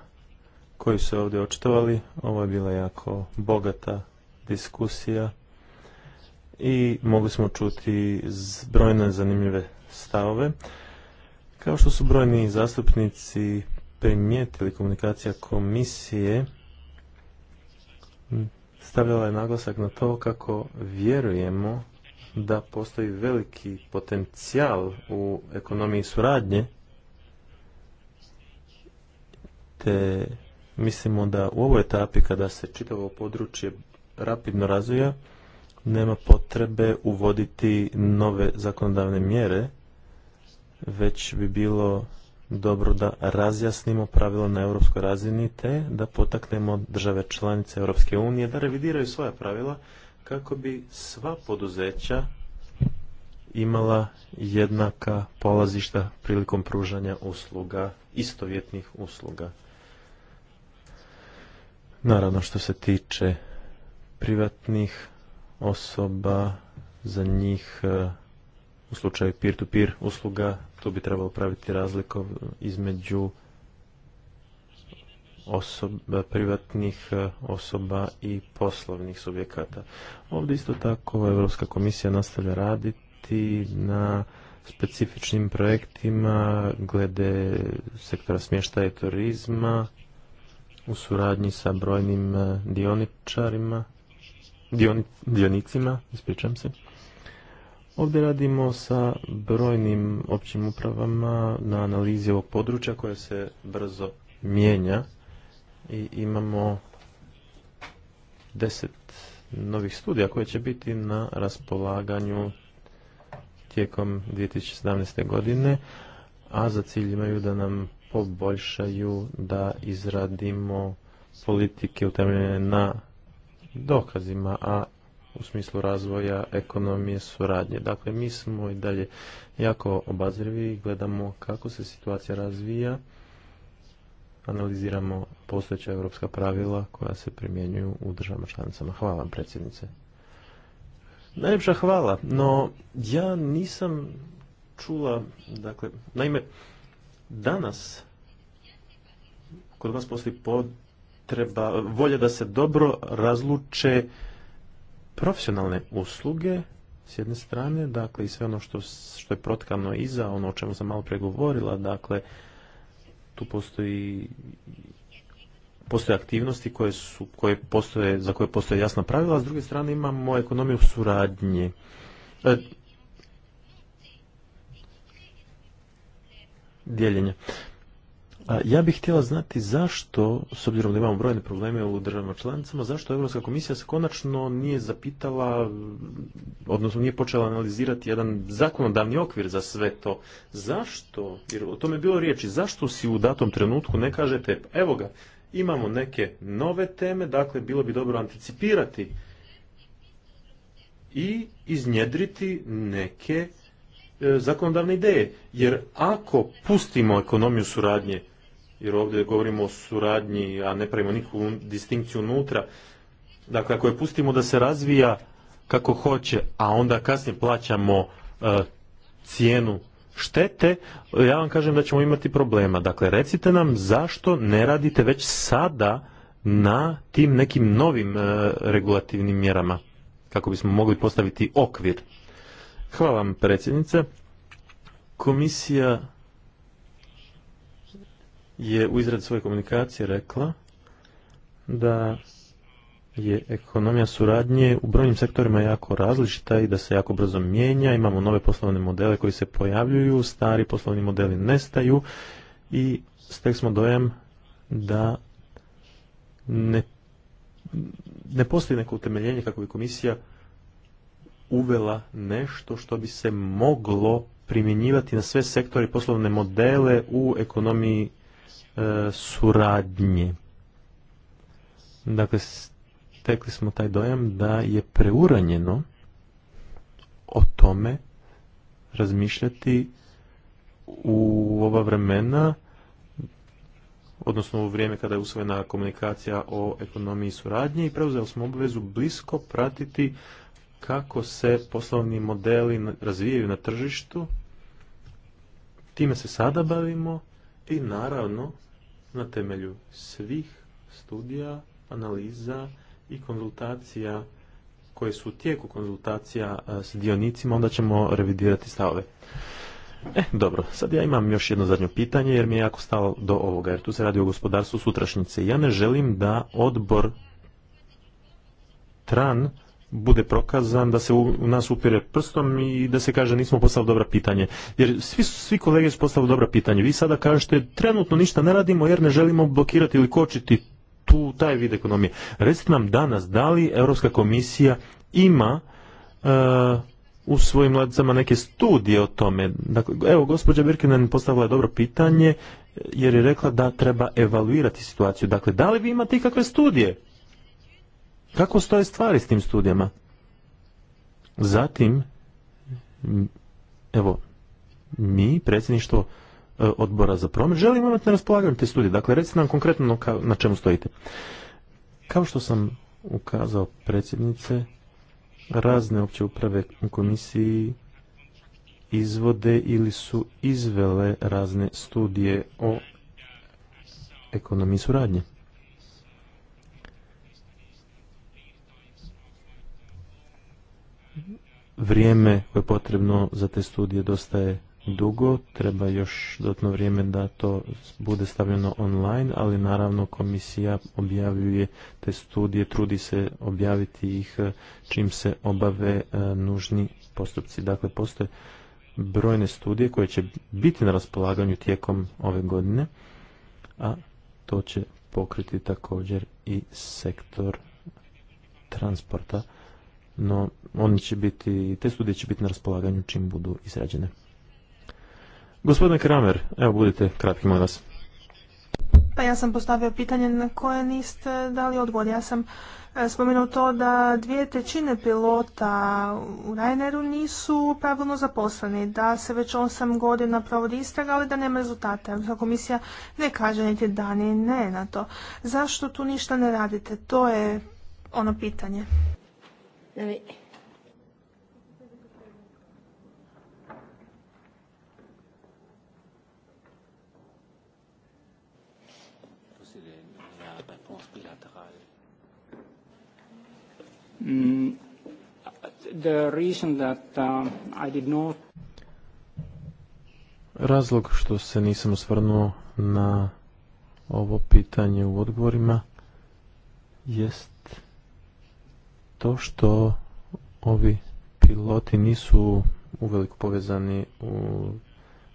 koji su ovdje očitovali. Ovo je bila jako bogata diskusija i mogli smo čuti brojne zanimljive stavove. Kao što su brojni zastupnici primijetili komunikacija komisije, stavljala je naglasak na to kako vjerujemo da postoji veliki potencijal u ekonomiji suradnje, te mislimo da u ovoj etapi kada se čitavo područje rapidno razvija, nema potrebe uvoditi nove zakonodavne mjere, već bi bilo dobro da razjasnimo pravila na europskoj razini te da potaknemo države članice Europske unije da revidiraju svoja pravila kako bi sva poduzeća imala jednaka polazišta prilikom pružanja usluga, istovjetnih usluga. Naravno što se tiče privatnih osoba za njih e, u slučaju peer-to-peer usluga, tu bi trebalo praviti razliku između osoba, privatnih e, osoba i poslovnih subjekata. Ovdje isto tako Europska komisija nastavlja raditi na specifičnim projektima glede sektora smještaja i turizma u suradnji sa brojnim e, dioničarima dionicima, ispričam se. Ovdje radimo sa brojnim općim upravama na analizi ovog područja koje se brzo mijenja i imamo deset novih studija koje će biti na raspolaganju tijekom 2017. godine, a za cilj imaju da nam poboljšaju da izradimo politike utemeljene na dokazima, a u smislu razvoja ekonomije suradnje. Dakle, mi smo i dalje jako obazrivi i gledamo kako se situacija razvija, analiziramo postojeća europska pravila koja se primjenjuju u državama članicama. Hvala vam, predsjednice. Najljepša hvala, no ja nisam čula, dakle, naime, danas kod vas postoji Treba volja da se dobro razluče profesionalne usluge s jedne strane, dakle i sve ono što, što je protkano iza, ono o čemu sam malo pregovorila, dakle tu postoji postoje aktivnosti koje su, koje postoje, za koje postoje jasna pravila, a s druge strane imamo ekonomiju suradnje. E, dijeljenja. Ja bih htjela znati zašto, s obzirom da imamo brojne probleme u državama članicama, zašto Europska komisija se konačno nije zapitala, odnosno nije počela analizirati jedan zakonodavni okvir za sve to. Zašto? Jer o tome je bilo riječi. Zašto si u datom trenutku ne kažete, evo ga, imamo neke nove teme, dakle bilo bi dobro anticipirati i iznjedriti neke e, zakonodavne ideje. Jer ako pustimo ekonomiju suradnje jer ovdje govorimo o suradnji, a ne pravimo nikakvu distinkciju unutra. Dakle, ako je pustimo da se razvija kako hoće, a onda kasnije plaćamo e, cijenu štete, ja vam kažem da ćemo imati problema. Dakle, recite nam zašto ne radite već sada na tim nekim novim e, regulativnim mjerama, kako bismo mogli postaviti okvir. Hvala vam, predsjednice. Komisija je u izradi svoje komunikacije rekla da je ekonomija suradnje u brojnim sektorima jako različita i da se jako brzo mijenja, imamo nove poslovne modele koji se pojavljuju, stari poslovni modeli nestaju i stek smo dojam da ne, ne postoji neko utemeljenje kako bi komisija uvela nešto što bi se moglo primjenjivati na sve sektore i poslovne modele u ekonomiji E, suradnje. Dakle, stekli smo taj dojam da je preuranjeno o tome razmišljati u ova vremena, odnosno u vrijeme kada je usvojena komunikacija o ekonomiji suradnje i preuzeli smo obvezu blisko pratiti kako se poslovni modeli razvijaju na tržištu. Time se sada bavimo i naravno na temelju svih studija, analiza i konzultacija koje su u tijeku konzultacija e, s dionicima, onda ćemo revidirati stavove. E, dobro, sad ja imam još jedno zadnje pitanje jer mi je jako stalo do ovoga, jer tu se radi o gospodarstvu sutrašnjice. Ja ne želim da odbor TRAN bude prokazan, da se u nas upire prstom i da se kaže nismo postavili dobra pitanje. Jer svi, svi kolege su postavili dobra pitanje. Vi sada kažete trenutno ništa ne radimo jer ne želimo blokirati ili kočiti tu taj vid ekonomije. Recite nam danas da li Europska komisija ima e, u svojim ladicama neke studije o tome. Dakle, evo, gospođa Birkinen postavila je dobro pitanje e, jer je rekla da treba evaluirati situaciju. Dakle, da li vi imate ikakve studije kako stoje stvari s tim studijama? Zatim, evo, mi, predsjedništvo e, odbora za promet, želimo imati na raspolaganju te studije. Dakle, recite nam konkretno na čemu stojite. Kao što sam ukazao predsjednice, razne opće uprave u komisiji izvode ili su izvele razne studije o ekonomiji suradnje. vrijeme koje je potrebno za te studije dosta je dugo, treba još dodatno vrijeme da to bude stavljeno online, ali naravno komisija objavljuje te studije, trudi se objaviti ih e, čim se obave e, nužni postupci. Dakle, postoje brojne studije koje će biti na raspolaganju tijekom ove godine, a to će pokriti također i sektor transporta no oni će biti, te studije će biti na raspolaganju čim budu izrađene. Gospodine Kramer, evo budite kratki vas. Pa ja sam postavio pitanje na koje niste dali odgovor. Ja sam e, spomenuo to da dvije trećine pilota u Raineru nisu pravilno zaposleni, da se već osam godina provodi istraga, ali da nema rezultata. komisija ne kaže niti da ni ne na to. Zašto tu ništa ne radite? To je ono pitanje. Znači, Razlog što se nisam osvrnuo na ovo pitanje u odgovorima jest to što ovi piloti nisu uveliko povezani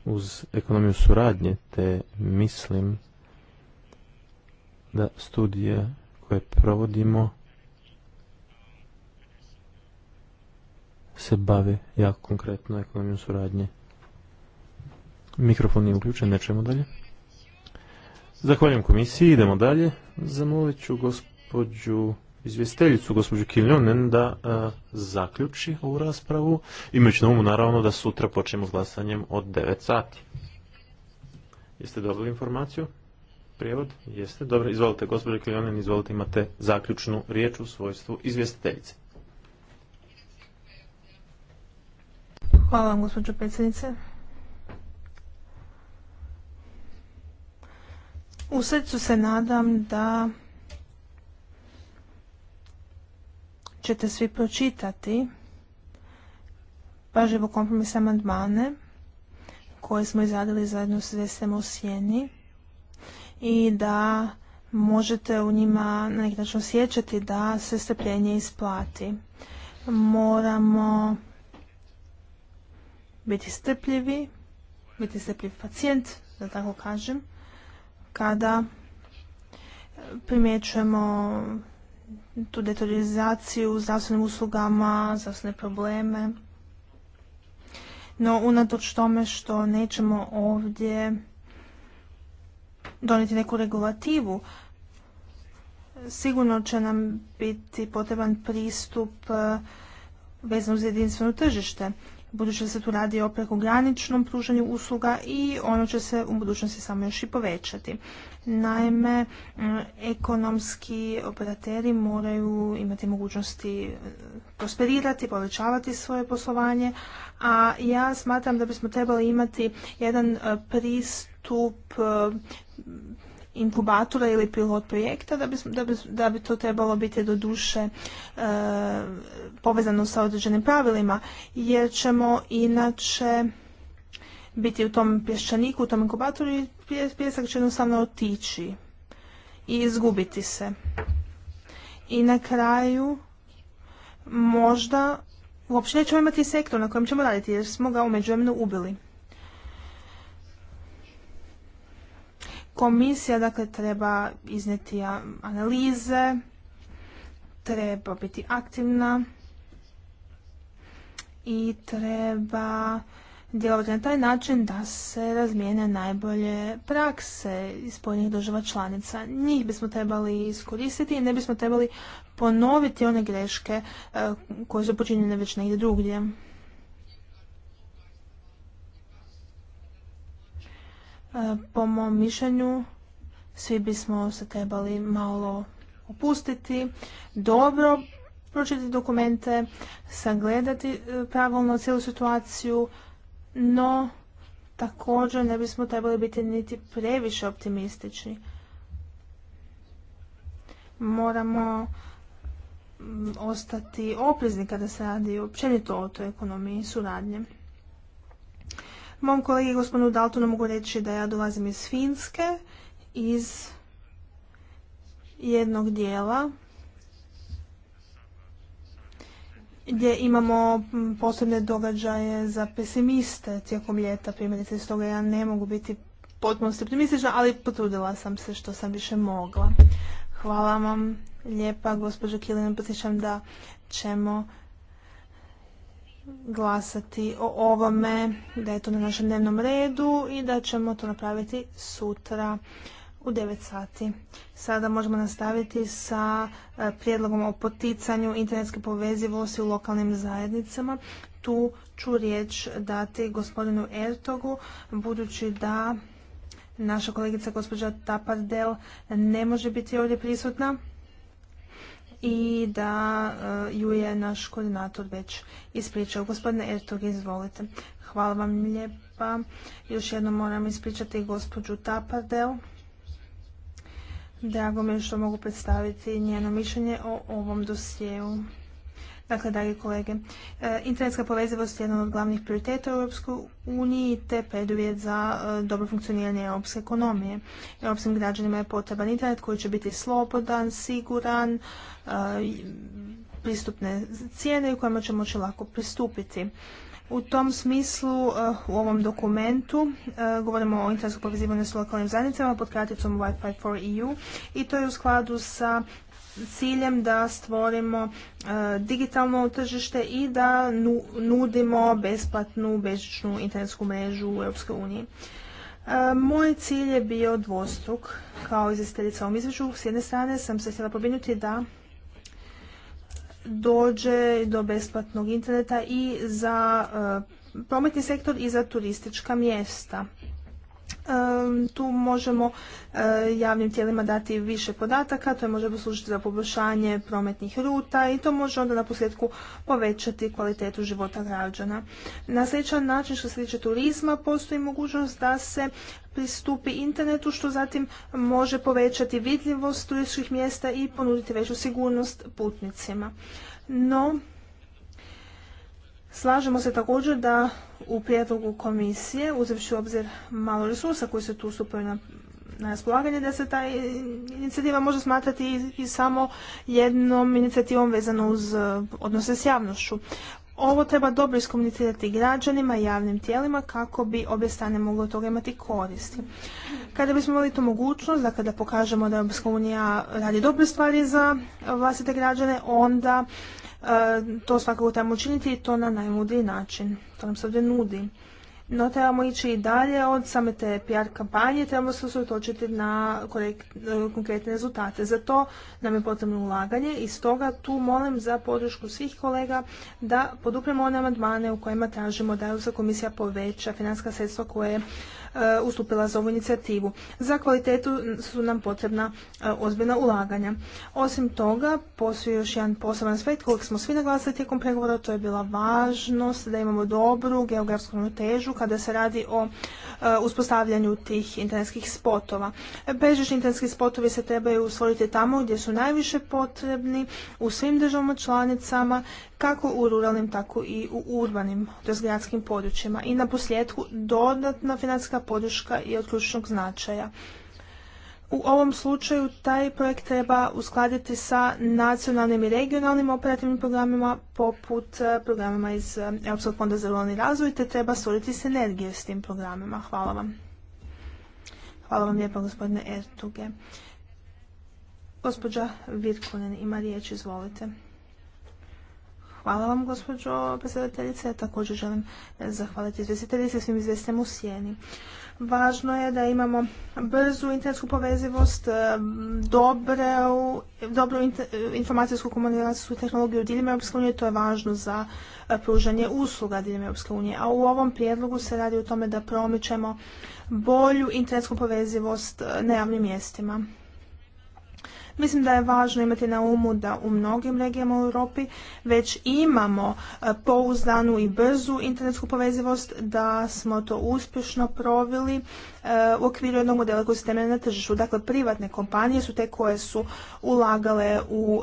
uz ekonomiju suradnje, te mislim da studije koje provodimo se bave jako konkretno ekonomijom suradnje. Mikrofon je uključen, nećemo dalje. Zahvaljujem komisiji, idemo dalje. Zamolit ću gospođu izvjestiteljicu gospođu Kiljonen da e, zaključi ovu raspravu, imajući na umu naravno da sutra počnemo s glasanjem od 9 sati. Jeste dobili informaciju? Prijevod? Jeste. Dobro, izvolite gospođo Kiljonen, izvolite imate zaključnu riječ u svojstvu izvjestiteljice. Hvala vam gospođo predsjednice. U srcu se nadam da ćete svi pročitati pažljivo kompromis amandmane koje smo izradili zajedno s Vesem u Sjeni i da možete u njima na neki način osjećati da se strpljenje isplati. Moramo biti strpljivi, biti strpljiv pacijent, da tako kažem, kada primjećujemo tu detaljizaciju u zdravstvenim uslugama, zdravstvene probleme. No, unatoč tome što nećemo ovdje donijeti neku regulativu, sigurno će nam biti potreban pristup eh, vezano uz jedinstveno tržište budući da se tu radi o prekograničnom pružanju usluga i ono će se u budućnosti samo još i povećati. Naime, mm, ekonomski operateri moraju imati mogućnosti mm, prosperirati, povećavati svoje poslovanje, a ja smatram da bismo trebali imati jedan e, pristup e, inkubatora ili pilot projekta, da bi, da bi, da bi to trebalo biti do duše e, povezano sa određenim pravilima, jer ćemo inače biti u tom pješčaniku, u tom inkubatoru i pjesak će jednostavno otići i izgubiti se. I na kraju možda uopće nećemo imati sektor na kojem ćemo raditi jer smo ga u međuvremenu ubili. Komisija dakle treba izneti analize, treba biti aktivna i treba djelovati na taj način da se razmijene najbolje prakse iz pojedinih država članica. Njih bismo trebali iskoristiti i ne bismo trebali ponoviti one greške e, koje su počinjene već negdje drugdje. E, po mom mišljenju, svi bismo se trebali malo opustiti, dobro pročitati dokumente, sagledati e, pravilno cijelu situaciju, no također ne bismo trebali biti niti previše optimistični. Moramo ostati oprezni kada se radi općenito o toj ekonomiji i suradnje. Mom kolegi gospodinu Daltonu mogu reći da ja dolazim iz Finske, iz jednog dijela gdje imamo posebne događaje za pesimiste tijekom ljeta, primjerice, toga ja ne mogu biti potpuno optimistična, ali potrudila sam se što sam više mogla. Hvala vam lijepa, gospođo Kilina, podsjećam da ćemo glasati o ovome, da je to na našem dnevnom redu i da ćemo to napraviti sutra u 9 sati. Sada možemo nastaviti sa e, prijedlogom o poticanju internetske povezivosti u lokalnim zajednicama. Tu ću riječ dati gospodinu Ertogu, budući da naša kolegica gospođa Tapardel ne može biti ovdje prisutna i da e, ju je naš koordinator već ispričao. Gospodine Ertog, izvolite. Hvala vam lijepa. Još jednom moram ispričati gospođu Tapardel. Drago mi je što mogu predstaviti njeno mišljenje o ovom dosjeu. Dakle, dragi kolege, e, internetska povezivost je jedan od glavnih prioriteta u Europskoj uniji te preduvjet za e, dobro funkcioniranje europske ekonomije. Europskim građanima je potreban internet koji će biti slobodan, siguran, e, pristupne cijene u kojima će moći lako pristupiti. U tom smislu u ovom dokumentu govorimo o internetskom povezivanju s lokalnim zajednicama pod kraticom Wi-Fi for EU i to je u skladu sa ciljem da stvorimo e, digitalno tržište i da nudimo besplatnu bežičnu internetsku mrežu u EU. E, moj cilj je bio dvostruk kao izvjestiteljica ovom izvješću. S jedne strane sam se htjela pobrinuti da dođe do besplatnog interneta i za e, prometni sektor i za turistička mjesta tu možemo e, javnim tijelima dati više podataka, to je može poslužiti za poboljšanje prometnih ruta i to može onda na posljedku povećati kvalitetu života građana. Na sličan način što se tiče turizma postoji mogućnost da se pristupi internetu što zatim može povećati vidljivost turističkih mjesta i ponuditi veću sigurnost putnicima. No, Slažemo se također da u prijedlogu komisije, uzevši u obzir malo resursa koji se tu stupaju na, raspolaganje, da se ta inicijativa može smatrati i, samo jednom inicijativom vezano uz e, odnose s javnošću. Ovo treba dobro iskomunicirati građanima i javnim tijelima kako bi obje strane mogle toga imati koristi. Kada bismo imali tu mogućnost, dakle da pokažemo da EU unija radi dobre stvari za vlastite građane, onda E, to svakako trebamo učiniti i to na najmudriji način. To nam se ovdje nudi. No trebamo ići i dalje od same te PR kampanje, trebamo se usredotočiti na e, konkretne rezultate. Za to nam je potrebno ulaganje i stoga tu molim za podršku svih kolega da podupremo one amandmane u kojima tražimo da Europska komisija poveća financijska sredstva koje Eh, ustupila za ovu inicijativu. Za kvalitetu su nam potrebna eh, ozbiljna ulaganja. Osim toga, postoji još jedan poseban aspekt kojeg smo svi naglasili tijekom pregovora, to je bila važnost da imamo dobru geografsku ravnotežu kada se radi o eh, uspostavljanju tih internetskih spotova. Bežični internetski spotovi se trebaju usvojiti tamo gdje su najviše potrebni u svim državama članicama, kako u ruralnim, tako i u urbanim, tj. gradskim područjima. I na posljedku dodatna financijska podrška i od ključnog značaja. U ovom slučaju taj projekt treba uskladiti sa nacionalnim i regionalnim operativnim programima poput e, programima iz e, Europskog fonda za ruralni razvoj te treba stvoriti sinergije s tim programima. Hvala vam. Hvala vam lijepa gospodine Ertuge. Gospođa Virkunen ima riječ, izvolite. Hvala vam, gospođo predsjedateljice. također želim e, zahvaliti izvjestiteljice svim izvjestem u sjeni. Važno je da imamo brzu internetsku povezivost, e, dobru, dobru e, informacijsku komunikacijsku tehnologiju diljem Europske unije, to je važno za pružanje usluga diljem Europske unije. A u ovom prijedlogu se radi o tome da promičemo bolju internetsku povezivost na javnim mjestima. Mislim da je važno imati na umu da u mnogim regijama u Europi već imamo e, pouzdanu i brzu internetsku povezivost, da smo to uspješno proveli e, u okviru jednog modela koji se temelje na tržištu. Dakle, privatne kompanije su te koje su ulagale u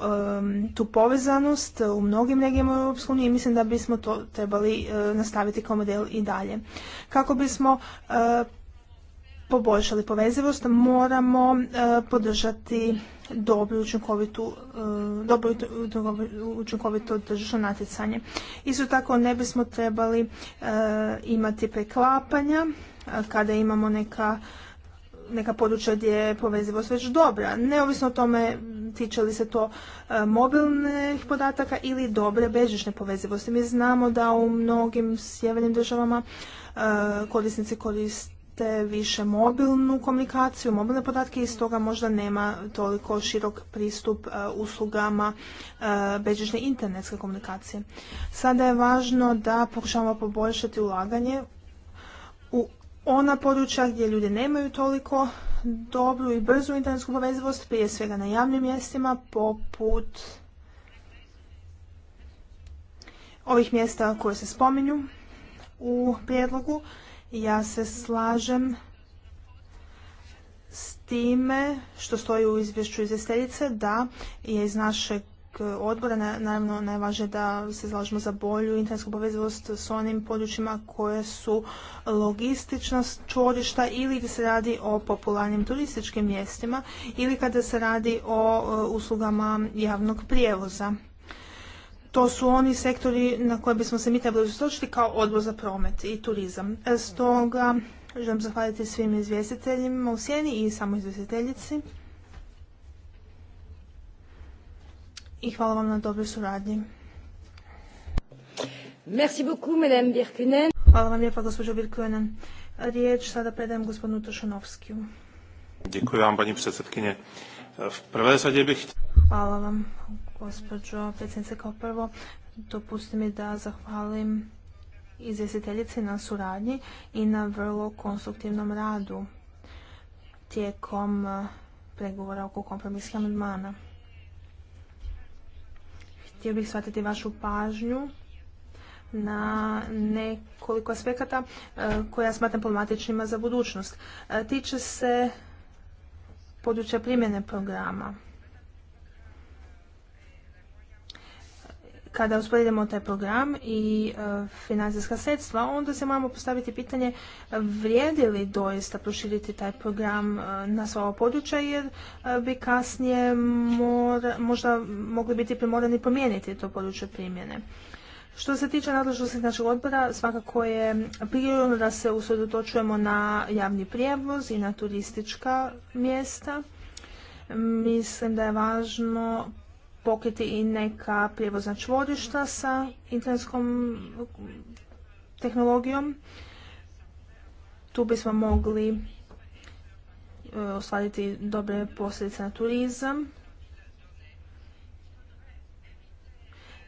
tu povezanost u mnogim regijama u Europskoj i mislim da bismo to trebali e, nastaviti kao model i dalje. Kako bismo poboljšali povezivost, moramo e, podržati e, dobro učinkovito tržišno natjecanje. Isto tako ne bismo trebali e, imati preklapanja kada imamo neka neka područja gdje je povezivost već dobra, neovisno o tome tiče li se to mobilnih podataka ili dobre bežične povezivosti. Mi znamo da u mnogim sjevernim državama korisnici koriste više mobilnu komunikaciju, mobilne podatke i stoga možda nema toliko širok pristup e, uslugama e, bežične internetske komunikacije. Sada je važno da pokušamo poboljšati ulaganje u ona područja gdje ljudi nemaju toliko dobru i brzu internetsku povezivost, prije svega na javnim mjestima, poput ovih mjesta koje se spominju u prijedlogu ja se slažem s time što stoji u izvješću izvjestiteljice da je iz našeg odbora naravno najvažnije da se zalažemo za bolju internetsku povezivost s onim područjima koje su logistična čvorišta ili kada se radi o popularnim turističkim mjestima ili kada se radi o e, uslugama javnog prijevoza to su oni sektori na koje bismo se mi trebali uslučiti kao odbor za promet i turizam. E, stoga želim zahvaliti svim izvjestiteljima u Sjeni i samo izvjestiteljici. I hvala vam na dobroj suradnji. Merci beaucoup, madame Hvala vam lijepa, gospođo Birkunen. Riječ sada predajem gospodinu Tošanovskiju. Dziękuję vam, pani Hvala vam, Gospođo predsjednice, kao prvo dopusti mi da zahvalim izvjestiteljici na suradnji i na vrlo konstruktivnom radu tijekom e, pregovora oko kompromisnih amandmana. Htio bih shvatiti vašu pažnju na nekoliko aspekata e, koje ja smatram problematičnima za budućnost. E, tiče se područja primjene programa. kada usporedimo taj program i e, financijska sredstva, onda se moramo postaviti pitanje vrijedi li doista proširiti taj program e, na sva područje, jer e, bi kasnije možda mogli biti primorani promijeniti to područje primjene. Što se tiče nadležnosti našeg odbora, svakako je prirodno da se usredotočujemo na javni prijevoz i na turistička mjesta. Mislim da je važno pokriti i neka prijevozna čvorišta sa internetskom tehnologijom. Tu bismo mogli e, ostvariti dobre posljedice na turizam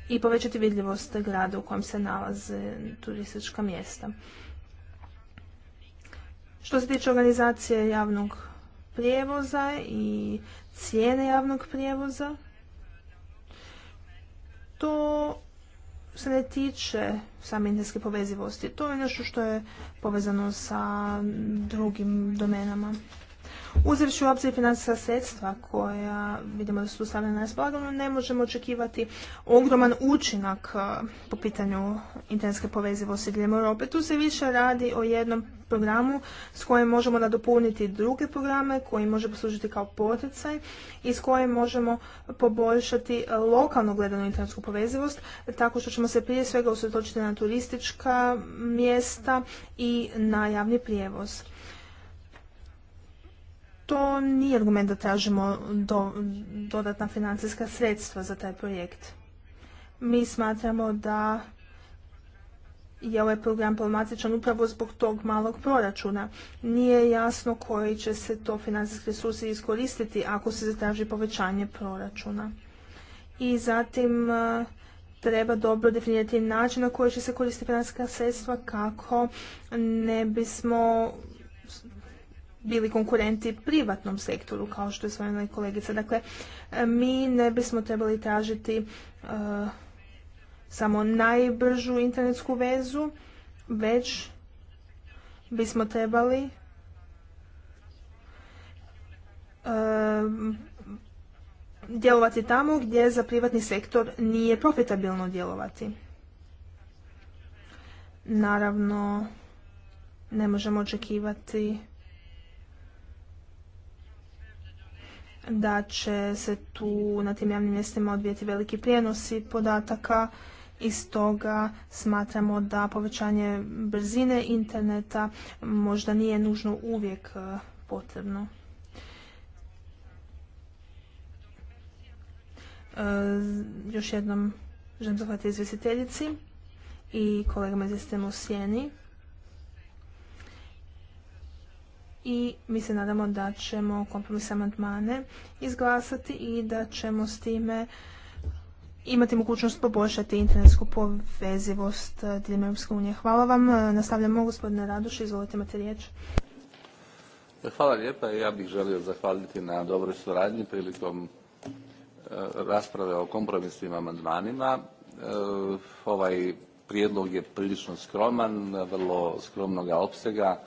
i povećati vidljivost grada u kojem se nalaze turistička mjesta. Što se tiče organizacije javnog prijevoza i cijene javnog prijevoza, to se ne tiče same internetske povezivosti. To je nešto što je povezano sa drugim domenama. Uzevši u obzir financijska sredstva koja vidimo da su stavljena na raspolaganju ne možemo očekivati ogroman učinak e, po pitanju internetske povezivosti diljem Europe. Tu se više radi o jednom programu s kojim možemo nadopuniti druge programe koji može poslužiti kao poticaj i s kojim možemo poboljšati lokalno gledanu internetsku povezivost tako što ćemo se prije svega usredotočiti na turistička mjesta i na javni prijevoz to nije argument da tražimo dodatna financijska sredstva za taj projekt. Mi smatramo da je ovaj program problematičan upravo zbog tog malog proračuna. Nije jasno koji će se to financijski resursi iskoristiti ako se zatraži povećanje proračuna. I zatim e, treba dobro definirati način na koji će se koristiti financijska sredstva kako ne bismo bili konkurenti privatnom sektoru, kao što je svojena i kolegica. Dakle, mi ne bismo trebali tražiti e, samo najbržu internetsku vezu, već bismo trebali e, djelovati tamo gdje za privatni sektor nije profitabilno djelovati. Naravno, ne možemo očekivati da će se tu na tim javnim mjestima odvijeti veliki prijenosi podataka i stoga smatramo da povećanje brzine interneta možda nije nužno uvijek e, potrebno. E, još jednom želim zahvaliti izvjestiteljici i kolegama izvjestiteljima u Sjeni i mi se nadamo da ćemo kompromis amandmane izglasati i da ćemo s time imati mogućnost poboljšati internetsku povezivost diljem Europske unije. Hvala vam. Nastavljamo, gospodine Raduš, izvolite imate riječ. Hvala lijepa. Ja bih želio zahvaliti na dobroj suradnji prilikom e, rasprave o kompromisnim amandmanima. E, ovaj prijedlog je prilično skroman, vrlo skromnoga opsega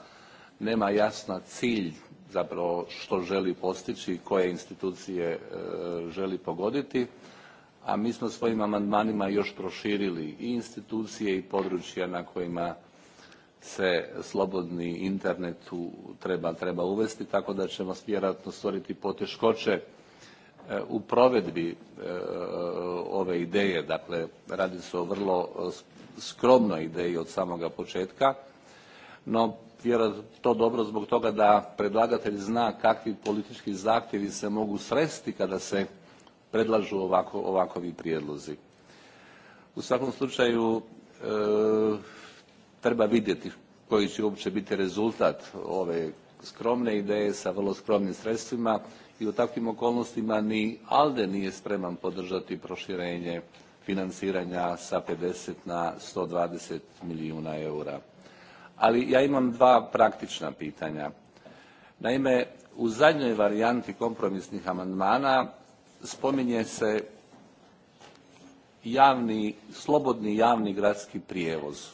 nema jasna cilj zapravo što želi postići i koje institucije e, želi pogoditi a mi smo svojim amandmanima još proširili i institucije i područja na kojima se slobodni internet treba, treba uvesti tako da ćemo vjerojatno stvoriti poteškoće e, u provedbi e, ove ideje dakle radi se o vrlo skromnoj ideji od samoga početka no jer to dobro zbog toga da predlagatelj zna kakvi politički zahtjevi se mogu sresti kada se predlažu ovako, ovakovi prijedlozi. U svakom slučaju e, treba vidjeti koji će uopće biti rezultat ove skromne ideje sa vrlo skromnim sredstvima i u takvim okolnostima ni ALDE nije spreman podržati proširenje financiranja sa 50 na 120 milijuna eura ali ja imam dva praktična pitanja. Naime, u zadnjoj varijanti kompromisnih amandmana spominje se javni, slobodni javni gradski prijevoz.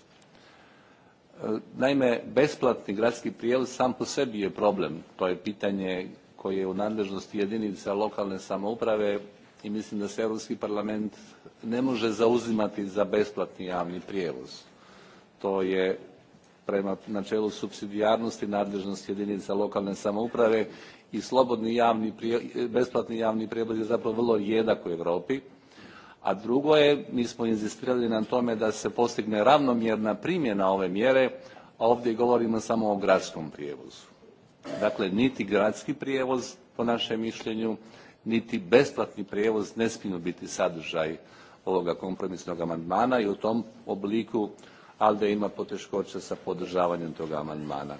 E, naime, besplatni gradski prijevoz sam po sebi je problem. To je pitanje koje je u nadležnosti jedinica lokalne samouprave i mislim da se Europski parlament ne može zauzimati za besplatni javni prijevoz. To je prema načelu supsidijarnosti nadležnosti jedinica lokalne samouprave i slobodni javni, besplatni javni prijevoz je zapravo vrlo rijedak u Europi. A drugo je, mi smo inzistirali na tome da se postigne ravnomjerna primjena ove mjere, a ovdje govorimo samo o gradskom prijevozu. Dakle, niti gradski prijevoz, po našem mišljenju, niti besplatni prijevoz ne smiju biti sadržaj ovoga kompromisnog amandmana i u tom obliku da ima poteškoća sa podržavanjem toga amandmana.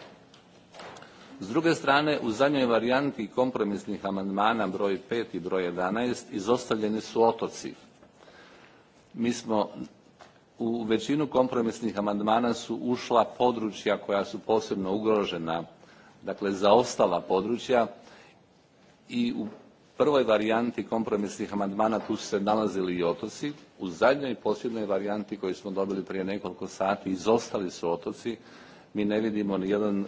S druge strane, u zadnjoj varijanti kompromisnih amandmana broj 5 i broj 11 izostavljeni su otoci. Mi smo u većinu kompromisnih amandmana su ušla područja koja su posebno ugrožena, dakle zaostala područja i u prvoj varijanti kompromisnih amandmana tu su se nalazili i otoci u zadnjoj i posljednjoj varijanti koju smo dobili prije nekoliko sati izostali su otoci mi ne vidimo nijedan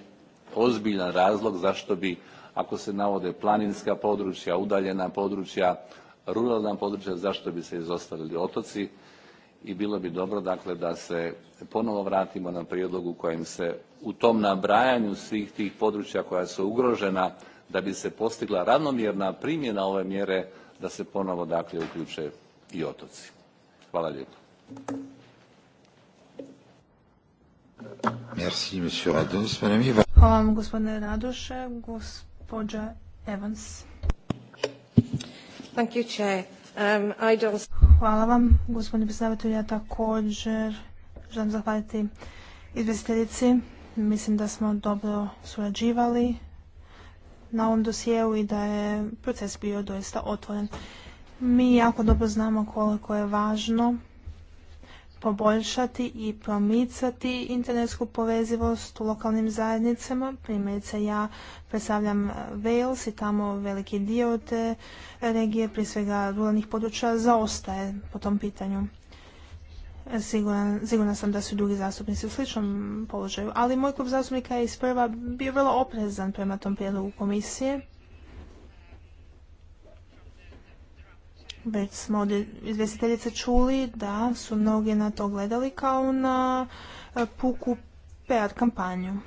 ozbiljan razlog zašto bi ako se navode planinska područja udaljena područja ruralna područja zašto bi se izostavili otoci i bilo bi dobro dakle da se ponovo vratimo na prijedlog u kojem se u tom nabrajanju svih tih područja koja su ugrožena da bi se postigla ravnomjerna primjena ove mjere da se ponovo dakle uključe i otoci. Hvala lijepo. Hvala vam gospodine Radoše. Gospođa Evans. Um, Hvala vam gospodine predsjedavatelju. Ja također želim zahvaliti izvjestiteljici. Mislim da smo dobro surađivali na ovom dosijeu i da je proces bio doista otvoren. Mi jako dobro znamo koliko je važno poboljšati i promicati internetsku povezivost u lokalnim zajednicama. Primjerice ja predstavljam Wales i tamo veliki dio te regije, prije svega ruralnih područja, zaostaje po tom pitanju sigurna sam da su drugi zastupnici u sličnom položaju, ali moj klub zastupnika je isprva bio vrlo oprezan prema tom prijedlogu komisije. Već smo od izvjestiteljice čuli da su mnogi na to gledali kao na e, puku PR kampanju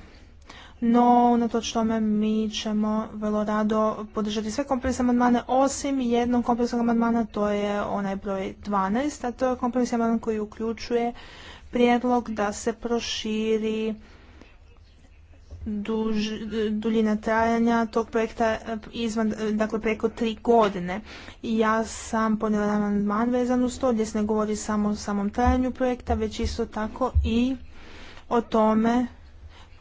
no unatoč tome mi ćemo vrlo rado podržati sve kompromisne amandmane osim jednog kompromisnog amandmana, to je onaj broj 12, a to je kompromisni amandman koji uključuje prijedlog da se proširi duljina trajanja tog projekta e, izvan, e, dakle preko tri godine. Ja sam ponijela amandman vezan uz to gdje se ne govori samo o samom trajanju projekta, već isto tako i o tome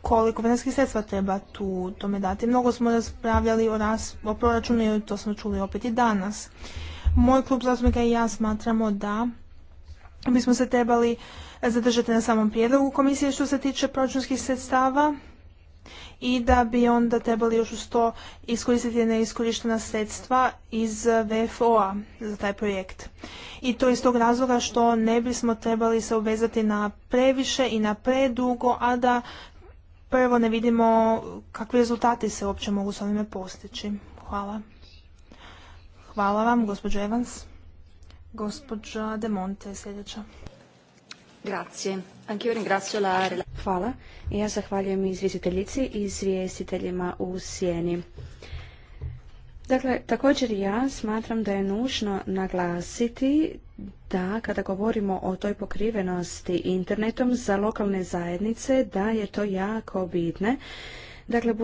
koliko finanskih sredstva treba tu tome dati. Mnogo smo raspravljali o, ras, o proračunu i to smo čuli opet i danas. Moj klub zastupnika i ja smatramo da bismo se trebali zadržati na samom prijedlogu komisije što se tiče proračunskih sredstava i da bi onda trebali još uz to iskoristiti neiskorištena sredstva iz VFO-a za taj projekt. I to iz tog razloga što ne bismo trebali se obvezati na previše i na predugo, a da pa evo ne vidimo kakvi rezultati se uopće mogu s ovime postići. Hvala. Hvala vam, gospođo Evans. Gospođa De Monte sljedeća. La... Hvala. Ja zahvaljujem izvjestiteljici i izvjestiteljima u sjeni. Dakle, također ja smatram da je nužno naglasiti da kada govorimo o toj pokrivenosti internetom za lokalne zajednice da je to jako bitne Dakle,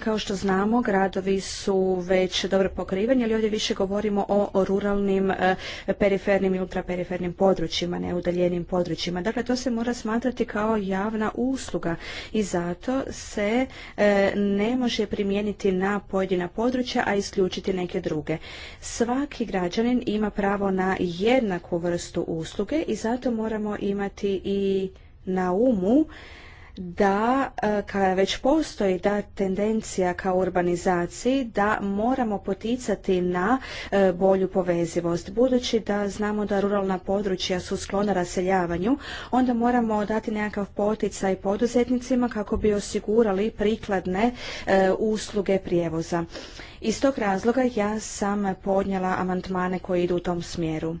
kao što znamo, gradovi su već dobro pokriveni, ali ovdje više govorimo o ruralnim, e, perifernim i ultraperifernim područjima, neudaljenim područjima. Dakle, to se mora smatrati kao javna usluga i zato se e, ne može primijeniti na pojedina područja, a isključiti neke druge. Svaki građanin ima pravo na jednaku vrstu usluge i zato moramo imati i na umu da e, kada već postoji ta tendencija ka urbanizaciji da moramo poticati na e, bolju povezivost. Budući da znamo da ruralna područja su sklona raseljavanju, onda moramo dati nekakav poticaj poduzetnicima kako bi osigurali prikladne e, usluge prijevoza. Iz tog razloga ja sam podnjela amandmane koji idu u tom smjeru.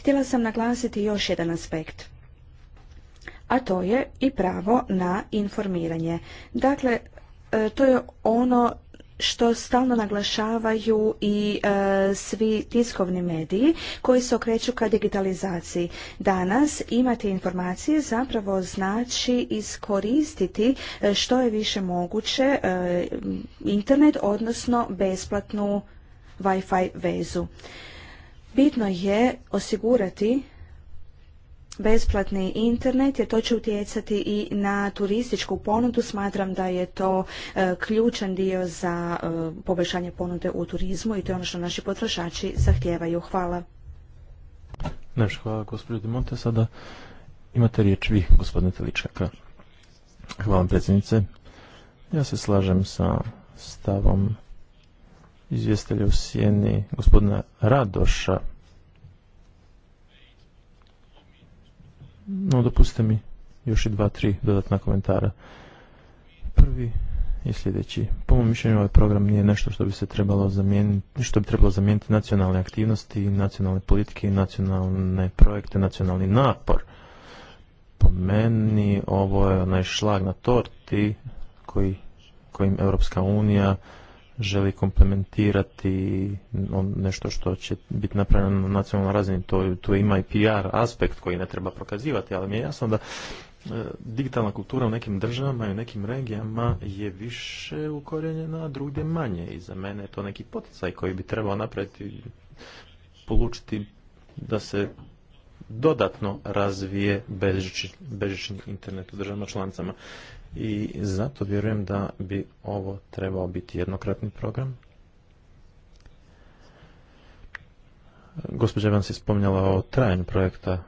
Htjela sam naglasiti još jedan aspekt a to je i pravo na informiranje. Dakle, e, to je ono što stalno naglašavaju i e, svi tiskovni mediji koji se okreću ka digitalizaciji. Danas imati informacije zapravo znači iskoristiti e, što je više moguće internet, odnosno besplatnu Wi-Fi vezu. Bitno je osigurati besplatni internet jer to će utjecati i na turističku ponudu. Smatram da je to e, ključan dio za e, poboljšanje ponude u turizmu i to je ono što naši potrošači zahtijevaju. Hvala. Naš hvala gospođo Dimonte. Sada imate riječ vi, gospodine Teličaka. Hvala predsjednice. Ja se slažem sa stavom izvjestelja u sjeni gospodina Radoša No, dopustite mi još i dva, tri dodatna komentara. Prvi i sljedeći. Po mom mišljenju ovaj program nije nešto što bi se trebalo zamijeniti, što bi trebalo zamijeniti nacionalne aktivnosti, nacionalne politike i nacionalne projekte, nacionalni napor. Po meni ovo je onaj šlag na torti koji, kojim Europska unija želi komplementirati nešto što će biti napravljeno na nacionalnoj razini, to, to ima i PR aspekt koji ne treba prokazivati, ali mi je jasno da e, digitalna kultura u nekim državama i u nekim regijama je više ukorjenjena, a drugdje manje. I za mene je to neki poticaj koji bi trebao napraviti, polučiti da se dodatno razvije bežični internet u državama članicama i zato vjerujem da bi ovo trebao biti jednokratni program. Gospođa vam je spominjala o trajanju projekta.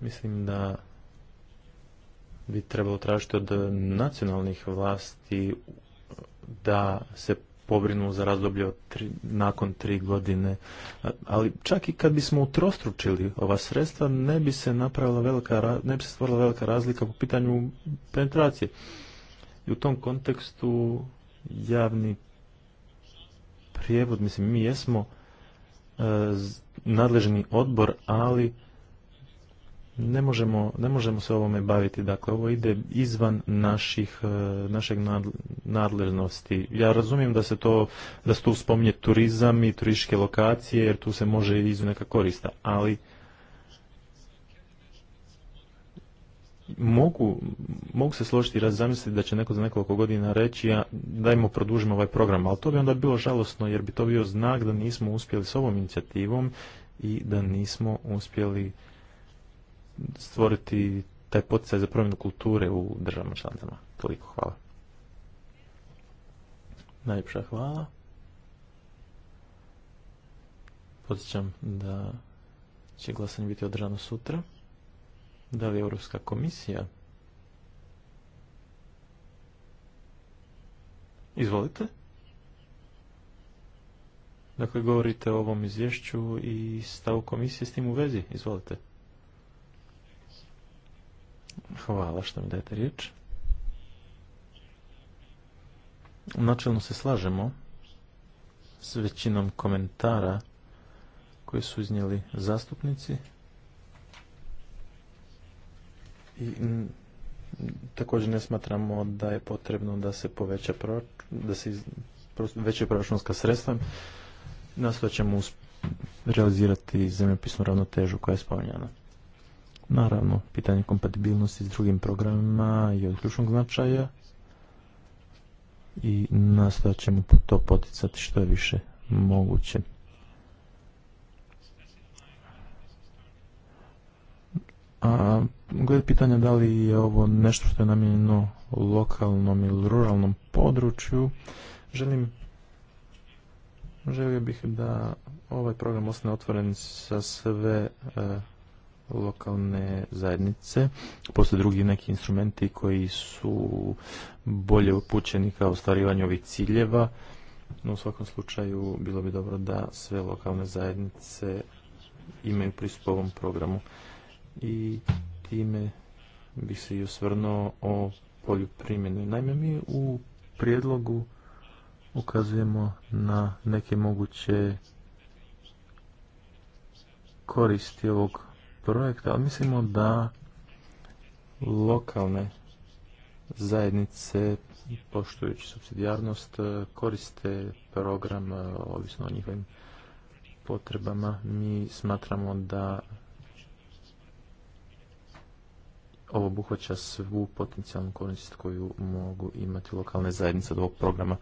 Mislim da bi trebalo tražiti od nacionalnih vlasti da se pobrinu za razdoblje tri, nakon tri godine. Ali čak i kad bismo utrostručili ova sredstva, ne bi se napravila velika, ne bi se stvorila velika razlika po pitanju penetracije. I u tom kontekstu javni prijevod, mislim, mi jesmo e, nadležni odbor, ali ne možemo, ne možemo se ovome baviti. Dakle, ovo ide izvan naših, e, našeg nadležnosti. Ja razumijem da se to, da se tu spominje turizam i turističke lokacije, jer tu se može izu neka korista, ali mogu, mogu se složiti i razmisliti da će neko za nekoliko godina reći ja, dajmo produžimo ovaj program, ali to bi onda bilo žalosno jer bi to bio znak da nismo uspjeli s ovom inicijativom i da nismo uspjeli stvoriti taj poticaj za promjenu kulture u državama članicama. Toliko, hvala. Najljepša hvala. Podsjećam da će glasanje biti održano sutra. Da li Europska komisija? Izvolite. Dakle, govorite o ovom izvješću i stavu komisije s tim u vezi. Izvolite. Hvala što mi dajete riječ. Načelno se slažemo s većinom komentara koje su iznijeli zastupnici. I također ne smatramo da je potrebno da se poveća da se veće proračunska sredstva. Nastojat ćemo realizirati zemljopisnu ravnotežu koja je spominjana. Naravno, pitanje kompatibilnosti s drugim programima je od ključnog značaja i nastojat ćemo to poticati što je više moguće. A glede pitanja da li je ovo nešto što je namijenjeno lokalnom ili ruralnom području, želim želio bih da ovaj program ostane otvoren sa sve e, lokalne zajednice. Postoje drugi neki instrumenti koji su bolje upućeni kao ostvarivanju ovih ciljeva. No, u svakom slučaju bilo bi dobro da sve lokalne zajednice imaju pristup ovom programu. I time bi se i osvrnuo o polju primjene. Naime, mi u prijedlogu ukazujemo na neke moguće koristi ovog projekta, ali mislimo da lokalne zajednice, poštujući subsidijarnost, koriste program e, ovisno o njihovim potrebama. Mi smatramo da ovo obuhvaća svu potencijalnu korist koju mogu imati lokalne zajednice od ovog programa.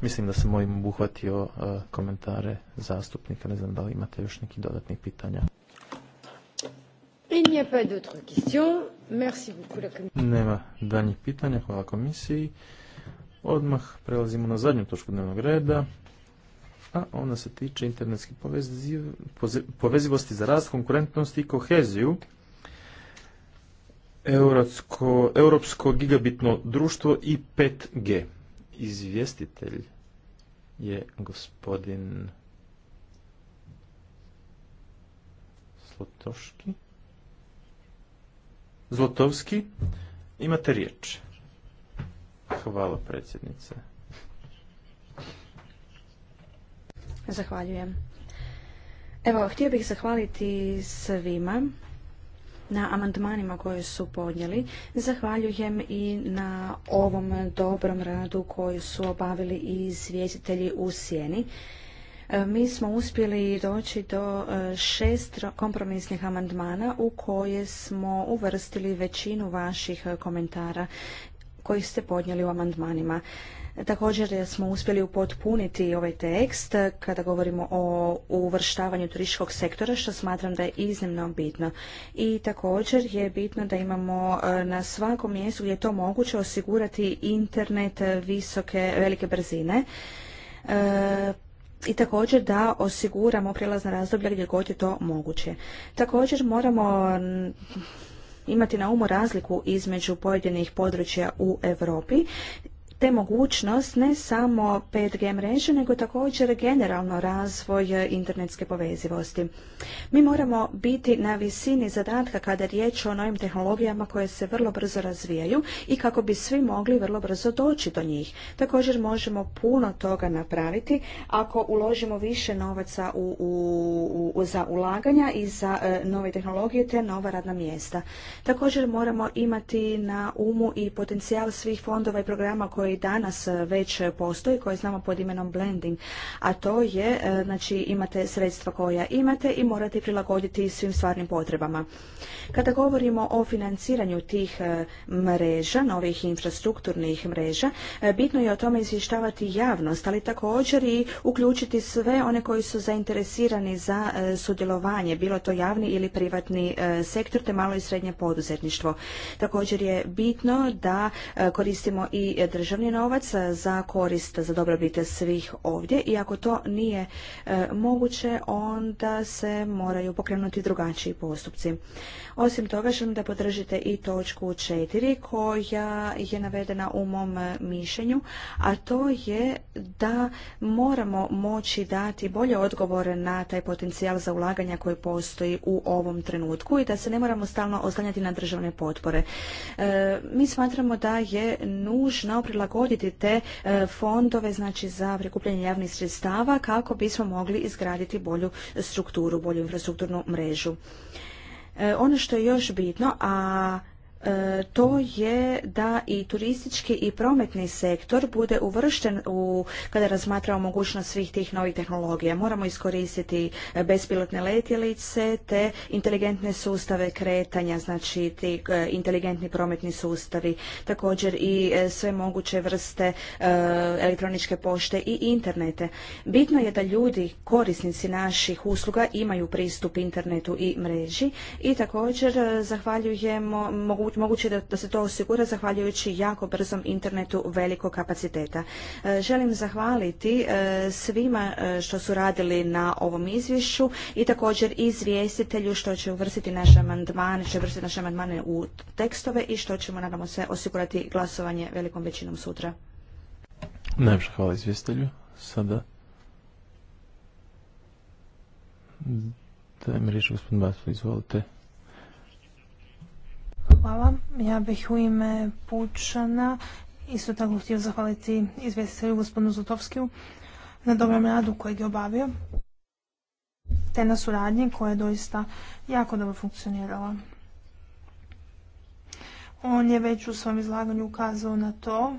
Mislim da sam ovim obuhvatio e, komentare zastupnika. Ne znam da li imate još neki dodatnih pitanja. Nema danjih pitanja. Hvala komisiji. Odmah prelazimo na zadnju točku dnevnog reda, a ona se tiče internetske povezivosti za rast, konkurentnost i koheziju. Europsko, Europsko gigabitno društvo i 5G izvjestitelj je gospodin Zlotoški. Zlotovski, imate riječ. Hvala predsjednice. Zahvaljujem. Evo, htio bih zahvaliti svima na amandmanima koje su podnijeli. Zahvaljujem i na ovom dobrom radu koji su obavili i izvjestitelji u sjeni. E, mi smo uspjeli doći do e, šest kompromisnih amandmana u koje smo uvrstili većinu vaših komentara koji ste podnijeli u amandmanima. Također smo uspjeli upotpuniti ovaj tekst kada govorimo o uvrštavanju turističkog sektora, što smatram da je iznimno bitno. I također je bitno da imamo e, na svakom mjestu gdje je to moguće osigurati internet visoke, velike brzine. E, i također da osiguramo prijelazna razdoblja gdje god je to moguće. Također moramo imati na umu razliku između pojedinih područja u Europi te mogućnost ne samo 5G mreže, nego također generalno razvoj internetske povezivosti. Mi moramo biti na visini zadatka kada riječ o novim tehnologijama koje se vrlo brzo razvijaju i kako bi svi mogli vrlo brzo doći do njih. Također možemo puno toga napraviti ako uložimo više novaca u, u, za ulaganja i za e, nove tehnologije te nova radna mjesta. Također moramo imati na umu i potencijal svih fondova i programa koji i danas e, već postoji, koje znamo pod imenom blending, a to je, e, znači imate sredstva koja imate i morate prilagoditi svim stvarnim potrebama. Kada govorimo o financiranju tih e, mreža, novih infrastrukturnih mreža, bitno je o tome izvještavati javnost, ali također i uključiti sve one koji su zainteresirani za sudjelovanje, bilo to javni ili privatni sektor, te malo i srednje poduzetništvo. Također je bitno da koristimo i državne javni novac za korist za dobrobit svih ovdje i ako to nije e, moguće onda se moraju pokrenuti drugačiji postupci. Osim toga želim da podržite i točku četiri koja je navedena u mom mišljenju, a to je da moramo moći dati bolje odgovore na taj potencijal za ulaganja koji postoji u ovom trenutku i da se ne moramo stalno oslanjati na državne potpore. E, mi smatramo da je nužno prilagoditi prilagoditi te e, fondove znači za prikupljanje javnih sredstava kako bismo mogli izgraditi bolju strukturu, bolju infrastrukturnu mrežu. E, ono što je još bitno, a E, to je da i turistički i prometni sektor bude uvršten u, kada razmatramo mogućnost svih tih novih tehnologija. Moramo iskoristiti bespilotne letjelice te inteligentne sustave kretanja, znači ti e, inteligentni prometni sustavi, također i e, sve moguće vrste elektroničke pošte i internete. Bitno je da ljudi, korisnici naših usluga imaju pristup internetu i mreži i također zahvaljujemo moguće da, se to osigura zahvaljujući jako brzom internetu velikog kapaciteta. E, želim zahvaliti e, svima e, što su radili na ovom izvješću i također izvjestitelju što će uvrstiti naše amandmane, će uvrstiti naše amandmane u tekstove i što ćemo nadamo se osigurati glasovanje velikom većinom sutra. Najviše hvala izvjestitelju. Sada dajem riječ gospodin izvolite. Hvala. Ja bih u ime Pučana isto tako htio zahvaliti izvjestitelju gospodinu Zutovskiju na dobrom radu kojeg je obavio te na suradnji koja je doista jako dobro funkcionirala. On je već u svom izlaganju ukazao na to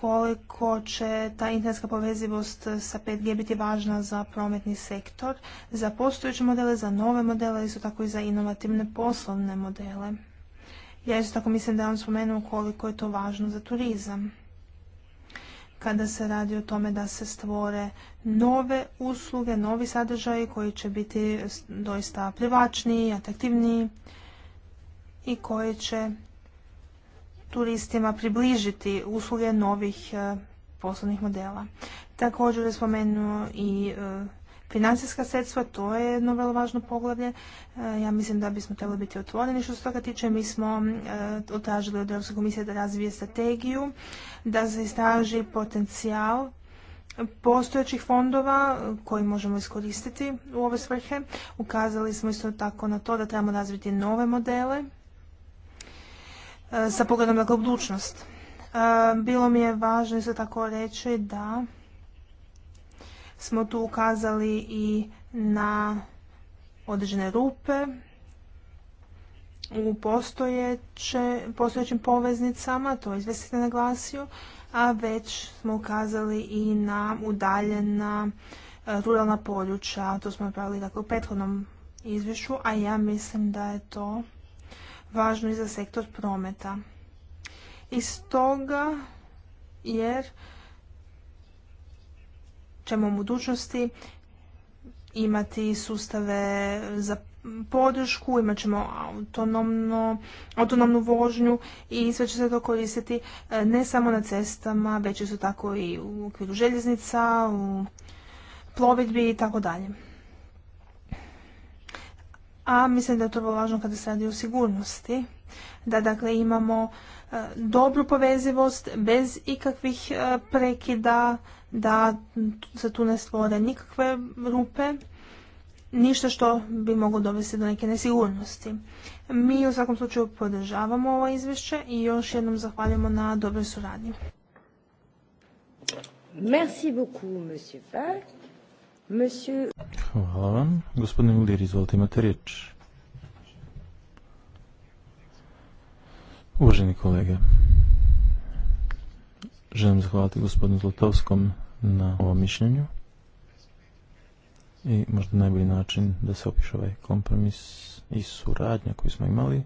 koliko će ta internetska povezivost sa 5G biti važna za prometni sektor, za postojeće modele, za nove modele, isto tako i za inovativne poslovne modele. Ja isto tako mislim da vam spomenuo koliko je to važno za turizam. Kada se radi o tome da se stvore nove usluge, novi sadržaji koji će biti doista privlačniji, atraktivniji i koji će turistima približiti usluge novih e, poslovnih modela. Također je spomenuo i e, financijska sredstva, to je jedno vrlo važno poglavlje. E, ja mislim da bismo trebali biti otvoreni što se toga tiče. Mi smo otražili od Europske komisije da razvije strategiju, da se istraži potencijal postojećih fondova koji možemo iskoristiti u ove svrhe. Ukazali smo isto tako na to da trebamo razviti nove modele E, sa pogledom na budućnost. E, bilo mi je važno isto tako reći da smo tu ukazali i na određene rupe u postojeće, postojećim poveznicama, to je na naglasio, a već smo ukazali i na udaljena e, ruralna područja, to smo napravili dakle, u prethodnom izvješću, a ja mislim da je to važno i za sektor prometa. I stoga, jer ćemo u budućnosti imati sustave za podršku, imat ćemo autonomnu vožnju i sve će se to koristiti e, ne samo na cestama, već isto tako i u okviru željeznica, u plovidbi i tako dalje a mislim da je to vrlo važno kada se radi o sigurnosti, da dakle imamo e, dobru povezivost bez ikakvih e, prekida, da se tu ne stvore nikakve rupe, ništa što bi moglo dovesti do neke nesigurnosti. Mi u svakom slučaju podržavamo ovo izvješće i još jednom zahvaljujemo na dobroj suradnji. Merci beaucoup, monsieur Hvala vam. Gospodin Ulir, izvolite, imate riječ. Uvaženi kolege, želim zahvaliti gospodinu Zlatovskom na ovom mišljenju i možda najbolji način da se opiše ovaj kompromis i suradnja koju smo imali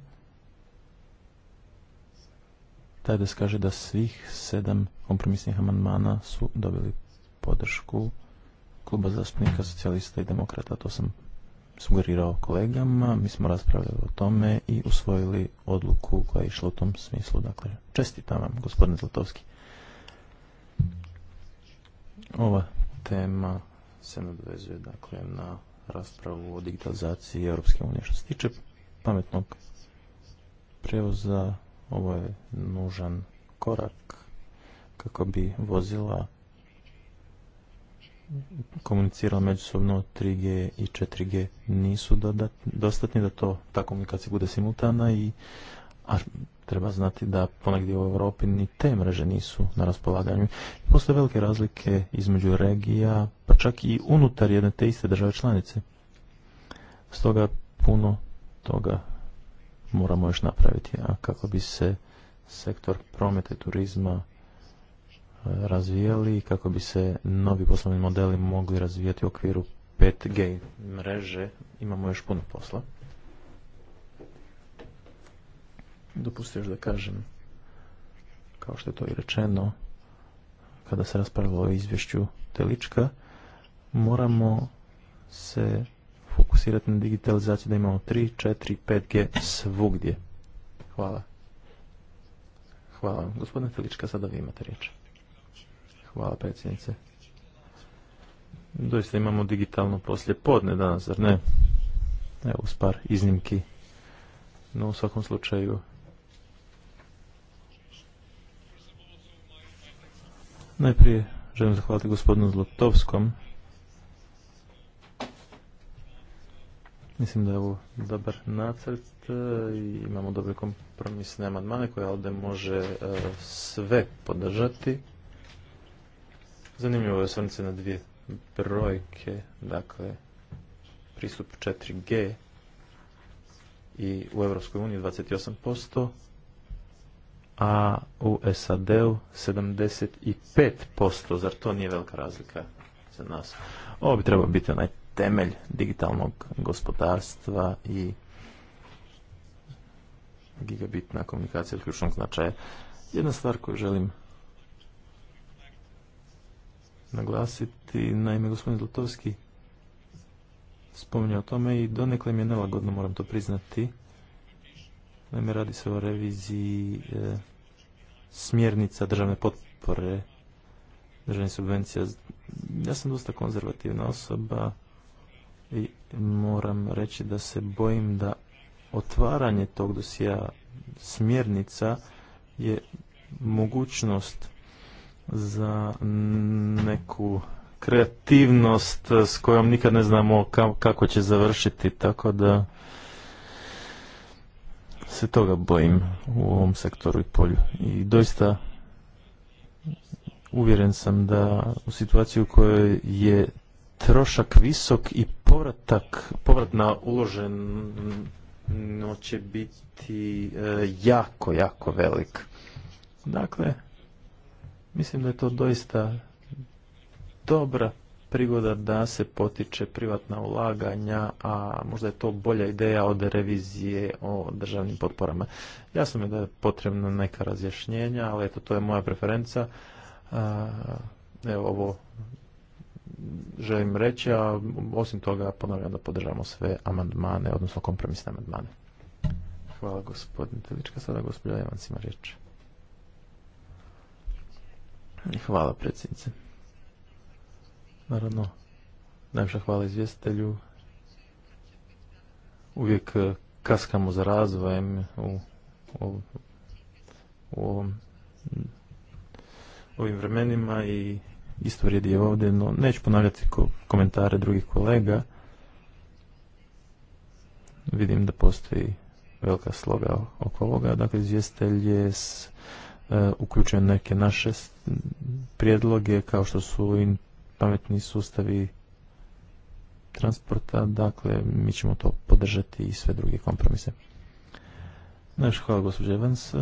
taj da se kaže da svih sedam kompromisnih amandmana su dobili podršku kluba zastupnika socijalista i demokrata, to sam sugerirao kolegama, mi smo raspravljali o tome i usvojili odluku koja je išla u tom smislu. Dakle, čestitam vam, gospodine Zlatovski. Ova tema se nadvezuje dakle, na raspravu o digitalizaciji Europske unije. Što se tiče pametnog prevoza, ovo je nužan korak kako bi vozila komunicirala međusobno 3G i 4G nisu dostatni da to ta komunikacija bude simultana i a treba znati da ponegdje u Europi ni te mreže nisu na raspolaganju. Postoje velike razlike između regija, pa čak i unutar jedne te iste države članice. Stoga puno toga moramo još napraviti, a kako bi se sektor prometa i turizma razvijali kako bi se novi poslovni modeli mogli razvijati u okviru 5G mreže. Imamo još puno posla. Dopusti još da kažem, kao što je to i rečeno, kada se raspravilo o izvješću Telička, moramo se fokusirati na digitalizaciju da imamo 3, 4, 5G svugdje. Hvala. Hvala. Gospodine Telička, sada vi imate riječ. Hvala predsjednice. Doista imamo digitalno poslje podne danas, zar ne? Evo, par iznimki. No, u svakom slučaju... Najprije želim zahvaliti gospodinu Zlotovskom. Mislim da je ovo dobar nacrt e, i imamo dobre kompromisne amandmane koje ovdje može e, sve podržati. Zanimljivo je osvrnice na dvije brojke, dakle, pristup 4G i u Europskoj uniji 28%, a u SAD-u 75%. Zar to nije velika razlika za nas? Ovo bi trebao biti onaj temelj digitalnog gospodarstva i gigabitna komunikacija od ključnog značaja. Jedna stvar koju želim naglasiti. Naime, gospodin Zlatovski spominja o tome i donekle mi je nelagodno, moram to priznati. Naime, radi se o reviziji e, smjernica državne potpore, državne subvencija. Ja sam dosta konzervativna osoba i moram reći da se bojim da otvaranje tog dosija smjernica je mogućnost za neku kreativnost s kojom nikad ne znamo kako će završiti, tako da se toga bojim u ovom sektoru i polju. I doista uvjeren sam da u situaciji u kojoj je trošak visok i povratak, povratna uložen no će biti e, jako, jako velik. Dakle, Mislim da je to doista dobra prigoda da se potiče privatna ulaganja, a možda je to bolja ideja od revizije o državnim potporama. Jasno mi je da je potrebno neka razjašnjenja, ali eto, to je moja preferenca. Evo, ovo želim reći, a osim toga ponavljam da podržamo sve amandmane, odnosno kompromisne amandmane. Hvala gospodin Telička, sada gospodin Evanc riječ. Hvala predsjednice. Naravno, najviše hvala izvjestitelju. Uvijek e, kaskamo za razvojem u, ovom, ovim vremenima i isto vrijedi je ovdje, no neću ponavljati ko komentare drugih kolega. Vidim da postoji velika sloga oko ovoga. Dakle, izvjestitelj je s E, uključuje neke naše prijedloge kao što su i pametni sustavi transporta, dakle mi ćemo to podržati i sve druge kompromise. Naš hvala gospođe Evans.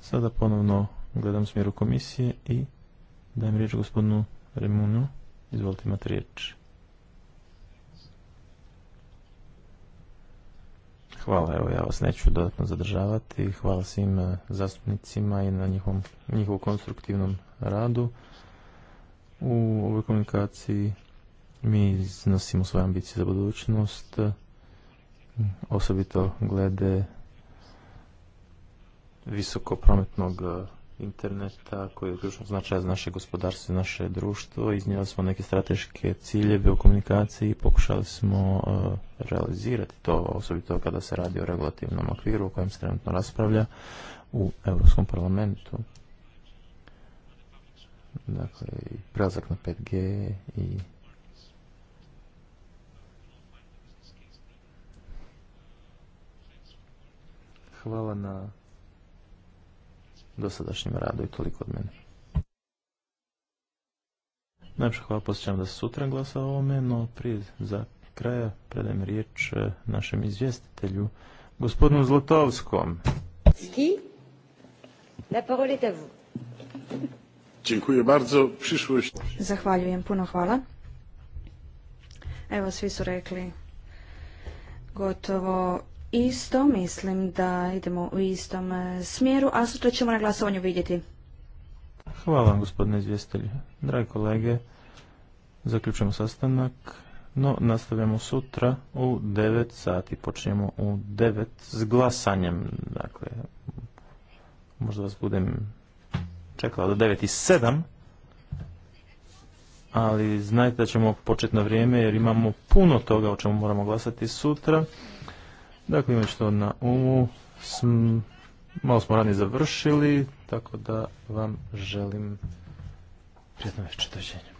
Sada ponovno gledam smjeru komisije i dajem riječ gospodinu Remunu. Izvolite imate riječ. Hvala, evo ja vas neću dodatno zadržavati. Hvala svim eh, zastupnicima i na njihovom, njihovom konstruktivnom radu. U ovoj komunikaciji mi iznosimo svoje ambicije za budućnost, osobito glede visoko prometnog eh, interneta koji je ključnog značaj za naše gospodarstvo i naše društvo. Iznijeli smo neke strateške ciljeve u komunikaciji i pokušali smo e, realizirati to, osobito kada se radi o regulativnom okviru o kojem se trenutno raspravlja u Europskom parlamentu. Dakle, prelazak na 5G i hvala na dosadašnjem radu i toliko od mene. Najpša hvala, posjećam da se sutra glasa o ovome, no prije za kraja predajem riječ e, našem izvjestitelju, gospodinu Zlotovskom. Ski? ne parole est Dziękuję bardzo. Przyszłość. Zahvaljujem, puno hvala. Evo, svi su rekli gotovo isto, mislim da idemo u istom e, smjeru, a sutra ćemo na glasovanju vidjeti. Hvala vam gospodine izvjestelji. Dragi kolege, zaključujemo sastanak, no nastavljamo sutra u 9 sati, počnemo u 9 s glasanjem, dakle, možda vas budem čekala do 9 i 7, ali znajte da ćemo početi na vrijeme jer imamo puno toga o čemu moramo glasati sutra. Dakle, imajući što na umu, sm, malo smo ranije završili, tako da vam želim prijatno večer.